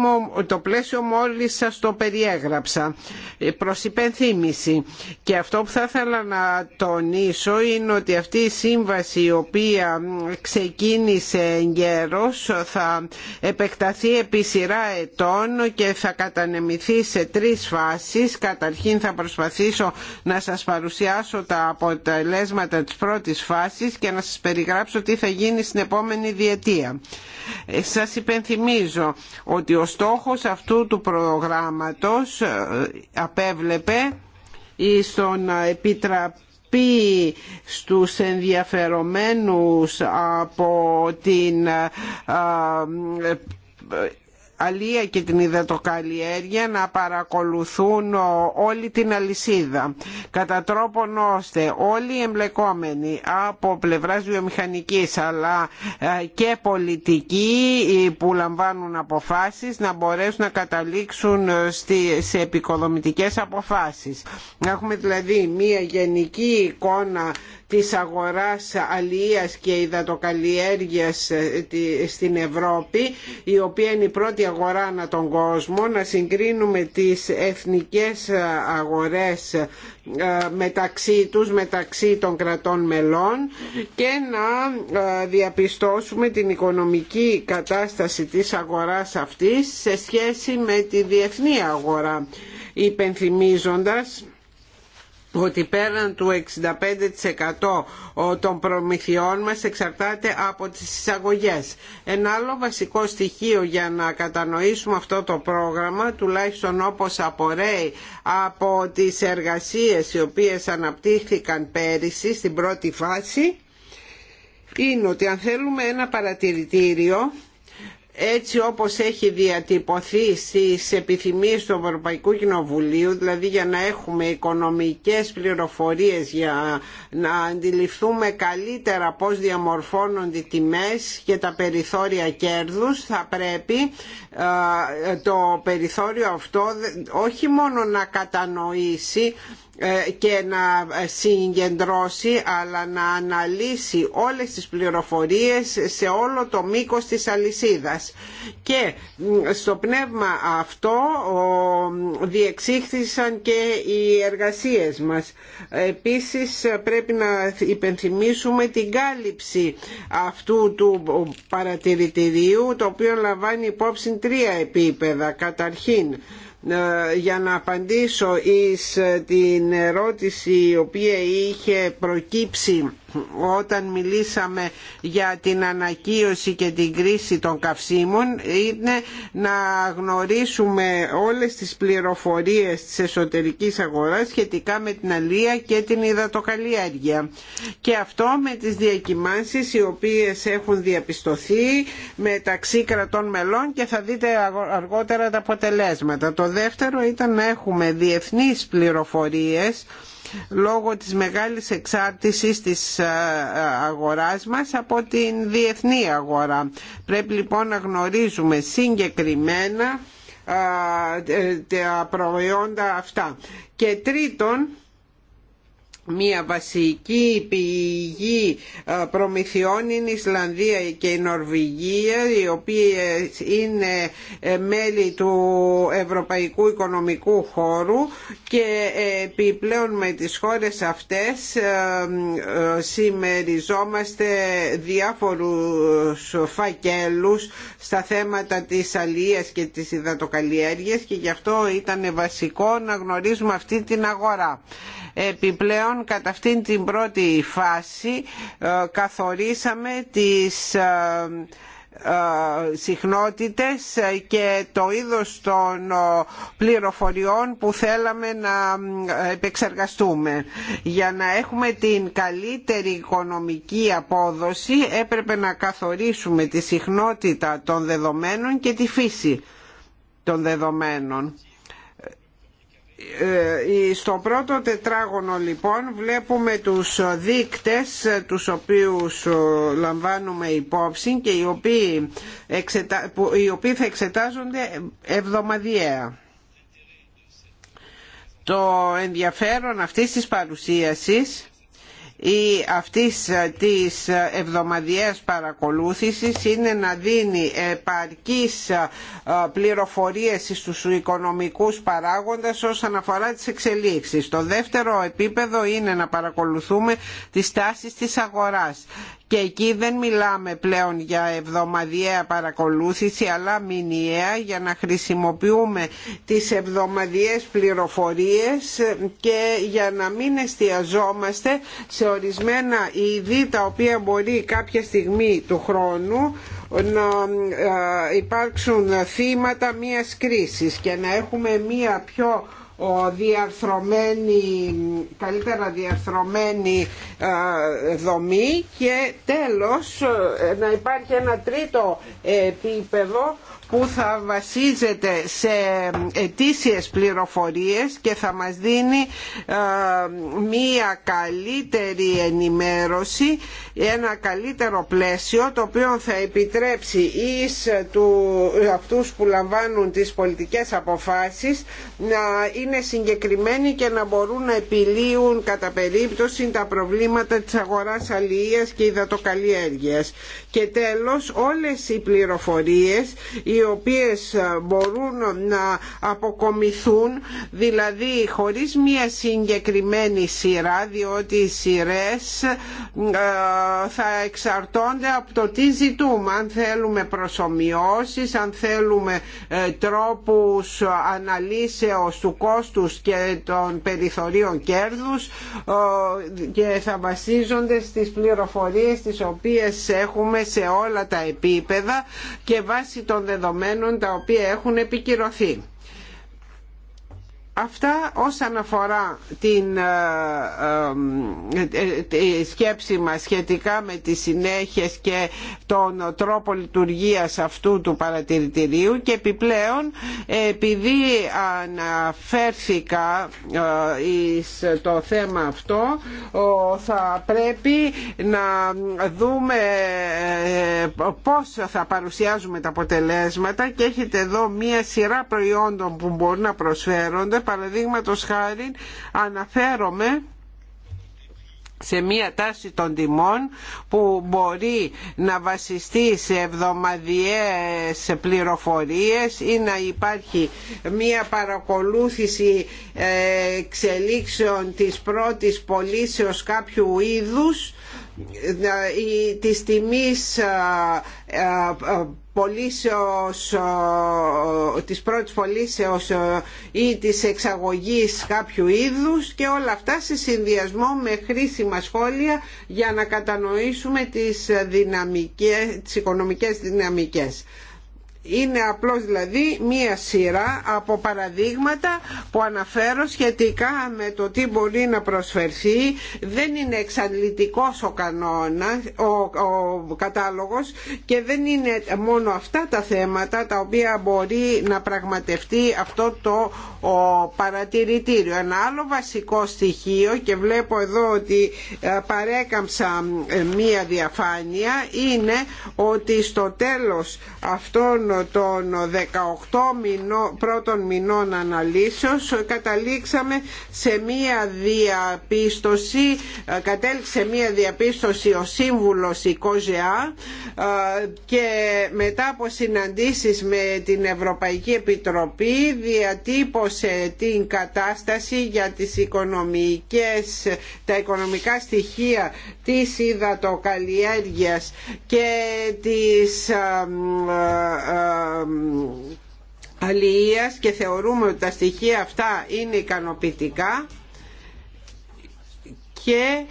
το πλαίσιο μόλις σας το περιέγραψα ε, προς υπενθύμηση και αυτό που θα ήθελα να τονίσω είναι ότι αυτή η σύμβαση η οποία ξεκίνησε γέρος θα επεκταθεί επί σειρά ετών και θα κατανεμηθεί σε τρεις φάσεις. Καταρχήν θα προσπαθήσω να σας παρουσιάσω τα αποτελέσματα της πρώτης φάσης και να σας περιγράψω τι θα γίνει στην επόμενη διετία. Ε, σας υπενθυμίζω ότι ο στόχος αυτού του προγράμματος ε, απέβλεπε στον επιτραπή επιτραπεί στους ενδιαφερομένους από την ε, αλία και την υδατοκαλλιέργεια να παρακολουθούν όλη την αλυσίδα κατά τρόπον ώστε όλοι οι εμπλεκόμενοι από πλευράς βιομηχανικής αλλά ε, και πολιτικοί που λαμβάνουν αποφάσεις να μπορέσουν να καταλήξουν ε, σε επικοδομητικές αποφάσεις. Έχουμε δηλαδή μία γενική εικόνα της αγοράς αλίας και υδατοκαλλιέργειας ε, στην Ευρώπη η οποία είναι η πρώτη αγορά ανά τον κόσμο να συγκρίνουμε τις εθνικές ε, αγορές ε, μεταξύ τους, μεταξύ των κρατών μελών και να διαπιστώσουμε την οικονομική κατάσταση της αγοράς αυτής σε σχέση με τη διεθνή αγορά υπενθυμίζοντας ότι πέραν του 65% των προμηθειών μας εξαρτάται από τις εισαγωγές. Ένα άλλο βασικό στοιχείο για να κατανοήσουμε αυτό το πρόγραμμα, τουλάχιστον όπως απορρέει από τις εργασίες οι οποίες αναπτύχθηκαν πέρυσι στην πρώτη φάση, είναι ότι αν θέλουμε ένα παρατηρητήριο έτσι όπως έχει διατυπωθεί στις επιθυμίες του Ευρωπαϊκού Κοινοβουλίου, δηλαδή για να έχουμε οικονομικές πληροφορίες, για να αντιληφθούμε καλύτερα πώς διαμορφώνονται οι τιμές και τα περιθώρια κέρδους, θα πρέπει το περιθώριο αυτό όχι μόνο να κατανοήσει ε, και να συγκεντρώσει αλλά να αναλύσει όλες τις πληροφορίες σε όλο το μήκος της αλυσίδας και στο πνεύμα αυτό διεξήχθησαν και οι εργασίες μας επίσης πρέπει να υπενθυμίσουμε την κάλυψη αυτού του παρατηρητηρίου το οποίο λαμβάνει υπόψη τρία επίπεδα καταρχήν για να απαντήσω εις ε, την ερώτηση η οποία είχε προκύψει όταν μιλήσαμε για την ανακύωση και την κρίση των καυσίμων είναι να γνωρίσουμε όλες τις πληροφορίες της εσωτερικής αγοράς σχετικά με την αλία και την υδατοκαλλιέργεια και αυτό με τις διακοιμάνσεις οι οποίες έχουν διαπιστωθεί μεταξύ κρατών μελών και θα δείτε αργότερα τα αποτελέσματα. Το δεύτερο ήταν να έχουμε διεθνείς πληροφορίες λόγω της μεγάλης εξάρτησης της ε, αγοράς μας από την διεθνή αγορά. Πρέπει λοιπόν να γνωρίζουμε συγκεκριμένα ε, ε, τα προϊόντα αυτά. Και τρίτον, Μία βασική πηγή ε, προμηθειών είναι η Ισλανδία και η Νορβηγία οι οποίες είναι ε, μέλη του Ευρωπαϊκού Οικονομικού Χώρου και ε, επιπλέον με τις χώρες αυτές συμμεριζόμαστε διάφορους φακέλους στα θέματα της αλίας και της υδατοκαλλιέργειας και γι' αυτό ήταν βασικό να γνωρίζουμε αυτή την αγορά. Επιπλέον κατά αυτήν την πρώτη φάση ε, καθορίσαμε τις ε, ε, συχνότητες και το είδος των πληροφοριών που θέλαμε να επεξεργαστούμε. Για να έχουμε την καλύτερη οικονομική απόδοση έπρεπε να καθορίσουμε τη συχνότητα των δεδομένων και τη φύση των δεδομένων ε, ε, στο πρώτο τετράγωνο λοιπόν βλέπουμε τους δικτές ε, τους οποίους λαμβάνουμε υπόψη και οι οποίοι, θα εξετάζονται εβδομαδιαία. Το ενδιαφέρον αυτής της παρουσίασης ή αυτής της εβδομαδιαίας παρακολούθησης είναι να δίνει επαρκείς ε, πληροφορίες στους οικονομικούς παράγοντες όσον αφορά τις εξελίξεις. Το δεύτερο επίπεδο είναι να παρακολουθούμε τις τάσεις της αγοράς και εκεί δεν μιλάμε πλέον για εβδομαδιαία παρακολούθηση αλλά μηνιαία για να χρησιμοποιούμε τις εβδομαδιαίες πληροφορίες και για να μην εστιαζόμαστε σε ορισμένα είδη τα οποία μπορεί κάποια στιγμή του χρόνου να ε, υπάρξουν θύματα μιας κρίσης και να έχουμε μια πιο διαρθρωμένη, καλύτερα διαρθρωμένη ε, δομή και τέλος ε, να υπάρχει ένα τρίτο επίπεδο που θα βασίζεται σε ετήσιες πληροφορίες και θα μας δίνει ε, μία καλύτερη ενημέρωση, ένα καλύτερο πλαίσιο το οποίο θα επιτρέψει εις του, αυτούς που λαμβάνουν τις πολιτικές αποφάσεις να είναι συγκεκριμένοι και να μπορούν να επιλύουν κατά περίπτωση τα προβλήματα της αγοράς αλληλείας και υδατοκαλλιέργειας. Και τέλος όλες οι πληροφορίες οι οποίες ε, μπορούν να αποκομιθούν δηλαδή χωρίς μια συγκεκριμένη σειρά διότι οι σειρές ε, θα εξαρτώνται από το τι ζητούμε αν θέλουμε προσωμιώσεις αν θέλουμε ε, τρόπους αναλύσεως του κόστους και των περιθωρίων κέρδους και θα βασίζονται στις πληροφορίες τις οποίες έχουμε σε όλα τα επίπεδα και βάσει των δεδομένων τα οποία έχουν επικυρωθεί. Αυτά όσον αφορά την ε, ε, ε, σκέψη μας σχετικά με τις συνέχειες και τον τρόπο λειτουργίας αυτού του παρατηρητηρίου και επιπλέον επειδή αναφέρθηκα στο το θέμα αυτό θα πρέπει να δούμε πώς θα παρουσιάζουμε τα αποτελέσματα και έχετε εδώ μία σειρά προϊόντων που μπορούν να προσφέρονται Παραδείγματο χάρη αναφέρομαι σε μία τάση των τιμών που μπορεί να βασιστεί σε εβδομαδιαίες πληροφορίες ή να υπάρχει μία παρακολούθηση ε, εξελίξεων της πρώτης πωλήσεως κάποιου είδους ε, της τιμής ε, πωλήσεως, της πρώτης πωλήσεως ή της εξαγωγής κάποιου είδους και όλα αυτά σε συνδυασμό με χρήσιμα σχόλια για να κατανοήσουμε τις, δυναμικές, τις οικονομικές δυναμικές. Είναι απλώς δηλαδή μία σειρά από παραδείγματα που αναφέρω σχετικά με το τι μπορεί να προσφερθεί. Δεν είναι εξαντλητικός ο κανόνα, ο, κατάλογος και δεν είναι μόνο αυτά τα θέματα τα οποία μπορεί να πραγματευτεί αυτό το παρατηρητήριο. Ένα άλλο βασικό στοιχείο και βλέπω εδώ ότι ε, παρέκαμψα ε, μία διαφάνεια είναι ότι στο τέλος αυτών των 18 πρώτων μηνών αναλύσεως καταλήξαμε σε μία διαπίστωση, ε, κατέληξε μία διαπίστωση ο σύμβουλος η ΚΟΖΕΑ ε, και μετά από συναντήσεις με την Ευρωπαϊκή Επιτροπή διατύπωσε την κατάσταση για τις οικονομικές, τα οικονομικά στοιχεία της υδατοκαλλιέργειας και της ε, ε, αλληλείας και θεωρούμε ότι τα στοιχεία αυτά είναι ικανοποιητικά και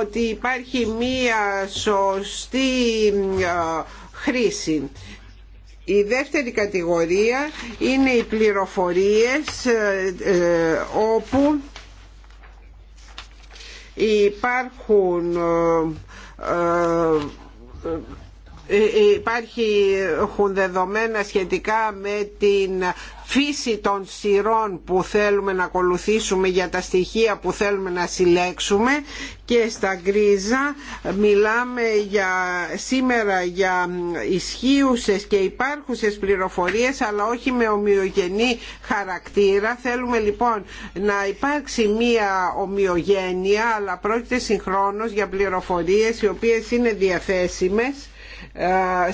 ότι υπάρχει μία σωστή ε, χρήση. Η δεύτερη κατηγορία είναι οι πληροφορίες ε, όπου υπάρχουν ε, ε, υπάρχουν δεδομένα σχετικά με την φύση των σειρών που θέλουμε να ακολουθήσουμε για τα στοιχεία που θέλουμε να συλλέξουμε και στα γκρίζα μιλάμε για, σήμερα για ισχύουσες και υπάρχουσες πληροφορίες αλλά όχι με ομοιογενή χαρακτήρα. Θέλουμε λοιπόν να υπάρξει μία ομοιογένεια αλλά πρόκειται συγχρόνως για πληροφορίες οι οποίες είναι διαθέσιμες ε, ε,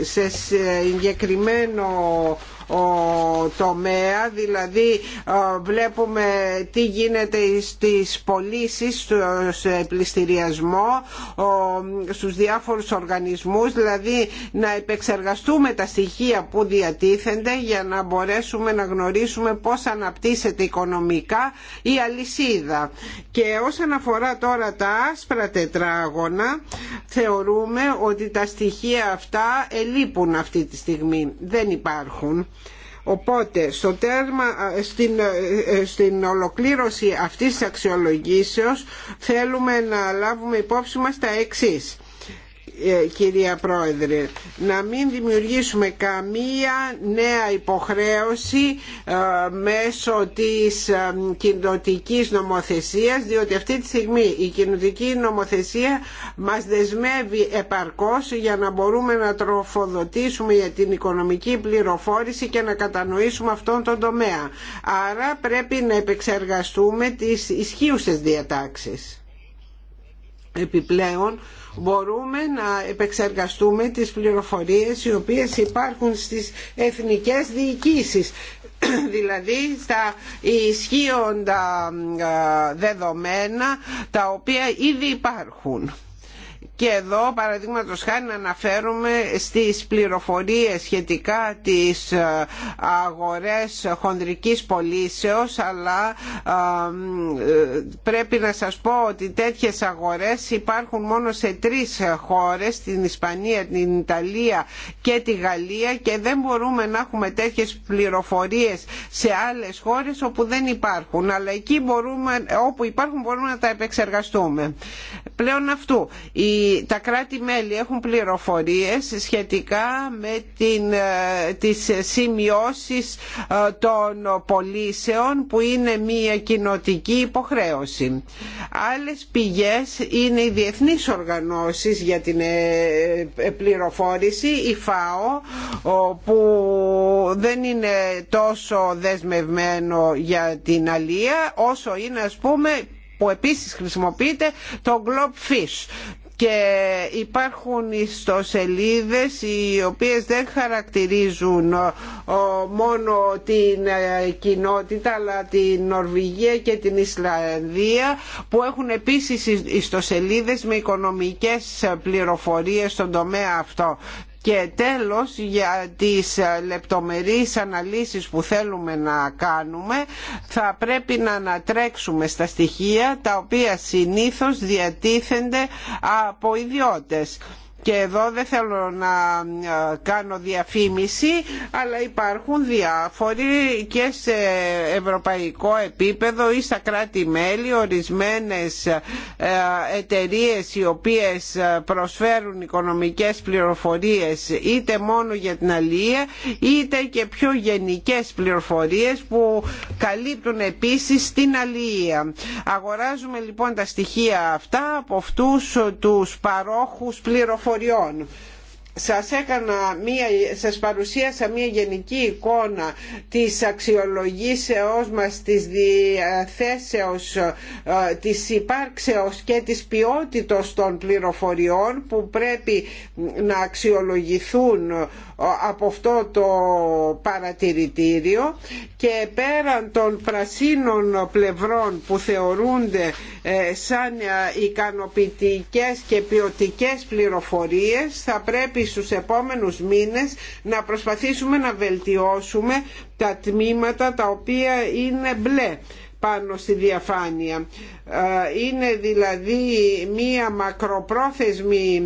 σε, σε συγκεκριμένο τομέα δηλαδή ε, βλέπουμε τι γίνεται στις πωλήσει στο ε, πληστηριασμό στους διάφορους οργανισμούς δηλαδή να επεξεργαστούμε τα στοιχεία που διατίθενται για να μπορέσουμε να γνωρίσουμε πώς αναπτύσσεται οικονομικά η αλυσίδα και όσον αφορά τώρα τα άσπρα τετράγωνα θεωρούμε ότι τα στοιχεία αυτά ελείπουν αυτή τη στιγμή δεν υπάρχουν Οπότε στο στην, ε, ε, στην ολοκλήρωση αυτής της αξιολογήσεως θέλουμε να λάβουμε υπόψη μας τα εξής ε, κυρία Πρόεδρε να μην δημιουργήσουμε καμία νέα υποχρέωση ε, μέσω της ε, κοινωτικής νομοθεσίας διότι αυτή τη στιγμή η κοινωτική νομοθεσία μας δεσμεύει επαρκώς για να μπορούμε να τροφοδοτήσουμε την οικονομική πληροφόρηση και να κατανοήσουμε αυτόν τον τομέα. Άρα πρέπει να επεξεργαστούμε τις ισχύουσες διατάξεις. Επιπλέον μπορούμε να επεξεργαστούμε τις πληροφορίες οι οποίες υπάρχουν στις εθνικές διοικήσεις δηλαδή στα ισχύοντα ε, δεδομένα τα οποία ήδη υπάρχουν και εδώ παραδείγματο χάρη να αναφέρουμε στις πληροφορίες σχετικά τις ε, αγορές χονδρικής πωλήσεως αλλά ε, ε, πρέπει να σας πω ότι τέτοιες αγορές υπάρχουν μόνο σε τρεις χώρες την Ισπανία, την Ιταλία και τη Γαλλία και δεν μπορούμε να έχουμε τέτοιες πληροφορίες σε άλλες χώρες όπου δεν υπάρχουν αλλά εκεί μπορούμε, όπου υπάρχουν μπορούμε να τα επεξεργαστούμε πλέον αυτού η τα κράτη-μέλη έχουν πληροφορίες σχετικά με την, ε, τις σημειώσεις ε, των πολίσεων που είναι μια κοινοτική υποχρέωση. Άλλες πηγές είναι οι διεθνείς οργανώσεις για την ε, πληροφόρηση, η ΦΑΟ που δεν είναι τόσο δεσμευμένο για την αλία όσο είναι ας πούμε που επίσης χρησιμοποιείται το Globe Fish και υπάρχουν ιστοσελίδες οι οποίες δεν χαρακτηρίζουν μόνο την ε, κοινότητα αλλά την Νορβηγία και την Ισλανδία που έχουν επίσης ιστοσελίδες με οικονομικές πληροφορίες στον τομέα αυτό. Και τέλος για τις ε, λεπτομερείς αναλύσεις που θέλουμε να κάνουμε θα πρέπει να ανατρέξουμε στα στοιχεία τα οποία συνήθως διατίθενται από ιδιώτες και εδώ δεν θέλω να ε, κάνω διαφήμιση αλλά υπάρχουν διάφοροι και σε ευρωπαϊκό επίπεδο ή στα κράτη-μέλη ορισμένες ε, εταιρείες οι οποίες προσφέρουν οικονομικές πληροφορίες είτε μόνο για την αλληλεία είτε και πιο γενικές πληροφορίες που καλύπτουν επίσης την αλληλεία. Αγοράζουμε λοιπόν τα στοιχεία αυτά από αυτούς τους παρόχους πληροφορίες χωριών σας, έκανα μία, σας παρουσίασα μία γενική εικόνα της αξιολογήσεώς μας, της διαθέσεως, ε, της υπάρξεως και της ποιότητος των πληροφοριών που πρέπει να αξιολογηθούν ε, από αυτό το παρατηρητήριο και πέραν των πρασίνων πλευρών που θεωρούνται ε, σαν ικανοποιητικές και ποιοτικές πληροφορίες θα πρέπει στους επόμενους μήνες να προσπαθήσουμε να βελτιώσουμε τα τμήματα τα οποία είναι μπλε πάνω στη διαφάνεια είναι δηλαδή μία μακροπρόθεσμη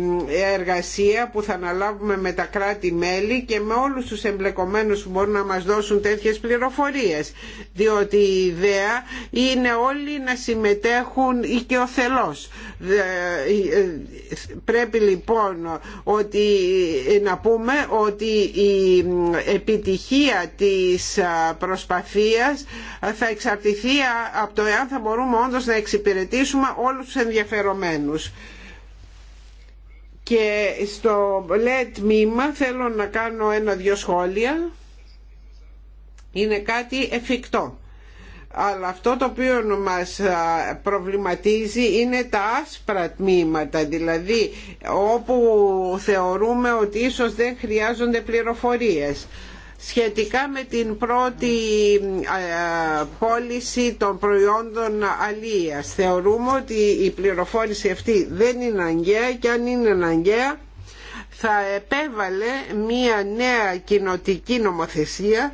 εργασία που θα αναλάβουμε με τα κράτη-μέλη και με όλους τους εμπλεκομένους που μπορούν να μας δώσουν τέτοιες πληροφορίες διότι η ιδέα είναι όλοι να συμμετέχουν ή και ο θελός. Ε, πρέπει λοιπόν ότι, ε, να πούμε ότι η ε, επιτυχία της προσπαθίας θα εξαρτηθεί από το εάν θα μπορούμε όντως να εξαρτηθούμε εξυπηρετήσουμε όλους τους ενδιαφερομένους. Και στο ΛΕ τμήμα θέλω να κάνω ένα-δυο σχόλια. Είναι κάτι εφικτό. Αλλά αυτό το οποίο μας προβληματίζει είναι τα άσπρα τμήματα, δηλαδή όπου θεωρούμε ότι ίσως δεν χρειάζονται πληροφορίες σχετικά με την πρώτη ε, πώληση των προϊόντων αλίας. Θεωρούμε ότι η πληροφόρηση αυτή δεν είναι αναγκαία και αν είναι αναγκαία θα επέβαλε μία νέα κοινοτική νομοθεσία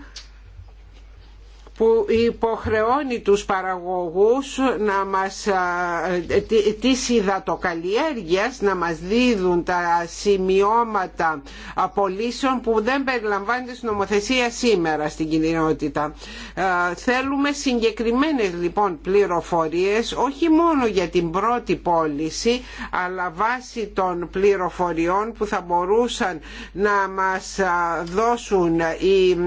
που υποχρεώνει τους παραγωγούς να μας, της υδατοκαλλιέργειας να μας δίδουν τα σημειώματα απολύσεων που δεν περιλαμβάνεται στην νομοθεσία σήμερα στην κοινότητα. Θέλουμε συγκεκριμένες λοιπόν πληροφορίες όχι μόνο για την πρώτη πώληση αλλά βάσει των πληροφοριών που θα μπορούσαν να μας δώσουν οι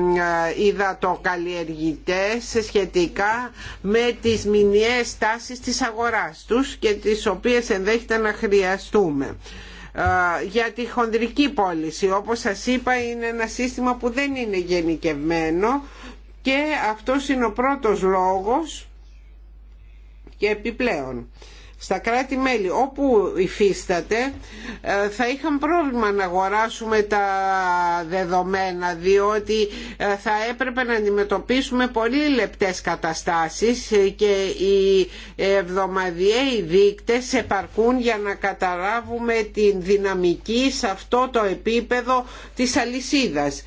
υδατοκαλλιεργητές σε σχετικά με τις μηνιαίες τάσεις της αγοράς τους και τις οποίες ενδέχεται να χρειαστούμε για τη χονδρική πώληση όπως σας είπα είναι ένα σύστημα που δεν είναι γενικευμένο και αυτό είναι ο πρώτος λόγος και επιπλέον στα κράτη-μέλη όπου υφίσταται ε, θα είχαν πρόβλημα να αγοράσουμε τα δεδομένα διότι ε, θα έπρεπε να αντιμετωπίσουμε πολύ λεπτές καταστάσεις ε, και οι εβδομαδιαίοι δείκτες επαρκούν για να καταλάβουμε την δυναμική σε αυτό το επίπεδο της αλυσίδας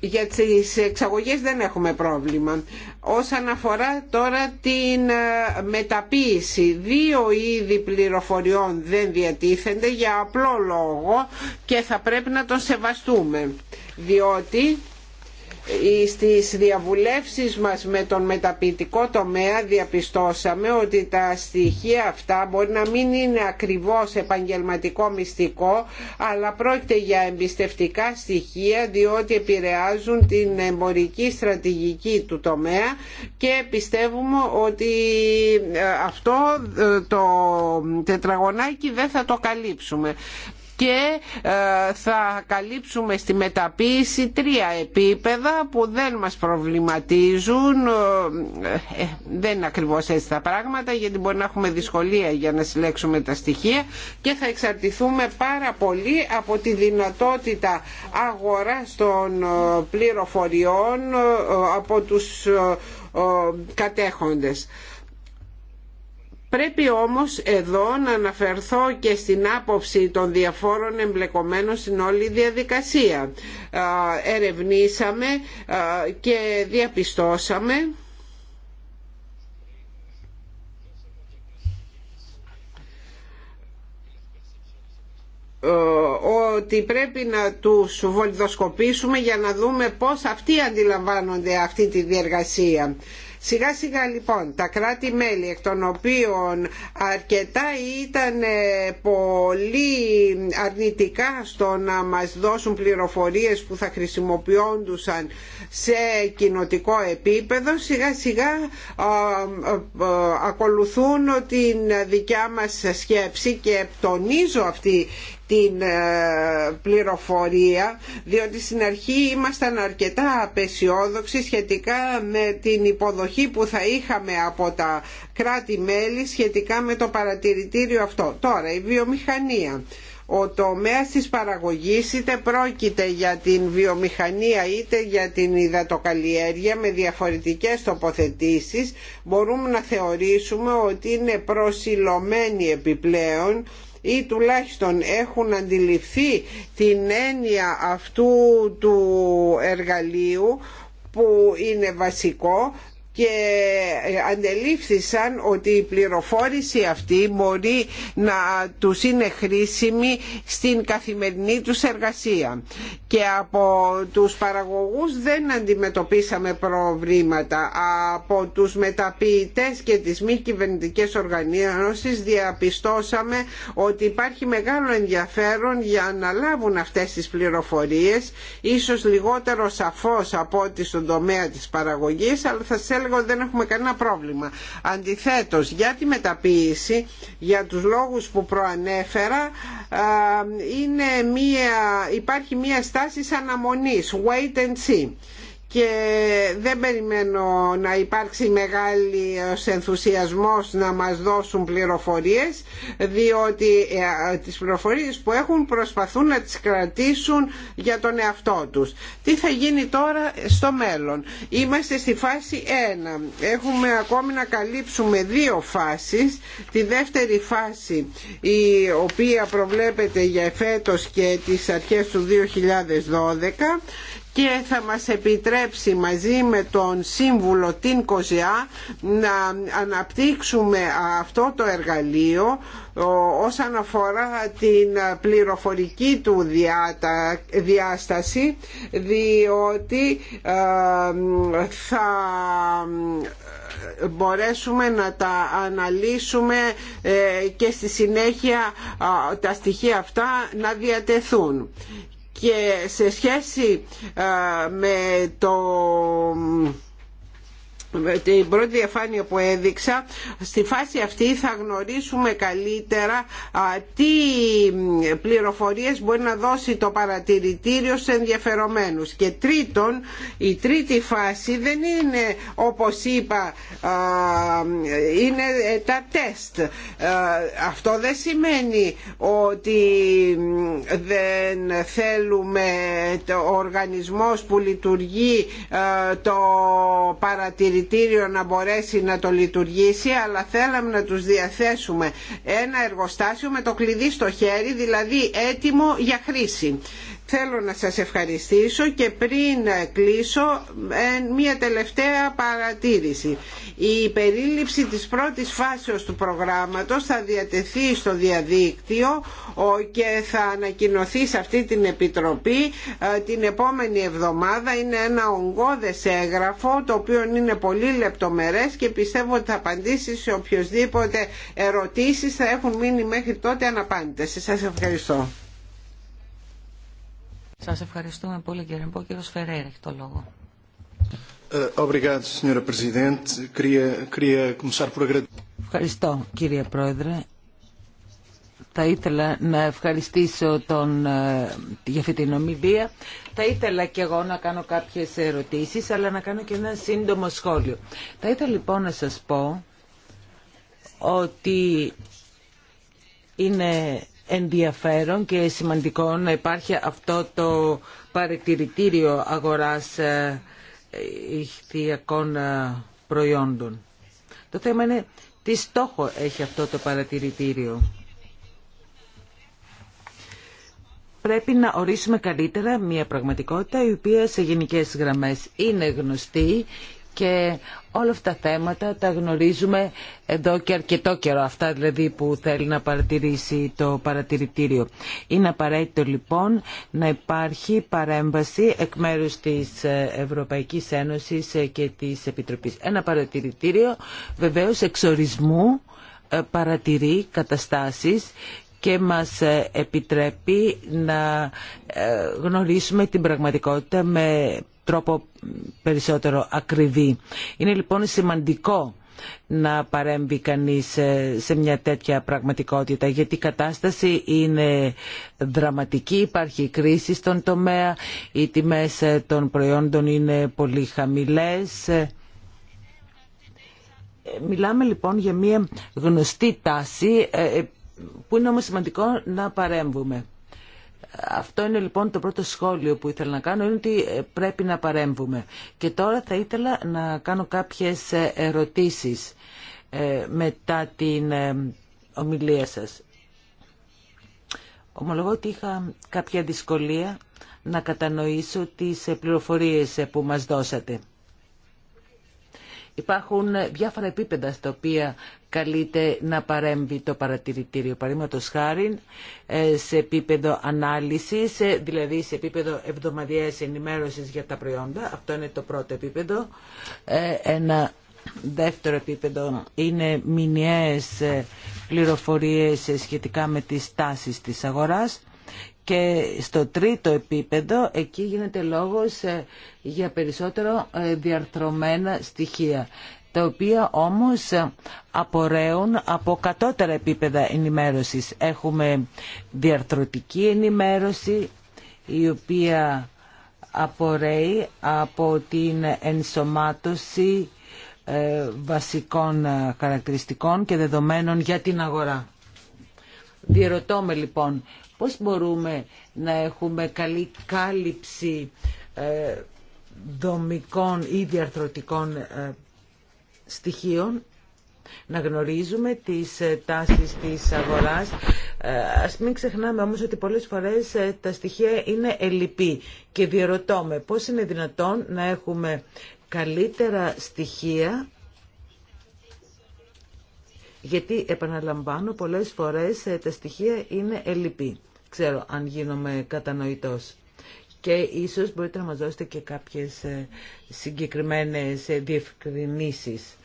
για τις εξαγωγές δεν έχουμε πρόβλημα. Όσον αφορά τώρα την ε, μεταποίηση, δύο είδη πληροφοριών δεν διατίθενται για απλό λόγο και θα πρέπει να τον σεβαστούμε, διότι ε, στις διαβουλεύσεις μας με τον μεταποιητικό τομέα διαπιστώσαμε ότι τα στοιχεία αυτά μπορεί να μην είναι ακριβώς επαγγελματικό μυστικό αλλά πρόκειται για εμπιστευτικά στοιχεία διότι επηρεάζουν την εμπορική στρατηγική του τομέα και πιστεύουμε ότι ε, αυτό ε, το τετραγωνάκι δεν θα το καλύψουμε και ε, θα καλύψουμε στη μεταποίηση τρία επίπεδα που δεν μας προβληματίζουν ε, ε, δεν είναι ακριβώς έτσι τα πράγματα γιατί μπορεί να έχουμε δυσκολία για να συλλέξουμε τα στοιχεία και θα εξαρτηθούμε πάρα πολύ από τη δυνατότητα αγοράς των πληροφοριών από τους κατέχοντες. Πρέπει όμως εδώ να αναφερθώ και στην άποψη των διαφόρων εμπλεκομένων στην όλη διαδικασία. Ερευνήσαμε και διαπιστώσαμε ότι πρέπει να τους βολιδοσκοπήσουμε για να δούμε πώς αυτοί αντιλαμβάνονται αυτή τη διεργασία. Σιγά σιγά λοιπόν τα κράτη-μέλη εκ των οποίων αρκετά ήταν ε, πολύ αρνητικά στο να μας δώσουν πληροφορίες που θα χρησιμοποιόντουσαν σε κοινοτικό επίπεδο σιγά σιγά ακολουθούν την δικιά μας σκέψη και τονίζω αυτή την ε, πληροφορία διότι στην αρχή ήμασταν αρκετά απεσιόδοξοι σχετικά με την υποδοχή που θα είχαμε από τα κράτη-μέλη σχετικά με το παρατηρητήριο αυτό. Τώρα η βιομηχανία ο τομέας της παραγωγής είτε πρόκειται για την βιομηχανία είτε για την υδατοκαλλιέργεια με διαφορετικές τοποθετήσεις μπορούμε να θεωρήσουμε ότι είναι προσιλωμένη επιπλέον ή τουλάχιστον έχουν αντιληφθεί την έννοια αυτού του εργαλείου που είναι βασικό και αντελήφθησαν ότι η πληροφόρηση αυτή μπορεί να τους είναι χρήσιμη στην καθημερινή τους εργασία και από τους παραγωγούς δεν αντιμετωπίσαμε προβλήματα από τους μεταποιητές και τις μη κυβερνητικέ οργανώσεις διαπιστώσαμε ότι υπάρχει μεγάλο ενδιαφέρον για να λάβουν αυτές τις πληροφορίες ίσως λιγότερο σαφώς από ό,τι στον τομέα της παραγωγής αλλά θα έλεγα δεν έχουμε κανένα πρόβλημα. Αντιθέτως, για τη μεταποίηση, για τους λόγους που προανέφερα, είναι μία, υπάρχει μία στάση αναμονής, wait and see και δεν περιμένω να υπάρξει μεγάλη ενθουσιασμός να μας δώσουν πληροφορίες διότι ε, τις πληροφορίες που έχουν προσπαθούν να τις κρατήσουν για τον εαυτό τους. Τι θα γίνει τώρα στο μέλλον. Είμαστε στη φάση 1. Έχουμε ακόμη να καλύψουμε δύο φάσεις. Τη δεύτερη φάση η οποία προβλέπεται για εφέτος και τις αρχές του 2012 και θα μας επιτρέψει μαζί με τον σύμβουλο την Κοζιά να αναπτύξουμε αυτό το εργαλείο όσον αφορά την πληροφορική του διάσταση διότι θα μπορέσουμε να τα αναλύσουμε ε, και στη συνέχεια τα στοιχεία αυτά να διατεθούν και σε σχέση ε, με το την πρώτη διαφάνεια που έδειξα στη φάση αυτή θα γνωρίσουμε καλύτερα τι πληροφορίες μπορεί να δώσει το παρατηρητήριο σε ενδιαφερομένους και τρίτον η τρίτη φάση δεν είναι όπως είπα είναι ε, τα τεστ αυτό δεν σημαίνει ότι δεν θέλουμε το οργανισμός που λειτουργεί το παρατηρητήριο να μπορέσει να το λειτουργήσει αλλά θέλαμε να τους διαθέσουμε ένα εργοστάσιο με το κλειδί στο χέρι δηλαδή έτοιμο για χρήση Θέλω να σας ευχαριστήσω και πριν κλείσω μια τελευταία παρατήρηση. Η περίληψη της πρώτης φάσεως του προγράμματος θα διατεθεί στο διαδίκτυο και θα ανακοινωθεί σε αυτή την Επιτροπή ε, την επόμενη εβδομάδα. Είναι ένα ογκώδες έγγραφο το οποίο είναι πολύ λεπτομερές και πιστεύω ότι θα απαντήσει σε οποιοδήποτε ερωτήσεις θα έχουν μείνει μέχρι τότε αναπάντητες. Σας ευχαριστώ. Σας ευχαριστούμε πολύ κύριε Μπό. Κύριος Φεραίρα έχει το λόγο. Ε, Ευχαριστώ κύριε Πρόεδρε. Θα ήθελα να ευχαριστήσω τον, ε, για αυτή την ομιλία. Θα ήθελα και εγώ να κάνω κάποιες ερωτήσεις, αλλά να κάνω και ένα σύντομο σχόλιο. Θα ήθελα λοιπόν να σας πω ότι είναι ενδιαφέρον και σημαντικό να υπάρχει αυτό το παρατηρητήριο αγοράς ε, ηχθειακών ε, προϊόντων. Το θέμα είναι τι στόχο έχει αυτό το παρατηρητήριο. Πρέπει να ορίσουμε καλύτερα μια πραγματικότητα η οποία σε γενικές γραμμές είναι γνωστή και όλα αυτά τα θέματα τα γνωρίζουμε εδώ και αρκετό καιρό. Αυτά δηλαδή που θέλει να παρατηρήσει το παρατηρητήριο. Είναι απαραίτητο λοιπόν να υπάρχει παρέμβαση εκ μέρους της Ευρωπαϊκής Ένωσης και της Επιτροπής. Ένα παρατηρητήριο βεβαίως εξορισμού ε, παρατηρεί καταστάσεις και μας ε, επιτρέπει να ε, γνωρίσουμε την πραγματικότητα με τρόπο περισσότερο ακριβή. Είναι λοιπόν σημαντικό να παρέμβει κανείς ε, σε μια τέτοια πραγματικότητα γιατί η κατάσταση είναι δραματική, υπάρχει κρίση στον τομέα, οι τιμές ε, των προϊόντων είναι πολύ χαμηλές. Ε, μιλάμε λοιπόν για μια γνωστή τάση που είναι όμως σημαντικό να παρέμβουμε. Αυτό είναι λοιπόν το πρώτο σχόλιο που ήθελα να κάνω, είναι ότι ε, πρέπει να παρέμβουμε. Και τώρα θα ήθελα να κάνω κάποιες ε, ερωτήσεις ε, μετά την ομιλία σας. Ομολογώ ότι είχα κάποια δυσκολία να κατανοήσω τις πληροφορίες που μας δώσατε. Υπάρχουν διάφορα επίπεδα στα οποία καλείται να παρέμβει το παρατηρητήριο. Παραδείγματο χάρη ε, σε επίπεδο ανάλυση, ε, δηλαδή σε επίπεδο εβδομαδιαία ενημέρωση για τα προϊόντα. Αυτό είναι το πρώτο επίπεδο. Ε, ένα δεύτερο επίπεδο είναι μηνιαίε πληροφορίες σχετικά με τι τάσει της αγοράς και στο τρίτο επίπεδο εκεί γίνεται λόγος ε, για περισσότερο ε, διαρθρωμένα στοιχεία τα οποία όμως ε, απορρέουν από κατώτερα επίπεδα ενημέρωσης. Έχουμε διαρθρωτική ενημέρωση η οποία απορρέει από την ενσωμάτωση βασικών χαρακτηριστικών και δεδομένων για την αγορά. Διερωτώμε λοιπόν Πώς μπορούμε να έχουμε καλή κάλυψη ε, δομικών ή διαρθρωτικών ε, στοιχείων να γνωρίζουμε τις ε, τάσεις της αγοράς. Ας μην ξεχνάμε όμως ότι πολλές φορές τα στοιχεία είναι ελλειπή και διερωτώμε πώς είναι δυνατόν να έχουμε καλύτερα στοιχεία γιατί επαναλαμβάνω πολλές φορές ε, τα στοιχεία είναι ελλειπή. Ξέρω αν γίνομαι κατανοητός. Και ίσως μπορείτε να μας δώσετε και κάποιες ε, συγκεκριμένες ε, διευκρινήσεις.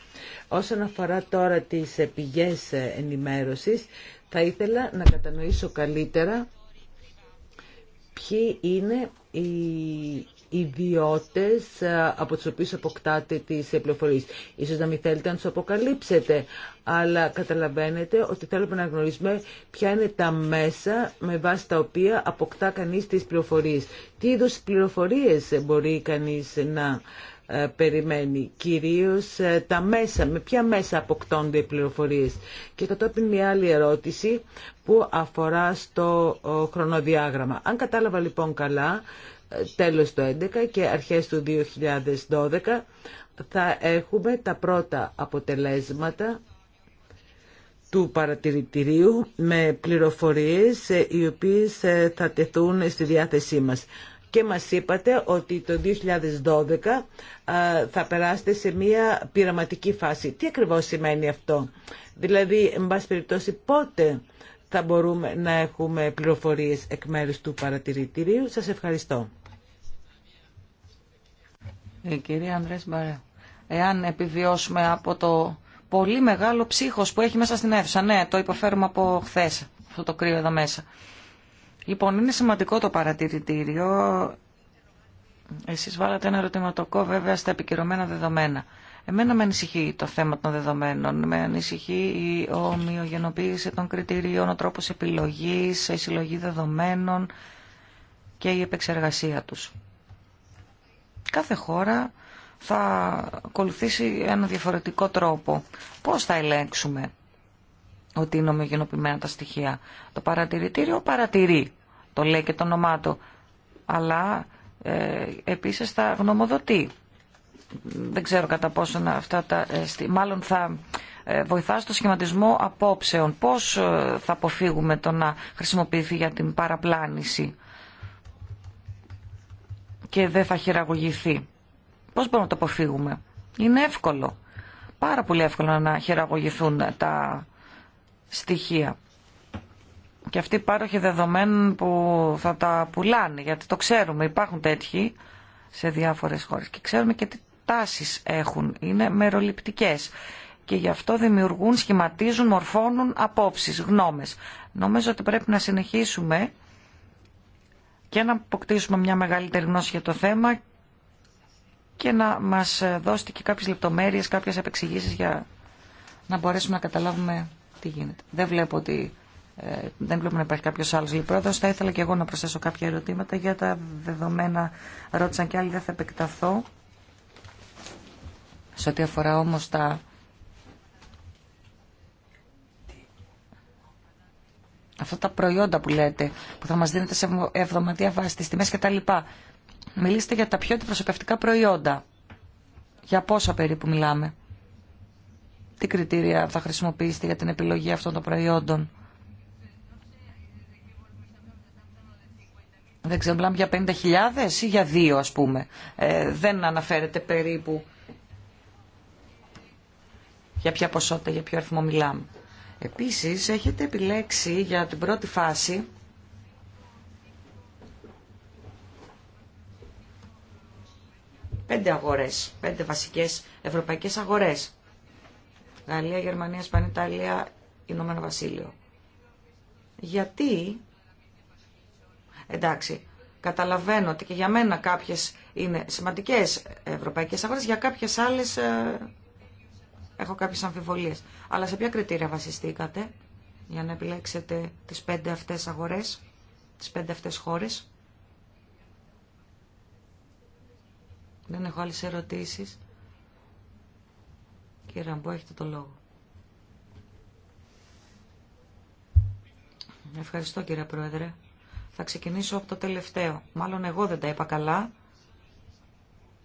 Όσον αφορά τώρα τις πηγές ενημέρωσης, θα ήθελα να κατανοήσω καλύτερα ποιοι είναι οι ιδιώτες ε, από τους οποίους αποκτάτε τις πληροφορίες. Ίσως να μην θέλετε να τους αποκαλύψετε, αλλά καταλαβαίνετε ότι θέλουμε να γνωρίζουμε ποια είναι τα μέσα με βάση τα οποία αποκτά κανείς τις πληροφορίες. Τι είδους πληροφορίες μπορεί κανείς να ε, περιμένει, κυρίως ε, τα μέσα, με ποια μέσα αποκτώνται οι πληροφορίες. Και κατόπιν μια άλλη ερώτηση που αφορά στο χρονοδιάγραμμα. Αν κατάλαβα λοιπόν καλά, τέλος του 2011 και αρχές του 2012 θα έχουμε τα πρώτα αποτελέσματα του παρατηρητηρίου με πληροφορίες ε, οι οποίες ε, θα τεθούν στη διάθεσή μας. Και μας είπατε ότι το 2012 ε, θα περάσετε σε μία πειραματική φάση. Τι ακριβώς σημαίνει αυτό. Δηλαδή, εν πάση περιπτώσει, πότε θα μπορούμε να έχουμε πληροφορίες εκ μέρους του παρατηρητηρίου. Σας ευχαριστώ. Η ε, κυρία Μπαρέ. Εάν επιβιώσουμε από το πολύ μεγάλο ψύχος που έχει μέσα στην αίθουσα. Ναι, το υποφέρουμε από χθε αυτό το κρύο εδώ μέσα. Λοιπόν, είναι σημαντικό το παρατηρητήριο. Εσείς βάλατε ένα ερωτηματικό βέβαια στα επικυρωμένα δεδομένα. Εμένα με ανησυχεί το θέμα των δεδομένων. Με ανησυχεί η ομοιογενοποίηση των κριτηρίων, ο τρόπος επιλογής, η συλλογή δεδομένων και η επεξεργασία τους. Κάθε χώρα θα ακολουθήσει ένα διαφορετικό τρόπο. Πώς θα ελέγξουμε ότι είναι ομογενοποιημένα τα στοιχεία. Το παρατηρητήριο παρατηρεί, το λέει και το όνομά αλλά ε, επίσης θα γνωμοδοτεί. Δεν ξέρω κατά να αυτά τα... Ε, μάλλον θα ε, βοηθά στο σχηματισμό απόψεων. Πώς ε, θα αποφύγουμε το να χρησιμοποιηθεί για την παραπλάνηση και δεν θα χειραγωγηθεί. Πώς μπορούμε να το αποφύγουμε. Είναι εύκολο. Πάρα πολύ εύκολο να χειραγωγηθούν τα στοιχεία. Και αυτοί πάροχοι δεδομένων που θα τα πουλάνε, γιατί το ξέρουμε, υπάρχουν τέτοιοι σε διάφορες χώρες. Και ξέρουμε και τι τάσεις έχουν, είναι μεροληπτικές. Και γι' αυτό δημιουργούν, σχηματίζουν, μορφώνουν απόψεις, γνώμες. Νομίζω ότι πρέπει να συνεχίσουμε και να αποκτήσουμε μια μεγαλύτερη γνώση για το θέμα και να μας δώσετε και κάποιες λεπτομέρειες, κάποιες απεξηγήσεις για να μπορέσουμε να καταλάβουμε τι γίνεται. Δεν βλέπω ότι ε, δεν βλέπουμε να υπάρχει κάποιο άλλο λιπρόδο. Θα ήθελα και εγώ να προσθέσω κάποια ερωτήματα για τα δεδομένα. Ρώτησαν και άλλοι, δεν θα επεκταθώ. Σε ό,τι αφορά όμω τα αυτά τα προϊόντα που λέτε, που θα μας δίνετε σε εβδομαδία βάση, τι τιμέ κτλ. Μιλήστε για τα πιο αντιπροσωπευτικά προϊόντα. Για πόσα περίπου μιλάμε. Τι κριτήρια θα χρησιμοποιήσετε για την επιλογή αυτών των προϊόντων. Δεν ξέρω, μιλάμε για 50.000 ή για 2 ας πούμε. Ε, δεν αναφέρεται περίπου για ποια ποσότητα, για ποιο αριθμό μιλάμε. Επίσης, έχετε επιλέξει για την πρώτη φάση πέντε αγορές, πέντε βασικές ευρωπαϊκές αγορές. Γαλλία, Γερμανία, Ισπανία, Ιταλία, Ηνωμένο Βασίλειο. Γιατί, εντάξει, καταλαβαίνω ότι και για μένα κάποιες είναι σημαντικές ευρωπαϊκές αγορές, για κάποιες άλλες ε, έχω κάποιες αμφιβολίε. Αλλά σε ποια κριτήρια βασιστήκατε για να επιλέξετε τις πέντε αυτές αγορές, τις πέντε αυτές χώρες. Δεν έχω άλλες ερωτήσεις. Κύριε Ραμπό, έχετε το λόγο. Ευχαριστώ κύριε Πρόεδρε. Θα ξεκινήσω από το τελευταίο. Μάλλον εγώ δεν τα είπα καλά.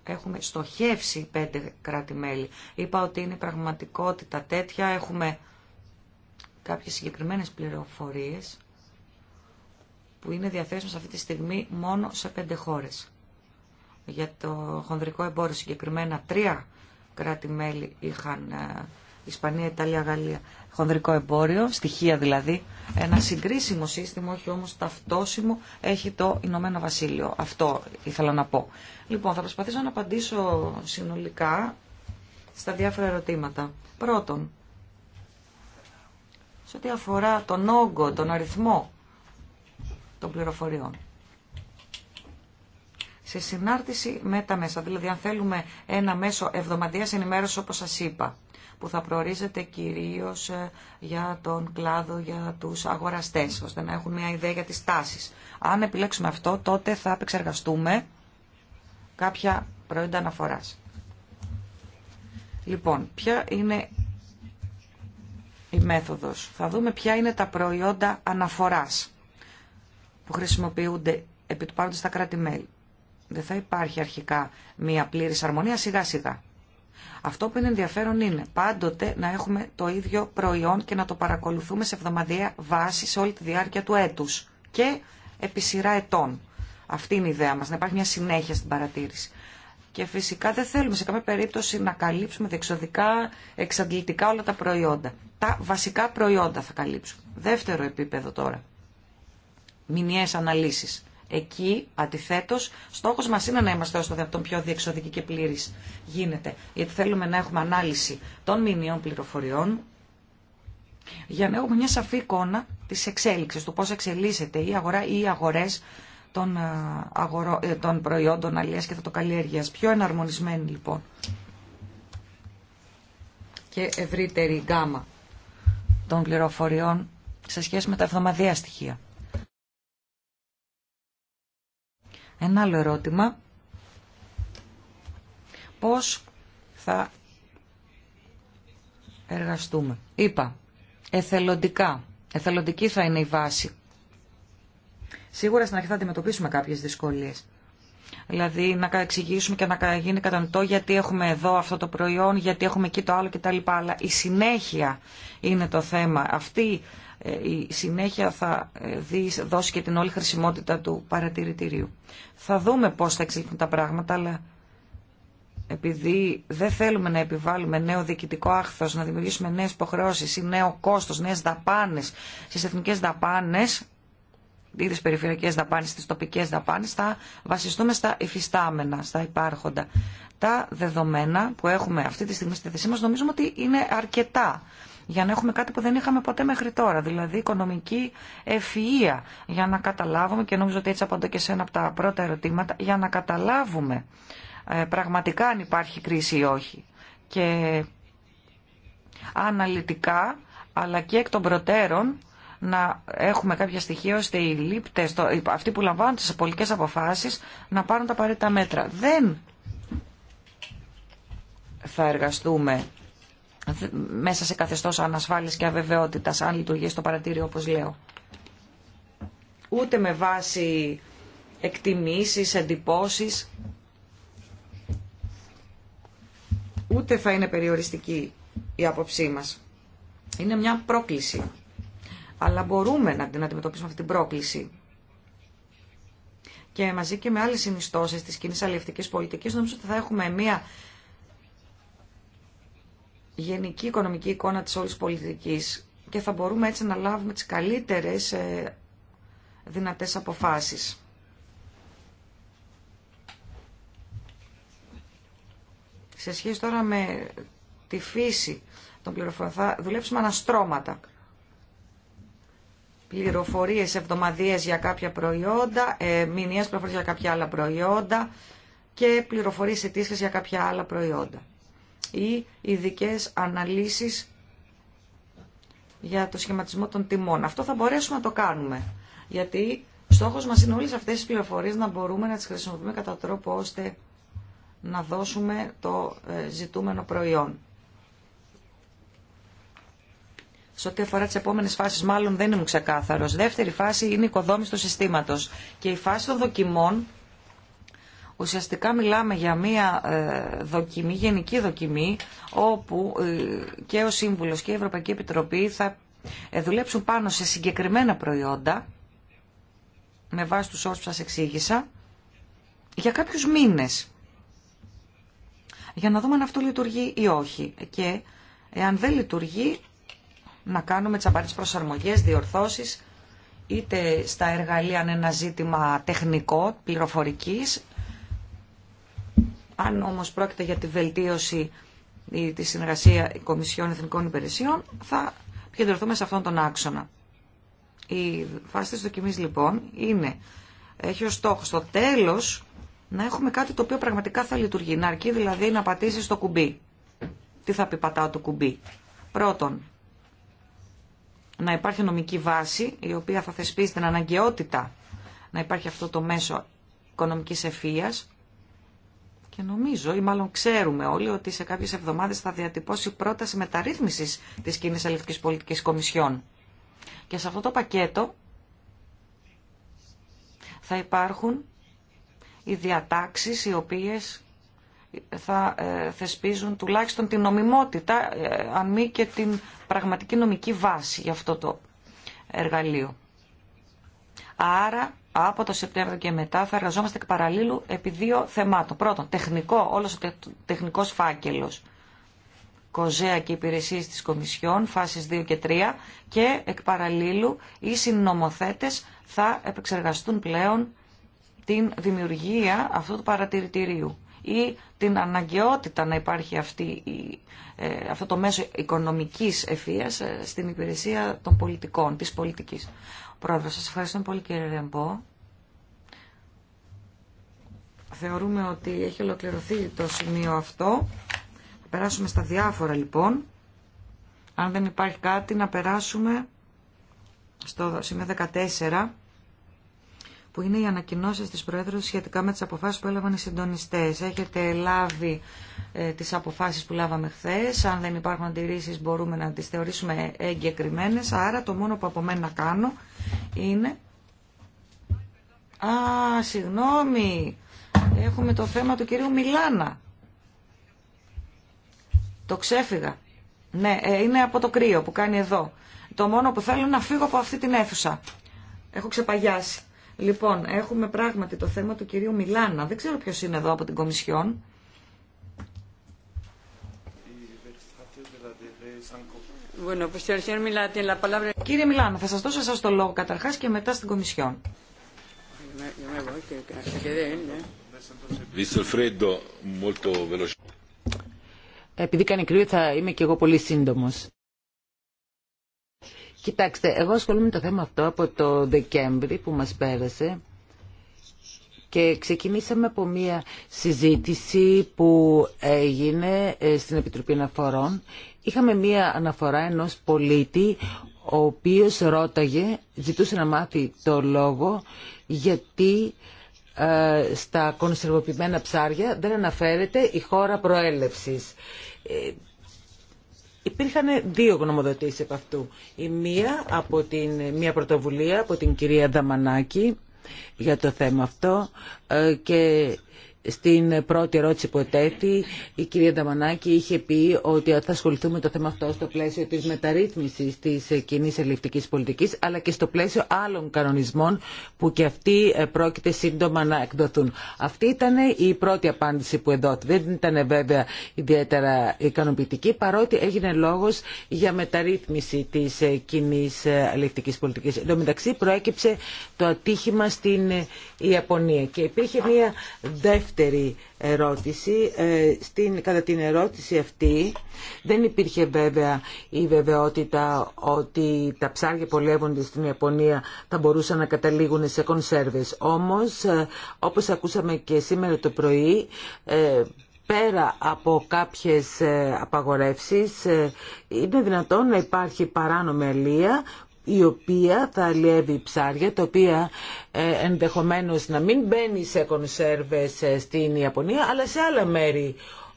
Έχουμε στοχεύσει πέντε κράτη-μέλη. Είπα ότι είναι πραγματικότητα τέτοια. Έχουμε κάποιες συγκεκριμένες πληροφορίες που είναι διαθέσιμες αυτή τη στιγμή μόνο σε πέντε χώρες. Για το χονδρικό εμπόριο συγκεκριμένα τρία κράτη-μέλη είχαν ε, Ισπανία, Ιταλία, Γαλλία. Χονδρικό εμπόριο, στοιχεία δηλαδή. Ένα συγκρίσιμο σύστημα, όχι όμως ταυτόσιμο, έχει το Ηνωμένο Βασίλειο. Αυτό ήθελα να πω. Λοιπόν, θα προσπαθήσω να απαντήσω συνολικά στα διάφορα ερωτήματα. Πρώτον, σε ό,τι αφορά τον όγκο, τον αριθμό των πληροφοριών. Σε συνάρτηση με τα μέσα, δηλαδή αν θέλουμε ένα μέσο εβδομαδιαίας ενημέρωση όπως σας είπα, που θα προορίζεται κυρίως ε, για τον κλάδο, για τους αγοραστές, ώστε να έχουν μια ιδέα για τις τάσεις. Αν επιλέξουμε αυτό, τότε θα επεξεργαστούμε κάποια προϊόντα αναφοράς. Λοιπόν, ποια είναι η μέθοδος. Θα δούμε ποια είναι τα προϊόντα αναφοράς που χρησιμοποιούνται επί του στα κράτη-μέλη. Δεν θα υπάρχει αρχικά μία πλήρης αρμονία σιγά-σιγά. Αυτό που είναι ενδιαφέρον είναι πάντοτε να έχουμε το ίδιο προϊόν και να το παρακολουθούμε σε εβδομαδιαία βάση σε όλη τη διάρκεια του έτους και επί σειρά ετών. Αυτή είναι η ιδέα μας, να υπάρχει μια συνέχεια στην παρατήρηση. Και φυσικά δεν θέλουμε σε καμία περίπτωση να καλύψουμε διεξοδικά, εξαντλητικά όλα τα προϊόντα. Τα βασικά προϊόντα θα καλύψουμε. Δεύτερο επίπεδο τώρα. Μηνιαίες αναλύσεις. Εκεί, αντιθέτω, στόχο μα είναι να είμαστε όσο δυνατόν πιο διεξοδικοί και πλήρει γίνεται. Γιατί θέλουμε να έχουμε ανάλυση των μηνιών πληροφοριών για να έχουμε μια σαφή εικόνα τη εξέλιξη, του πώ εξελίσσεται η αγορά ή οι αγορέ των, ε, ε, των προϊόντων αλληλεία και θετοκαλλιέργεια. Πιο εναρμονισμένη λοιπόν και ευρύτερη γκάμα των πληροφοριών σε σχέση με τα εβδομαδιαία στοιχεία. Ένα άλλο ερώτημα. Πώς θα εργαστούμε. Είπα, εθελοντικά. Εθελοντική θα είναι η βάση. Σίγουρα στην αρχή θα αντιμετωπίσουμε κάποιες δυσκολίες. Δηλαδή να εξηγήσουμε και να γίνει κατανοητό γιατί έχουμε εδώ αυτό το προϊόν, γιατί έχουμε εκεί το άλλο κτλ. Αλλά η συνέχεια είναι το θέμα. Αυτή ε, η συνέχεια θα ε, δώσει και την όλη χρησιμότητα του παρατηρητηρίου. Θα δούμε πώς θα εξελίχνουν τα πράγματα, αλλά επειδή δεν θέλουμε να επιβάλλουμε νέο διοικητικό άχθος, να δημιουργήσουμε νέες υποχρεώσεις ή νέο κόστος, νέες δαπάνες, στις εθνικές δαπάνες, ή τις περιφερειακές δαπάνες, τις τοπικές δαπάνες, θα βασιστούμε στα υφιστάμενα, στα υπάρχοντα. Τα δεδομένα που έχουμε αυτή τη στιγμή στη θέση μας νομίζουμε ότι είναι αρκετά για να έχουμε κάτι που δεν είχαμε ποτέ μέχρι τώρα, δηλαδή οικονομική ευφυΐα, για να καταλάβουμε, και νομίζω ότι έτσι απαντώ και σε ένα από τα πρώτα ερωτήματα, για να καταλάβουμε ε, πραγματικά αν υπάρχει κρίση ή όχι. Και αναλυτικά, αλλά και εκ των προτέρων, να έχουμε κάποια στοιχεία ώστε οι λήπτες, αυτοί που λαμβάνουν τις πολιτικέ αποφάσεις, να πάρουν τα απαραίτητα μέτρα. Δεν θα εργαστούμε μέσα σε καθεστώς ανασφάλειας και αβεβαιότητας, αν λειτουργεί στο παρατήριο όπως λέω. Ούτε με βάση εκτιμήσεις, εντυπώσεις, ούτε θα είναι περιοριστική η άποψή μας. Είναι μια πρόκληση αλλά μπορούμε να την αντιμετωπίσουμε αυτή την πρόκληση. Και μαζί και με άλλες συνιστώσεις της κοινή αλληλευτικής πολιτικής νομίζω ότι θα έχουμε μια γενική οικονομική εικόνα της όλης πολιτικής και θα μπορούμε έτσι να λάβουμε τις καλύτερες ε, δυνατές αποφάσεις. Σε σχέση τώρα με τη φύση των πληροφοριών θα δουλέψουμε αναστρώματα πληροφορίες εβδομαδίε για κάποια προϊόντα, ε, μηνιαίες πληροφορίες για κάποια άλλα προϊόντα και πληροφορίες αιτήσεις για κάποια άλλα προϊόντα. Ή ειδικέ αναλύσεις για το σχηματισμό των τιμών. Αυτό θα μπορέσουμε να το κάνουμε, γιατί στόχος μας είναι όλες αυτές τις πληροφορίες να μπορούμε να τις χρησιμοποιούμε κατά τρόπο ώστε να δώσουμε το ε, ζητούμενο προϊόν. σε ό,τι αφορά τι επόμενε φάσει, μάλλον δεν ήμουν ξεκάθαρο. Δεύτερη φάση είναι η οικοδόμηση του συστήματο. Και η φάση των δοκιμών, ουσιαστικά μιλάμε για μία ε, δοκιμή, γενική δοκιμή, όπου ε, και ο Σύμβουλο και η Ευρωπαϊκή Επιτροπή θα ε, δουλέψουν πάνω σε συγκεκριμένα προϊόντα, με βάση του όρου που σα εξήγησα, για κάποιου μήνε. Για να δούμε αν αυτό λειτουργεί ή όχι. Και εάν δεν λειτουργεί, να κάνουμε τις απαραίτητες προσαρμογές, διορθώσεις, είτε στα εργαλεία αν ένα ζήτημα τεχνικό, πληροφορικής, αν όμως πρόκειται για τη βελτίωση ή τη συνεργασία Κομισιών Εθνικών Υπηρεσιών, θα επικεντρωθούμε σε αυτόν τον άξονα. Η φάση της δοκιμής λοιπόν είναι, έχει ως στόχο στο τέλος να έχουμε κάτι το οποίο πραγματικά θα λειτουργεί, να αρκεί δηλαδή να πατήσεις το κουμπί. Τι θα πει πατάω το κουμπί. Πρώτον, να υπάρχει νομική βάση η οποία θα θεσπίζει την αναγκαιότητα να υπάρχει αυτό το μέσο οικονομικής ευφύειας και νομίζω ή μάλλον ξέρουμε όλοι ότι σε κάποιες εβδομάδες θα διατυπώσει πρόταση μεταρρύθμισης της κοινή ελευθερικής πολιτικής κομισιόν. Και σε αυτό το πακέτο θα υπάρχουν οι διατάξεις οι οποίες θα ε, θεσπίζουν τουλάχιστον την νομιμότητα, ε, αν μη και την πραγματική νομική βάση για αυτό το εργαλείο. Άρα, από το Σεπτέμβριο και μετά θα εργαζόμαστε εκ παραλίλου επί δύο θεμάτων. Πρώτον, τεχνικό, όλος ο τεχνικός φάκελος. ΚΟΖΕΑ και υπηρεσίε της Κομισιόν, φάσεις 2 και 3, και εκ παραλίλου οι συνομοθέτες θα επεξεργαστούν πλέον την δημιουργία αυτού του παρατηρητηρίου ή την αναγκαιότητα να υπάρχει αυτή, ε, αυτό το μέσο οικονομικής ε, στην υπηρεσία των πολιτικών, της πολιτικής. Πρόεδρε, σας ευχαριστώ πολύ κύριε Ρεμπό. Θεωρούμε ότι έχει ολοκληρωθεί το σημείο αυτό. περάσουμε στα διάφορα λοιπόν. Αν δεν υπάρχει κάτι να περάσουμε στο σημείο 14 που είναι οι ανακοινώσεις της Προέδρου σχετικά με τις αποφάσεις που έλαβαν οι συντονιστές. Έχετε λάβει ε, τις αποφάσεις που λάβαμε χθε. Αν δεν υπάρχουν αντιρρήσεις μπορούμε να τις θεωρήσουμε εγκεκριμένες. Άρα το μόνο που από μένα να κάνω είναι... Α, συγγνώμη, έχουμε το θέμα του κυρίου Μιλάνα. Το ξέφυγα. Ναι, ε, είναι από το κρύο που κάνει εδώ. Το μόνο που θέλω είναι να φύγω από αυτή την αίθουσα. Έχω ξεπαγιάσει. Λοιπόν, έχουμε πράγματι το θέμα του κυρίου Μιλάνα. Δεν ξέρω ποιος είναι εδώ από την Κομισιόν. Κύριε Μιλάνα, θα σας δώσω εσάς το λόγο καταρχάς και μετά στην Κομισιόν. Επειδή κάνει κρύο θα είμαι και εγώ πολύ σύντομος. Κοιτάξτε, εγώ ασχολούμαι με το θέμα αυτό από το Δεκέμβρη που μας πέρασε και ξεκινήσαμε από μία συζήτηση που έγινε ε, στην Επιτροπή Αναφορών. Είχαμε μία αναφορά ενός πολίτη ο οποίος ρώταγε, ζητούσε να μάθει το λόγο γιατί ε, στα κονσερβοποιημένα ψάρια δεν αναφέρεται η χώρα προέλευσης. Ε, Υπήρχαν δύο γνωμοδοτήσεις από αυτού. Η μία από την, μία πρωτοβουλία από την κυρία Δαμανάκη για το θέμα αυτό ε, και στην πρώτη ερώτηση που ετέθη, η κυρία Νταμανάκη είχε πει ότι θα ασχοληθούμε το θέμα αυτό στο πλαίσιο της μεταρρύθμισης της κοινή ελληνικής πολιτικής, αλλά και στο πλαίσιο άλλων κανονισμών που και αυτοί ε, πρόκειται σύντομα να εκδοθούν. Αυτή ήταν η πρώτη απάντηση που εδώ Δεν ήταν βέβαια ιδιαίτερα ικανοποιητική, παρότι έγινε λόγος για μεταρρύθμιση της ε, κοινή ε, ελληνικής πολιτικής. Εν τω μεταξύ προέκυψε το ατύχημα στην Ιαπωνία και υπήρχε μια δεύτερη δεύτερη ερώτηση. Ε, στην, κατά την ερώτηση αυτή δεν υπήρχε βέβαια η βεβαιότητα ότι τα ψάρια που λέγονται στην Ιαπωνία θα μπορούσαν να καταλήγουν σε κονσέρβες. Όμως, ε, όπως ακούσαμε και σήμερα το πρωί, ε, πέρα από κάποιες απαγορεύσεις είναι δυνατόν να υπάρχει παράνομη αλεία η οποία θα αλλιεύει ψάρια, τα οποία ε, ενδεχομένως να μην μπαίνει σε κονσέρβες ε, στην Ιαπωνία, αλλά σε άλλα μέρη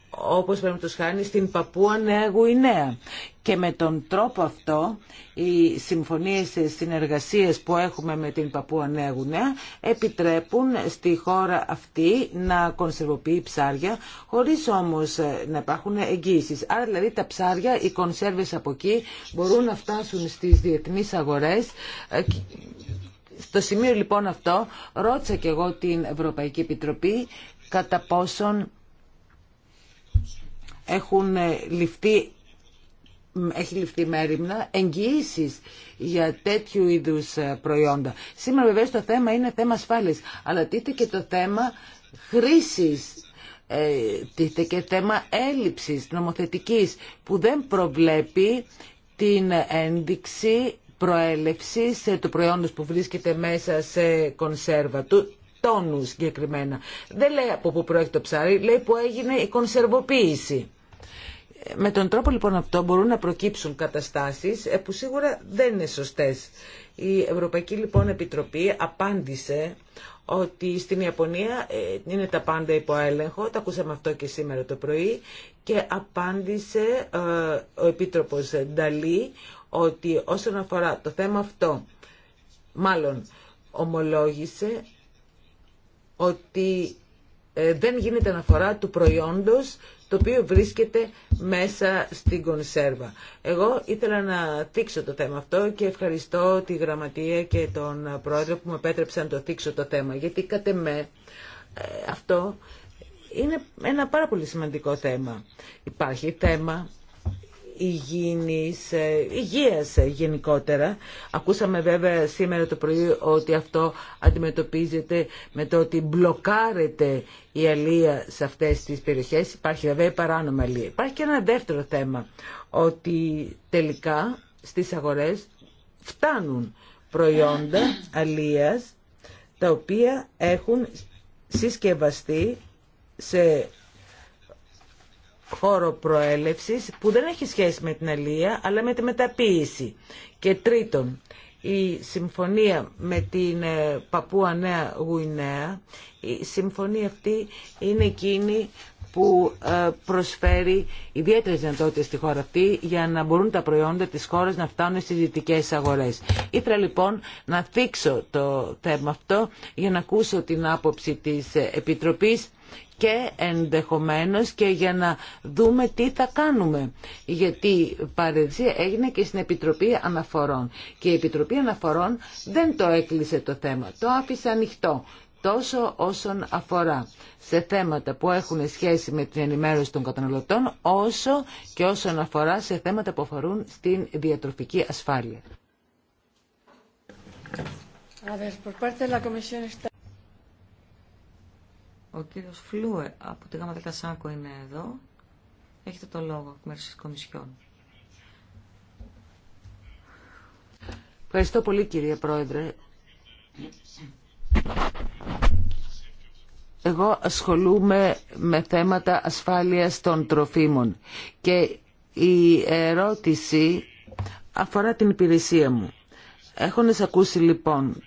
όπως πρέπει τους χάνει στην Παππούα Νέα Και με τον τρόπο αυτό οι συμφωνίες συνεργασίες που έχουμε με την Παππούα Νέα επιτρέπουν στη χώρα αυτή να κονσερβοποιεί ψάρια χωρίς όμως να υπάρχουν εγγύησεις. Άρα δηλαδή τα ψάρια, οι κονσέρβες από εκεί μπορούν να φτάσουν στις διεθνείς αγορές ε, στο σημείο λοιπόν αυτό ρώτησα και εγώ την Ευρωπαϊκή Επιτροπή κατά πόσον έχουν ε, ληφθεί έχει ληφθεί μέρημνα εγγυήσει για τέτοιου είδου ε, προϊόντα. Σήμερα βέβαια το θέμα είναι θέμα ασφάλεια, αλλά τίθεται και το θέμα χρήση, ε, τίθεται και θέμα έλλειψη νομοθετική που δεν προβλέπει την ένδειξη προέλευσης του προϊόντος που βρίσκεται μέσα σε κονσέρβα του, τόνου συγκεκριμένα. Δεν λέει από πού προέρχεται το ψάρι, λέει που έγινε η κονσερβοποίηση. Με τον τρόπο λοιπόν αυτό μπορούν να προκύψουν καταστάσεις ε, που σίγουρα δεν είναι σωστές. Η Ευρωπαϊκή λοιπόν Επιτροπή απάντησε ότι στην Ιαπωνία ε, είναι τα πάντα υπό έλεγχο, τα ακούσαμε αυτό και σήμερα το πρωί, και απάντησε ε, ο Επίτροπος Νταλή ότι όσον αφορά το θέμα αυτό, μάλλον ομολόγησε ότι δεν γίνεται αναφορά του προϊόντος το οποίο βρίσκεται μέσα στην κονσέρβα. Εγώ ήθελα να θίξω το θέμα αυτό και ευχαριστώ τη Γραμματεία και τον Πρόεδρο που με επέτρεψαν να το θίξω το θέμα, γιατί κατ' εμέ ε, αυτό είναι ένα πάρα πολύ σημαντικό θέμα. Υπάρχει θέμα υγιεινής, ε, υγείας ε, γενικότερα. Ακούσαμε βέβαια σήμερα το πρωί ότι αυτό αντιμετωπίζεται με το ότι μπλοκάρεται η αλία σε αυτές τις περιοχές. Υπάρχει βέβαια η παράνομη αλία. Υπάρχει και ένα δεύτερο θέμα, ότι τελικά στις αγορές φτάνουν προϊόντα αλίας τα οποία έχουν συσκευαστεί σε χώρο προέλευσης που δεν έχει σχέση με την αλία αλλά με τη μεταποίηση. Και τρίτον, η συμφωνία με την ε, Παππούα Νέα Γουινέα, η συμφωνία αυτή είναι εκείνη που ε, προσφέρει ιδιαίτερε δυνατότητε στη χώρα αυτή για να μπορούν τα προϊόντα της χώρας να φτάνουν στις δυτικέ αγορές. Ήθελα λοιπόν να θίξω το θέμα αυτό για να ακούσω την άποψη της Επιτροπής και ενδεχομένως και για να δούμε τι θα κάνουμε. Γιατί παρεξία έγινε και στην Επιτροπή Αναφορών και η Επιτροπή Αναφορών δεν το έκλεισε το θέμα, το άφησε ανοιχτό τόσο όσον αφορά σε θέματα που έχουν σχέση με την ενημέρωση των καταναλωτών, όσο και όσον αφορά σε θέματα που αφορούν στην διατροφική ασφάλεια. Ο κύριος Φλούε από τη ΓΑΜΑ ΣΑΚΟ είναι εδώ. Έχετε το λόγο εκ μέρους της Κομισιόν. Ευχαριστώ πολύ κύριε Πρόεδρε. Εγώ ασχολούμαι με θέματα ασφάλειας των τροφίμων και η ερώτηση αφορά την υπηρεσία μου. Έχοντας ακούσει λοιπόν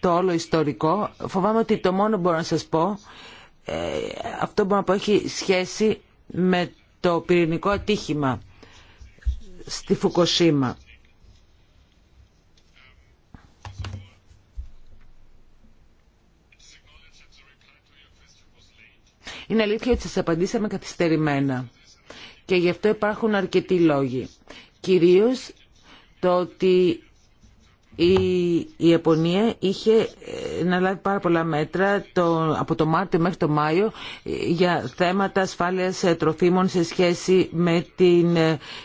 το όλο ιστορικό, φοβάμαι ότι το μόνο που μπορώ να σας πω, ε, αυτό μπορώ να πω έχει σχέση με το πυρηνικό ατύχημα στη Φουκοσίμα. Είναι αλήθεια ότι σας απαντήσαμε καθυστερημένα και γι' αυτό υπάρχουν αρκετοί λόγοι. Κυρίως το ότι η Ιαπωνία είχε ε, να λάβει πάρα πολλά μέτρα το, από το Μάρτιο μέχρι το Μάιο ε, για θέματα ασφάλειας ε, τροφίμων σε σχέση με την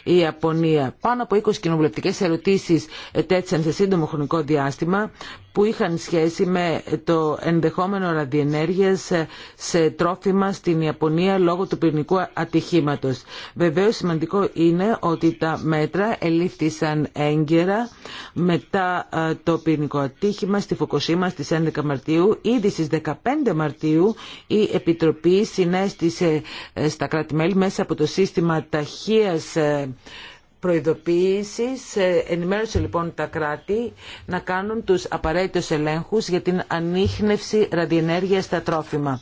Ιαπωνία. Πάνω από 20 κοινοβουλευτικές ερωτήσεις τέτοισαν σε σύντομο χρονικό διάστημα που είχαν σχέση με το ενδεχόμενο ραδιενέργειας σε τρόφιμα στην Ιαπωνία λόγω του πυρηνικού ατυχήματος. Βεβαίως σημαντικό είναι ότι τα μέτρα ελήφθησαν έγκαιρα μετά ε, το πυρηνικό ατύχημα στη Φουκοσίμα στις 11 Μαρτίου. Ήδη στις 15 Μαρτίου η Επιτροπή συνέστησε ε, στα κράτη-μέλη μέσα από το σύστημα ταχείας ε, προειδοποίησης, ενημέρωσε λοιπόν τα κράτη να κάνουν τους απαραίτητους ελέγχους για την ανείχνευση ραδιενέργειας στα τρόφιμα.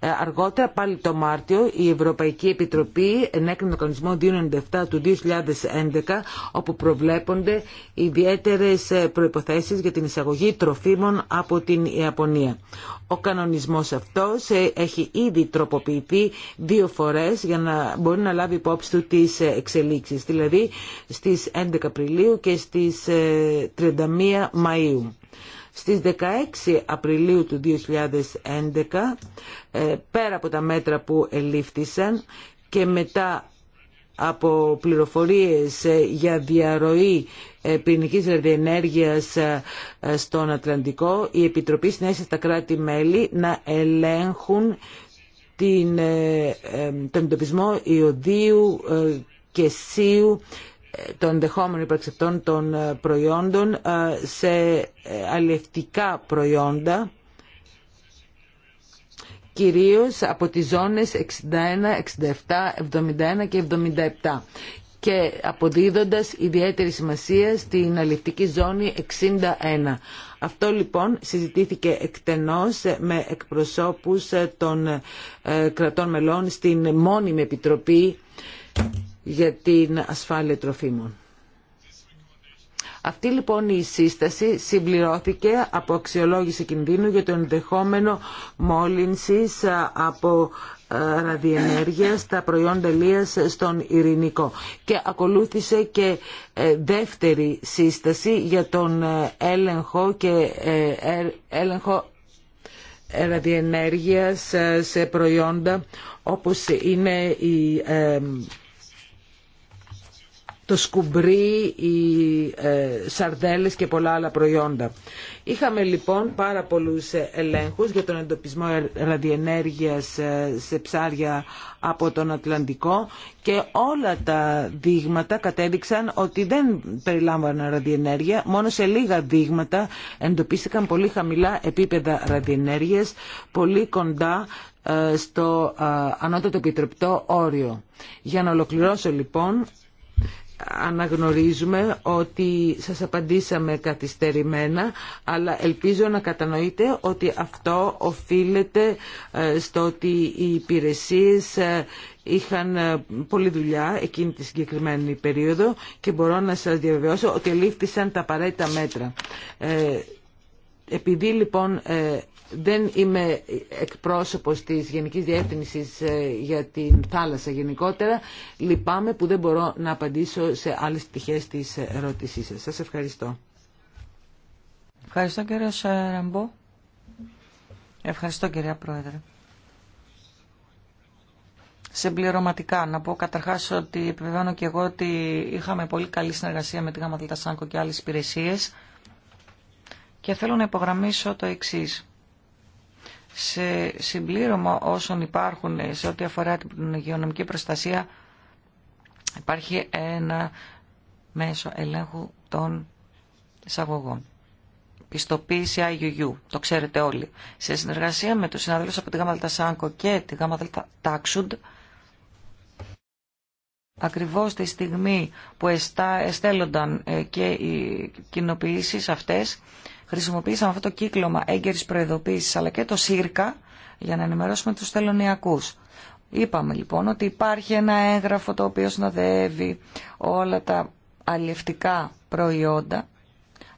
Ε, αργότερα, πάλι το Μάρτιο, η Ευρωπαϊκή Επιτροπή ενέκρινε τον κανονισμό 297 του 2011, όπου προβλέπονται ιδιαίτερες ε, προϋποθέσεις για την εισαγωγή τροφίμων από την Ιαπωνία. Ο κανονισμός αυτός ε, έχει ήδη τροποποιηθεί δύο φορές για να μπορεί να λάβει υπόψη του τις εξελίξεις, δηλαδή στις 11 Απριλίου και στις 31 Μαΐου. Στις 16 Απριλίου του 2011, ε, πέρα από τα μέτρα που ελήφθησαν και μετά από πληροφορίες ε, για διαρροή ε, πυρηνικής ραδιενέργειας στον Ατλαντικό, η Επιτροπή συνέχισε στα κράτη-μέλη να ελέγχουν τον εντοπισμό ιωδίου και σίου των ενδεχόμενων υπαρξευτών των ε, προϊόντων ε, σε ε, αλληλευτικά προϊόντα κυρίως από τις ζώνες 61, 67, 71 και 77 και αποδίδοντας ιδιαίτερη σημασία στην αλληλευτική ζώνη 61. Αυτό λοιπόν συζητήθηκε εκτενώς με εκπροσώπους των κρατών μελών στην μόνιμη επιτροπή για την ασφάλεια τροφίμων. Αυτή λοιπόν η σύσταση συμπληρώθηκε από αξιολόγηση κινδύνου για το ενδεχόμενο μόλυνσης από ε, ραδιενέργεια στα προϊόντα λίας στον Ειρηνικό. Και ακολούθησε και ε, δεύτερη σύσταση για τον ε, έλεγχο και έλεγχο ραδιενέργειας σε προϊόντα όπως είναι η το σκουμπρί, οι ε, σαρδέλες και πολλά άλλα προϊόντα. Είχαμε λοιπόν πάρα πολλούς ε, ελέγχους για τον εντοπισμό ε, ραδιενέργειας σε ψάρια από τον Ατλαντικό και όλα τα δείγματα κατέδειξαν ότι δεν περιλάμβαναν ραδιενέργεια, μόνο σε λίγα δείγματα εντοπίστηκαν πολύ χαμηλά επίπεδα ραδιενέργειας, πολύ κοντά στο ανώτατο επιτρεπτό όριο. Για να ολοκληρώσω λοιπόν, αναγνωρίζουμε ότι σας απαντήσαμε καθυστερημένα αλλά ελπίζω να κατανοείτε ότι αυτό οφείλεται ε, στο ότι οι υπηρεσίες ε, είχαν ε, πολλή δουλειά εκείνη τη συγκεκριμένη περίοδο και μπορώ να σας διαβεβαιώσω ότι λήφθησαν τα απαραίτητα μέτρα. Επειδή λοιπόν ε, δεν είμαι εκπρόσωπος της Γενικής Διεύθυνσης ε, για την θάλασσα γενικότερα, λυπάμαι που δεν μπορώ να απαντήσω σε άλλες πτυχές της ερώτησής σας. Σας ευχαριστώ. Ευχαριστώ κύριε Σαραμπό. Ευχαριστώ κυρία Πρόεδρε. Σε πληρωματικά, να πω καταρχάς ότι επιβεβαιώνω και εγώ ότι είχαμε πολύ καλή συνεργασία με τη ΓΑΜΑ Σάνκο και άλλες υπηρεσίες και θέλω να υπογραμμίσω το εξής. Σε συμπλήρωμα όσων υπάρχουν σε ό,τι αφορά την υγειονομική προστασία υπάρχει ένα μέσο ελέγχου των εισαγωγών. Πιστοποίηση IUU, το ξέρετε όλοι. Σε συνεργασία με τους συναδέλφους από τη ΓΑΜΑΔΕΛΤΑ ΣΑΝΚΟ και τη ΓΑΜΑΔΕΛΤΑ ΤΑΞΟΥΝΤ ακριβώς τη στιγμή που εστέλλονταν ε, και οι κοινοποιήσεις αυτές χρησιμοποίησαμε αυτό το κύκλωμα έγκαιρης προειδοποίησης αλλά και το ΣΥΡΚΑ για να ενημερώσουμε τους τελωνιακούς. Είπαμε λοιπόν ότι υπάρχει ένα έγγραφο το οποίο συνοδεύει όλα τα αλληλευτικά προϊόντα.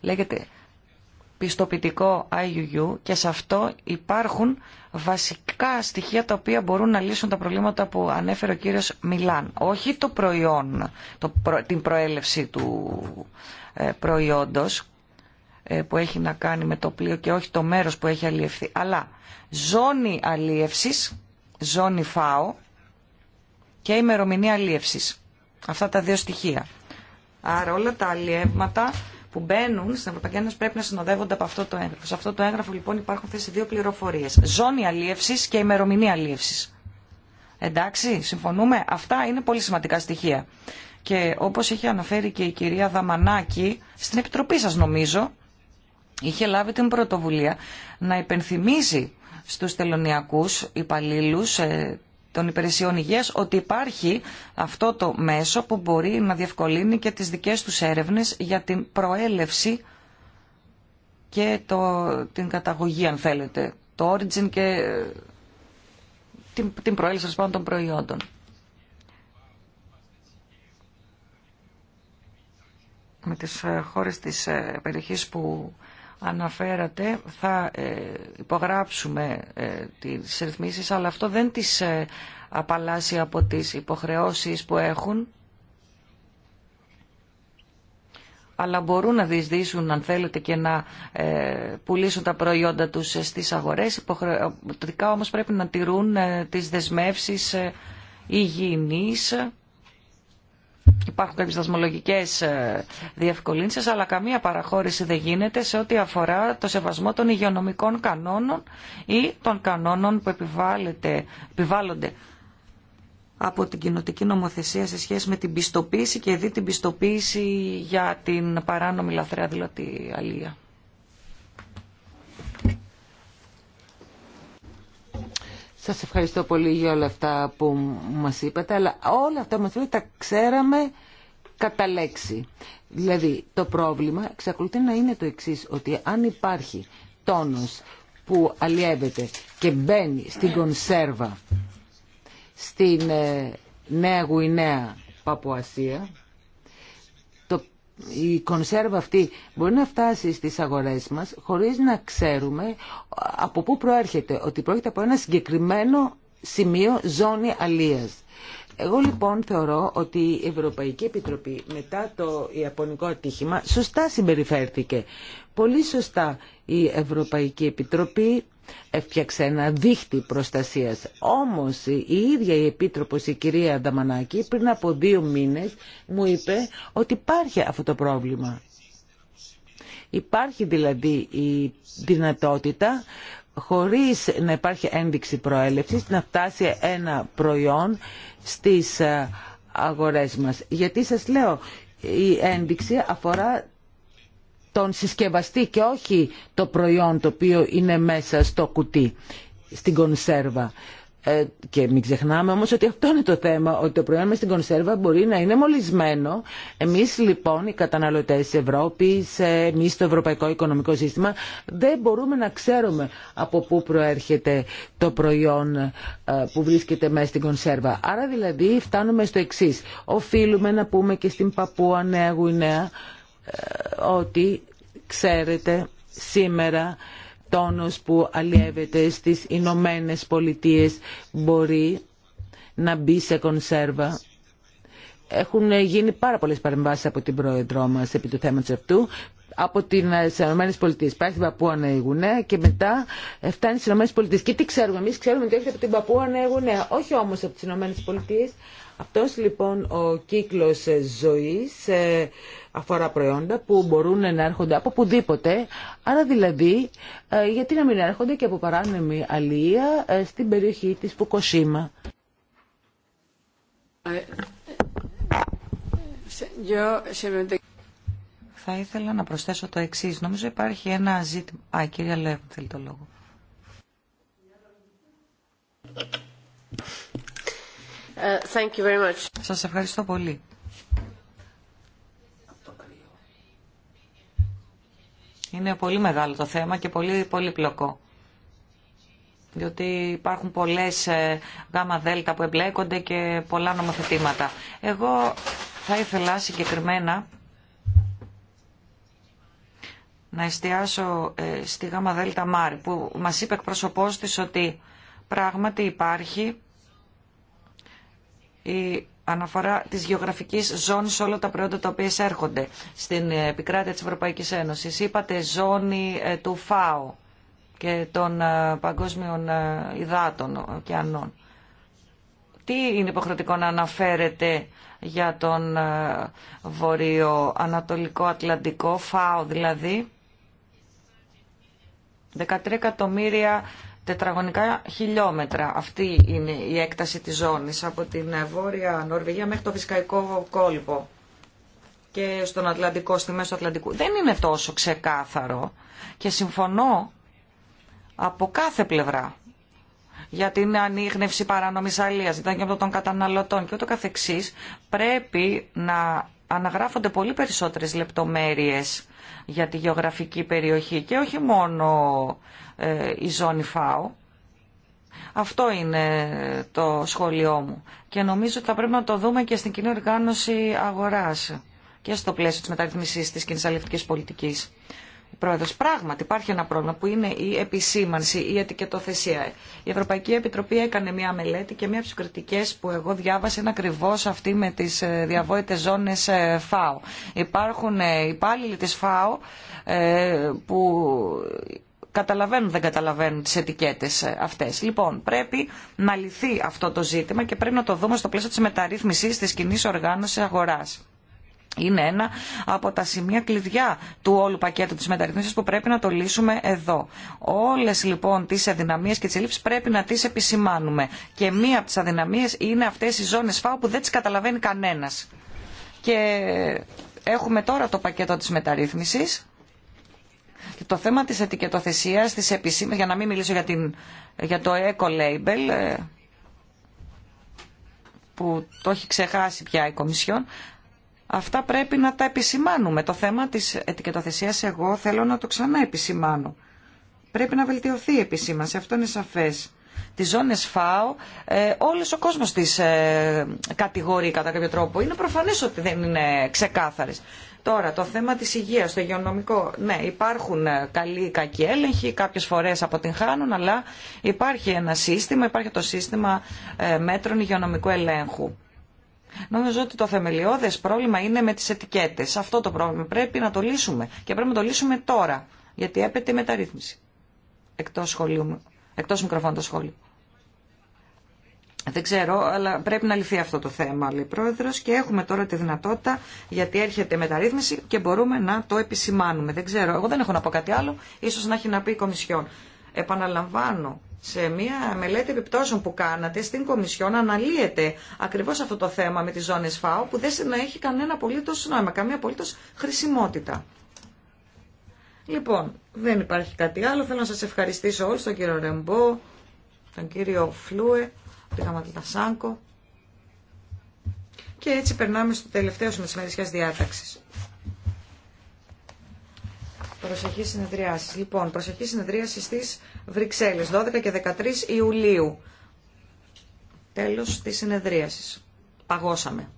Λέγεται πιστοποιητικό IUU και σε αυτό υπάρχουν βασικά στοιχεία τα οποία μπορούν να λύσουν τα προβλήματα που ανέφερε ο κύριος Μιλάν. Όχι το προϊόν, την προέλευση του ε, προϊόντος ε, που έχει να κάνει με το πλοίο και όχι το μέρος που έχει αλλιευθεί. Αλλά ζώνη αλλιεύσης, ζώνη ΦΑΟ και ημερομηνία αλλιεύσης. Αυτά τα δύο στοιχεία. Άρα όλα τα αλλιεύματα που μπαίνουν στην Ευρωπαϊκή Ένωση πρέπει να συνοδεύονται από αυτό το έγγραφο. Σε αυτό το έγγραφο λοιπόν υπάρχουν θέσει δύο πληροφορίες. Ζώνη αλλιεύσης και ημερομηνία αλλιεύσης. Εντάξει, συμφωνούμε. Αυτά είναι πολύ σημαντικά στοιχεία. Και όπως έχει αναφέρει και η κυρία Δαμανάκη, στην Επιτροπή σας νομίζω, είχε λάβει την πρωτοβουλία να υπενθυμίζει στους τελωνιακούς υπαλλήλου ε, των υπηρεσιών υγείας ότι υπάρχει αυτό το μέσο που μπορεί να διευκολύνει και τις δικές τους έρευνες για την προέλευση και το, την καταγωγή αν θέλετε, το origin και ε, την, την προέλευση πάνω των προϊόντων. Με τις ε, χώρες της περιοχής που αναφέρατε θα ε, υπογράψουμε ε, τις ρυθμίσεις αλλά αυτό δεν τις ε, απαλλάσσει από τις υποχρεώσεις που έχουν αλλά μπορούν να διεισδύσουν αν θέλετε και να πουλήσουν τα προϊόντα τους στις αγορές υποχρεωτικά όμως πρέπει να τηρούν τις δεσμεύσεις υγιεινής Υπάρχουν κάποιες δασμολογικές ε, διευκολύνσεις, αλλά καμία παραχώρηση δεν γίνεται σε ό,τι αφορά το σεβασμό των υγειονομικών κανόνων ή των κανόνων που επιβάλλονται από την κοινοτική νομοθεσία σε σχέση με την πιστοποίηση και δι' την πιστοποίηση για την παράνομη λαθρέα δηλαδή αλία. Σας ευχαριστώ πολύ για όλα αυτά που μας είπατε, αλλά όλα αυτά μας είπατε τα ξέραμε κατά λέξη. Δηλαδή, το πρόβλημα εξακολουθεί να είναι το εξής, ότι αν υπάρχει τόνος που αλλιεύεται και μπαίνει στην κονσέρβα στην ε, Νέα Γουινέα Παπουασία, η κονσέρβα αυτή μπορεί να φτάσει στις αγορές μας χωρίς να ξέρουμε από πού προέρχεται, ότι πρόκειται από ένα συγκεκριμένο σημείο ζώνη αλίας. Εγώ λοιπόν θεωρώ ότι η Ευρωπαϊκή Επιτροπή μετά το Ιαπωνικό ατύχημα σωστά συμπεριφέρθηκε. Πολύ σωστά η Ευρωπαϊκή Επιτροπή έφτιαξε ένα δίχτυ προστασίας. Όμως η ίδια η Επίτροπος, η κυρία Ανταμανάκη, πριν από δύο μήνες μου είπε ότι υπάρχει αυτό το πρόβλημα. Υπάρχει δηλαδή η δυνατότητα χωρίς να υπάρχει ένδειξη προέλευσης να φτάσει ένα προϊόν στις ε, αγορές μας. Γιατί σας λέω η ένδειξη αφορά τον συσκευαστή και όχι το προϊόν το οποίο είναι μέσα στο κουτί, στην κονσέρβα. Ε, και μην ξεχνάμε όμως ότι αυτό είναι το θέμα, ότι το προϊόν μέσα στην κονσέρβα μπορεί να είναι μολυσμένο. Εμείς λοιπόν οι καταναλωτές της Ευρώπης, ε, εμείς το Ευρωπαϊκό Οικονομικό Σύστημα δεν μπορούμε να ξέρουμε από πού προέρχεται το προϊόν ε, που βρίσκεται μέσα στην κονσέρβα. Άρα δηλαδή φτάνουμε στο εξή. Οφείλουμε να πούμε και στην Παππούα Νέα Γουινέα ότι Ξέρετε σήμερα τόνος που αλλιεύεται στις Ηνωμένε Πολιτείες μπορεί να μπει σε κονσέρβα. Έχουν γίνει πάρα πολλές παρεμβάσεις από την πρόεδρό μας επί του θέματος αυτού από τι ε, Ηνωμένε Πολιτείε. Πάει στην Παππούα Νέα και μετά ε, φτάνει στι Ηνωμένε Πολιτείε. Και τι ξέρουμε εμεί, ξέρουμε ότι έρχεται από την Παππούα Νέα. Όχι όμω από τι Ηνωμένε Πολιτείε, αυτός λοιπόν ο κύκλος ζωής ε, αφορά προϊόντα που μπορούν να έρχονται από πουδήποτε. Άρα δηλαδή ε, γιατί να μην έρχονται και από παράνομη αλία ε, στην περιοχή της Πουκοσίμα. Θα ήθελα να προσθέσω το εξής. Νομίζω υπάρχει ένα ζήτημα... Α, η κυρία θέλει το λόγο. Ε, thank Σας ευχαριστώ πολύ. Είναι πολύ μεγάλο το θέμα και πολύ πολύπλοκο. Διότι υπάρχουν πολλές ε, γάμα δέλτα που εμπλέκονται και πολλά νομοθετήματα. Εγώ θα ήθελα συγκεκριμένα να εστιάσω ε, στη γάμα δέλτα Μάρη που μας είπε εκπροσωπός της ότι πράγματι υπάρχει η αναφορά της γεωγραφικής ζώνης σε όλα τα προϊόντα τα οποία εισέρχονται στην επικράτεια της Ευρωπαϊκής Ένωσης. Είπατε ζώνη ε, του ΦΑΟ και των ε, παγκόσμιων ε, υδάτων ωκεανών. Τι είναι υποχρεωτικό να αναφέρεται για τον βορειο ανατολικο Ατλαντικό, ΦΑΟ δηλαδή. 13 εκατομμύρια τετραγωνικά χιλιόμετρα. Αυτή είναι η έκταση της ζώνης από την Βόρεια Νορβηγία μέχρι το Βυσκαϊκό κόλπο και στον Ατλαντικό, στη Μέση του Ατλαντικού. Δεν είναι τόσο ξεκάθαρο και συμφωνώ από κάθε πλευρά για την ανείχνευση παράνομης αλίας, ήταν και από των καταναλωτών και ούτω καθεξής, πρέπει να αναγράφονται πολύ περισσότερες λεπτομέρειες για τη γεωγραφική περιοχή και όχι μόνο ε, η ζώνη ΦΑΟ. Αυτό είναι το σχόλιο μου και νομίζω ότι θα πρέπει να το δούμε και στην κοινή οργάνωση αγοράς και στο πλαίσιο της μεταρρυθμίσης της κοινής αλληλευτικής πολιτικής. Πρόεδρος, πράγματι υπάρχει ένα πρόβλημα που είναι η επισήμανση, η ετικετοθεσία. Η Ευρωπαϊκή Επιτροπή έκανε μια μελέτη και μια από τις που εγώ διάβασα είναι ακριβώ αυτή με τις ε, διαβόητες ζώνες ε, ΦΑΟ. Υπάρχουν υπάλληλοι της ΦΑΟ που καταλαβαίνουν δεν καταλαβαίνουν τις ετικέτες ε, αυτές. Λοιπόν, πρέπει να λυθεί αυτό το ζήτημα και πρέπει να το δούμε στο πλαίσιο της μεταρρύθμισης της κοινή οργάνωσης αγοράς. Είναι ένα από τα σημεία κλειδιά του όλου πακέτου της μεταρρύθμισης που πρέπει να το λύσουμε εδώ. Όλες λοιπόν τις αδυναμίες και τις ελλείψεις πρέπει να τις επισημάνουμε. Και μία από τις αδυναμίες είναι αυτές οι ζώνες φάου που δεν τις καταλαβαίνει κανένας. Και έχουμε τώρα το πακέτο της μεταρρύθμισης και το θέμα της ετικετοθεσίας, της για να μην μιλήσω για, την, για το eco-label, ε, που το έχει ξεχάσει πια η Κομισιόν, αυτά πρέπει να τα επισημάνουμε. Το θέμα της ετικετοθεσίας εγώ θέλω να το ξανά επισημάνω. Πρέπει να βελτιωθεί η επισήμανση, αυτό είναι σαφές. Τι ζώνε ΦΑΟ, ε, όλο ο κόσμο τι ε, κατηγορεί κατά κάποιο τρόπο. Είναι προφανέ ότι δεν είναι ξεκάθαρε. Τώρα, το θέμα της υγείας, το υγειονομικό, ναι, υπάρχουν ε, καλοί ή κακοί έλεγχοι, κάποιες φορές αποτυγχάνουν, αλλά υπάρχει ένα σύστημα, υπάρχει το σύστημα ε, μέτρων υγειονομικού ελέγχου. Νομίζω ότι το θεμελιώδες πρόβλημα είναι με τις ετικέτες. Αυτό το πρόβλημα πρέπει να το λύσουμε και πρέπει να το λύσουμε τώρα, γιατί έπεται η μεταρρύθμιση. Εκτός, σχολείου, μικροφώνου το δεν ξέρω, αλλά πρέπει να λυθεί αυτό το θέμα, λέει πρόεδρο, και έχουμε τώρα τη δυνατότητα, γιατί έρχεται μεταρρύθμιση και μπορούμε να το επισημάνουμε. Δεν ξέρω, εγώ δεν έχω να πω κάτι άλλο, ίσω να έχει να πει η Κομισιόν. Επαναλαμβάνω, σε μια μελέτη επιπτώσεων που κάνατε στην Κομισιόν αναλύεται ακριβώ αυτό το θέμα με τι ζώνε ΦΑΟ, που δεν έχει κανένα απολύτω νόημα, καμία απολύτω χρησιμότητα. Λοιπόν, δεν υπάρχει κάτι άλλο. Θέλω να σα ευχαριστήσω όλου, τον κύριο Ρεμπό, τον κύριο Φλούε πήγαμε Σάνκο. Και έτσι περνάμε στο τελευταίο σημείο τη διάταξη. Προσεχή συνεδριάση. Λοιπόν, προσεχή συνεδρίαση στι Βρυξέλλε, 12 και 13 Ιουλίου. Τέλος τη συνεδρίασης. Παγώσαμε.